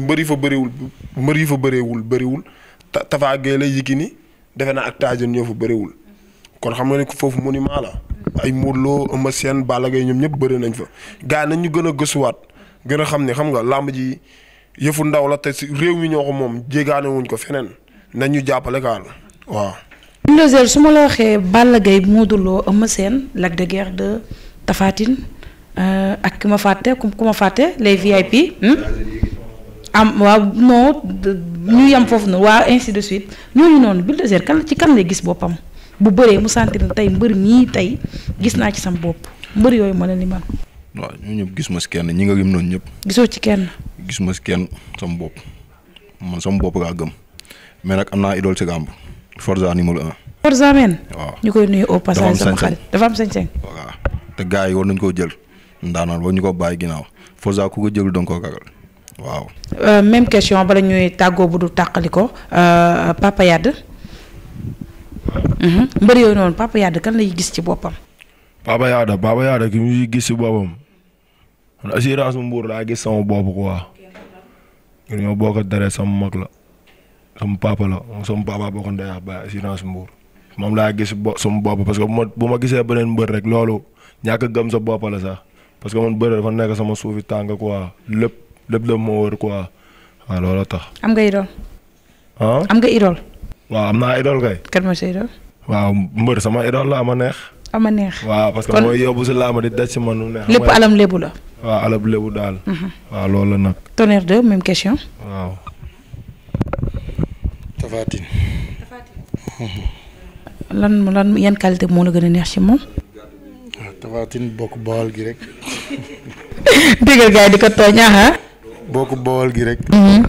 Speaker 2: mbëri fa bëriwul mbëri fa bëriwul bëriwul Tapha Gueye la ni defe naa ak Tyson ñoo fa bëriwul kon xam nga ne foofu monument la ay Modou Lo Eumeu Sène Balla ñoom ñëpp bëri nañ fa gars nañ ñu gën a gëstuwaat gën a xam ni xam nga làmb ji yëfu ndaw la te si réew mi ñoo ko moom jéegaane wuñ ko feneen nañ ñu jàppale kaal waaw
Speaker 1: bulldozer su ma la waxee Balla Gaye Modou Lo Eumeu Sène Lac de tafaatin euh, ak ki ma fàtte ku ma fàtte les VIP. Hmm? am waaw non ñu yam foofu noonu waa ainsi de suite ñooñu noonu bulldozer kan ci kan lay gis boppam bu bëree mu sentir ne tey mbër mii tey gis naa ci sam bopp mbër yooyu mën na li man
Speaker 4: waaw ñooñu ñëpp gis ma si kenn ñi nga gëm noonu ñëpp.
Speaker 1: gisoo ci kenn.
Speaker 4: gis ma si kenn sam bopp man sam bopp laa gëm mais nag am naa idole si gàmb Forza numéro un.
Speaker 1: Forza men. waaw ñu koy nuyu au sama xarit dafa am sañ-sañ waaw
Speaker 4: te gars yi war nañu koo jël ndaanaan ba ñu ko bàyyi ginnaaw Forza ku ko jël danga koo gagal waaw.
Speaker 1: Euh, même question bala ñuy tàggoo bu du tàqali ko euh, Papa Yade. Mhm. yooyu noonu Papa Yade kan lay gis ci boppam.
Speaker 2: Papa Yade Papa Yade ki muy gis ci boppam man assurance mu laa gis sama bopp quoi. ñoo bokk dara sama mag la. sama papa la sama papa bokon ko ndey ba assurance mbuur mom la gis bo sama bop parce que bu ma bu ma gisee rek lolu ñaka gëm sa bop la sax parce que mon beur dafa nek sama soufi tang quoi lepp lepp le mo wor quoi waaw lolu tax. am nga idol. ah am nga idol. wa am na idol kay. kan mo sey idol. wa mbeur sama idol la ama neex. ama neex wa parce que moy yobu sa lama di dacc si neex lepp alam lebu la. wa alam lebu dal mhm. wa lolu nak nag.
Speaker 1: tonnerre de même question.
Speaker 2: wa Tafatine.
Speaker 1: lan lan yan qualité moo la gën neex ci moom.
Speaker 3: waaw ah, Tafatine bokk gi rek.
Speaker 5: déggal
Speaker 1: gars yi di
Speaker 3: ah. ah. gi rek. Mhm.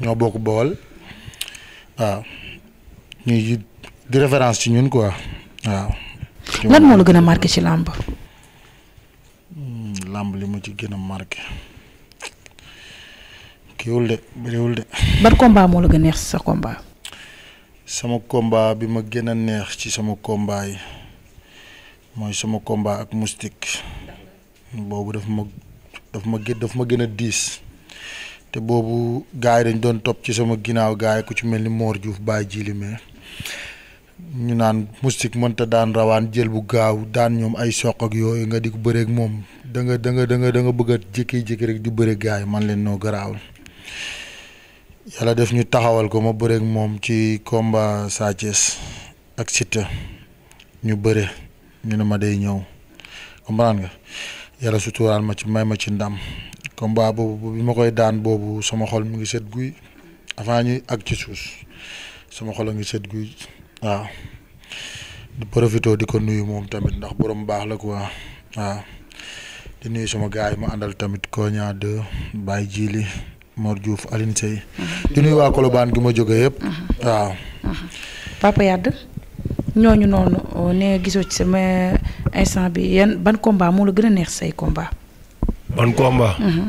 Speaker 3: waaw mhm. waaw waaw ñuy di référence ci ñun quoi waaw. lan moo la
Speaker 1: gën marqué ci làmb.
Speaker 3: Hmm, làmb li mu ci gën marqué kiwul de bëriwul de.
Speaker 1: ban combat moo la gën neex sa combat.
Speaker 3: sama combat bi ma gën neex ci sama combat yi mooy sama combat ak mustik boobu daf ma daf ma gën daf ma gën a te boobu gars dañ doon topp ci sama ginnaaw gars yi ku ci mel ni Mor Diouf Baye Djilime ñu naan moustique mënta daan rawaan jël bu gaaw daan ñoom ay soq ak yooyu nga di ko bëreeg moom da nga da nga da nga da nga bëgg a jékki-jékki rek di bëreeg gars man leen noo yàlla def ñu taxawal ko ma bëreek moom ci combat Sa Thiès ak Siteu ñu bëre ñu ne ma day ñëw comprendre nga yàlla suturaal ma ci may ma ci ndam combat boobu bi ma koy daan boobu sama xol mu ngi set guy avant ñuy ak ci suus sama xol a ngi set guy waaw di profité di ko nuyu moom tamit ndax borom baax la quoi waaw di nuyu sama gars yi ma àndal tamit Koña 2 Baye Jili Mor Diouf Aline Sey di nuyu wa Colobane gi ma joge yeb waaw
Speaker 1: Papa yad ñooñu non oh, ne gisoo ci sama instant bi yan ban combat mo la gëna neex say combat
Speaker 2: ban combat hmm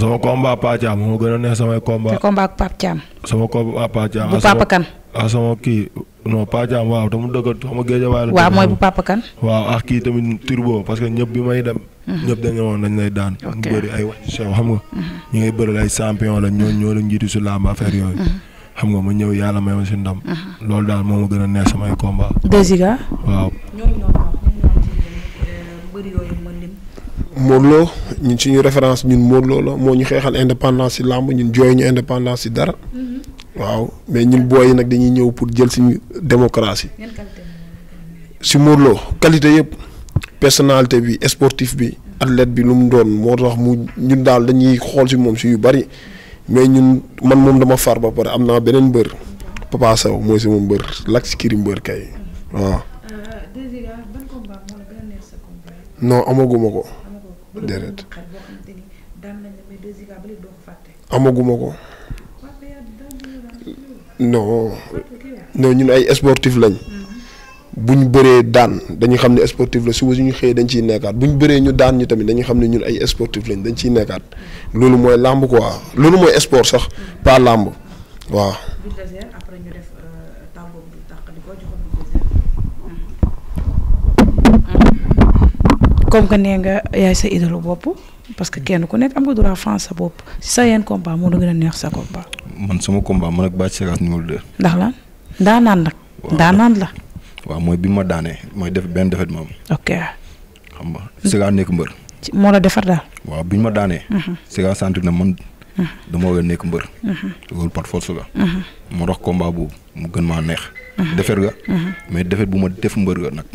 Speaker 2: sama combat pa Thiam mo gëna neex sama combat combat ak pap Thiam sama combat pa Thiam bu ah, Papa kan ah, sama ki non pas Thiam waaw dama dëkk xam nga géejawaay la. waaw mooy bu papa waaw ak kii tamit turbo parce que ñëpp bi may dem. Mhm. ñëpp dañu woon dañ lay daan. ok bëri ay wax sew xam nga. Mhm. ñu ngay bëri ay champion la ñoo ñoo la njiitu affaire yooyu. Mhm. xam nga ma ñëw yàlla may ma si ndam. loolu daal moo ma gën a neex samay combat. Désiré. waaw. Modou Lo suñu référence ñun Modou la moo ñu xeexal indépendance si làmb ñun jooy ñu indépendance si dara. waaw mais ñun booy yi nag dañuy ñëw pour jël suñu démocratie si Modou Lo qualité yëpp personnalité bi sportif bi athlète bi lu mu doon moo tax mu ñun daal dañuy xool si moom si yu bari mais ñun man moom dama far ba pare am na beneen mbër Papa Sow mooy sama mbër Lac kiri mbër kay waaw.
Speaker 1: non amaguma ko. déedéet
Speaker 2: amaguma ko. no non ñun ay sportif lañ. bu ñu bëree daan dañu xam ne sportif la suba suñu xëyee dañ ciy nekkaat bu ñu bëree ñu daan ñu tamit dañu xam ne ñun ay sportif lañ dañ ciy nekkaat loolu mooy làmb quoi loolu mooy sport sax pas làmb
Speaker 1: waaw. comme que nee nga yaay sa idolu bopp. parce que kenn ku nekk am nga droit fan sa bopp si sa yenn combat moo la gën a neex sa combat.
Speaker 4: man sama combat man ak Bathie Seras numéro 2.
Speaker 1: ndax lan daanaan nag.
Speaker 4: waaw mooy bi ma daanee mooy def daal. waaw bi ma daanee. Mhm. Seras sentir na man. dama war a nekk mbër. Mhm. loolu par force la. Mhm. moo tax combat boobu mu gën maa neex. defet ga. mais defet bu ma def mbër ga nag.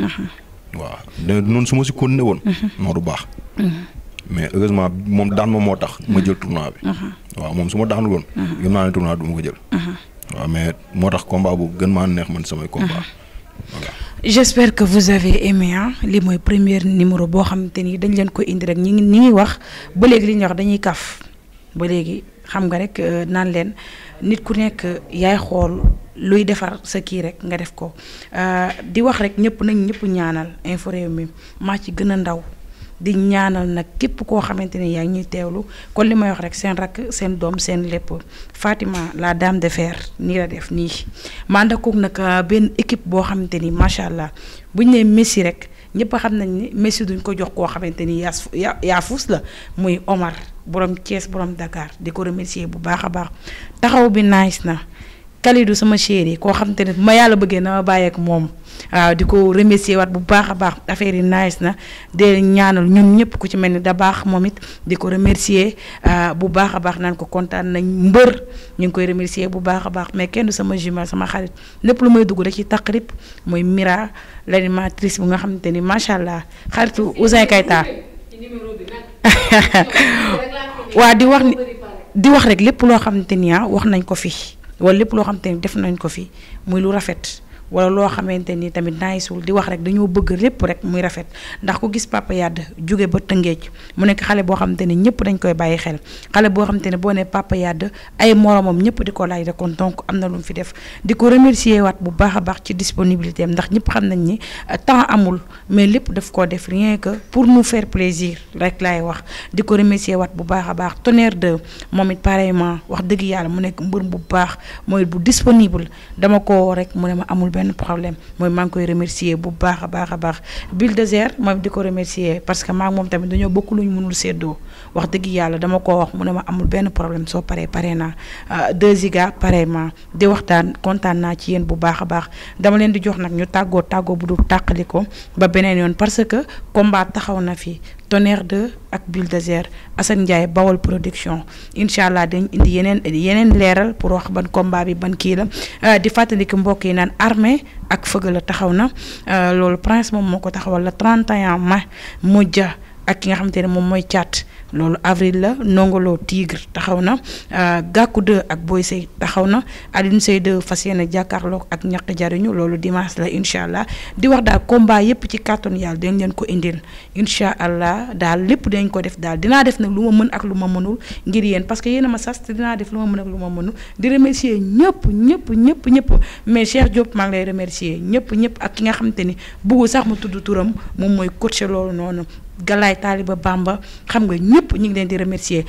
Speaker 4: waaw noonu su ma si continué woon. noo baax. mais heureusement moom daan ma moo tax. ma jël tournoi bi. Uh-huh. waaw moom su ma daanul woon. Uh-huh. gëm naa ne tournoi du ma ko jël. Uh-huh. waaw mais moo tax combat bu gën maa neex man samay combat.
Speaker 1: j'espère que vous avez aimé ah hein. li mooy premier numéro boo xamante ni dañ leen ko indi rek ñi ngi ñi ngi wax ba léegi li ñuy wax dañuy kaf ba léegi xam nga rek euh, naan leen nit ku nekk yaay xool luy defar sa kii rek nga def ko euh, di wax rek ñëpp nañ ñëpp ñaanal info réew mi maa ci gën a ndaw. di ñaanal nag képp koo xamante ne yaa ngi ñuy teewlu kon li may wax rek seen rakk seen doom seen lépp Fatima la dame de fer nii la def nii. mandakoog nag euh, benn équipe boo xamante ni macha allah bu ñu nee Messi rek ñëpp xam nañ ni Messi duñ ko jox koo xamante ni yaas yaa fuus la muy Omar borom Thiès borom Dakar di ko remercier bu baax a baax taxaw bi nice na. Kalidou sama chéri koo xam ne ma yàlla bëggee na ma bàyyeek moom waaw di ko remercier waat bu baax a baax affaire yi nice na de ñaanal ñun ñëpp ku ci mel ni da baax moom it di ko remercier ah, bu baax a baax naan ko kontaan nañ mbër ñu ngi koy remercier bu baax a baax mais kenn sama jument sama xarit lépp lu may dugg rek ci taqrib mooy Mira l'animatrice bu nga xamante ni macha allah xaritu Ouzin Keita waa di wax di wax rek lépp loo xamante ni ah, wax nañ ko fi wala lépp loo xam te ne def nañ ko fi muy lu rafet wala loo xamante ni tamit naaysul di wax rek dañoo bëgg lépp rek muy rafet ndax ku gis Papa Yade jóge ba Tëngéej mu nekk xale boo xamante ni ñëpp dañ koy bàyyi xel xale boo xamante ne boo Papa Yade ay moromam ñëpp di ko laaj rek kon donc am na lu mu fi def di ko remercier waat bu baax a baax ci disponibilité am ndax ñëpp xam nañ ni euh, temps amul mais lépp daf ko def rien que pour nous faire plaisir rek laay wax di ko remercier waat bu baax a baax tonnerre de moom it pareillement wax dëgg yàlla mu nekk mbër bu baax mooy bu disponible dama ko rek mu ne ma amul benn benn problème mooy maa ngi koy remercier bu baax a baax a baax Bulldozer moom di ko remercier parce que maa moom tamit dañoo bokk lu ñu mënul séddoo wax dëgg yàlla dama ko wax mu ne ma amul benn problème soo paree pare naa euh, deux ziga pareillement di waxtaan kontaan naa ci yéen bu baax a baax dama leen di jox nag ñu tàggoo tàggoo bu du tàq tàqali ko ba beneen yoon parce que combat taxaw na fii tonnerre de ak bulldozer Assane Ndiaye Bawol production incha allah dañ indi yeneen yeneen leeral pour wax ban combat bi ban kii la euh, di fàttaliku mbokk yi naan armée ak fëgg taxaw na euh, loolu prince moom moo ko taxawal la 31 mai mujja ak ki nga xamante ne moom mooy caat loolu avril la nongolo tigre taxaw na euh, gàkku 2 ak boy sey taxaw na Alioune Seye 2 fas yéene jàkkaarloo ak ñaq jariñu loolu dimanche la incha allah di wax daal combat yépp ci kàttanu yàlla dañ leen ko indil incha allah daal lépp dañ ko def daal dinaa def nag lu ma mën ak lu ma mënul ngir yéen parce que yéen ma sas te dinaa def lu ma mën ak lu ma mënul di remercier ñëpp ñëpp ñëpp ñëpp mais Cheikh Diop maa ngi lay remercier ñëpp ñëpp ak ki nga xamante ni buggu sax mu tudd turam moom mooy coach loolu noonu Galaye Taaliba Bamba xam nga ñëpp ñu ngi leen di remercier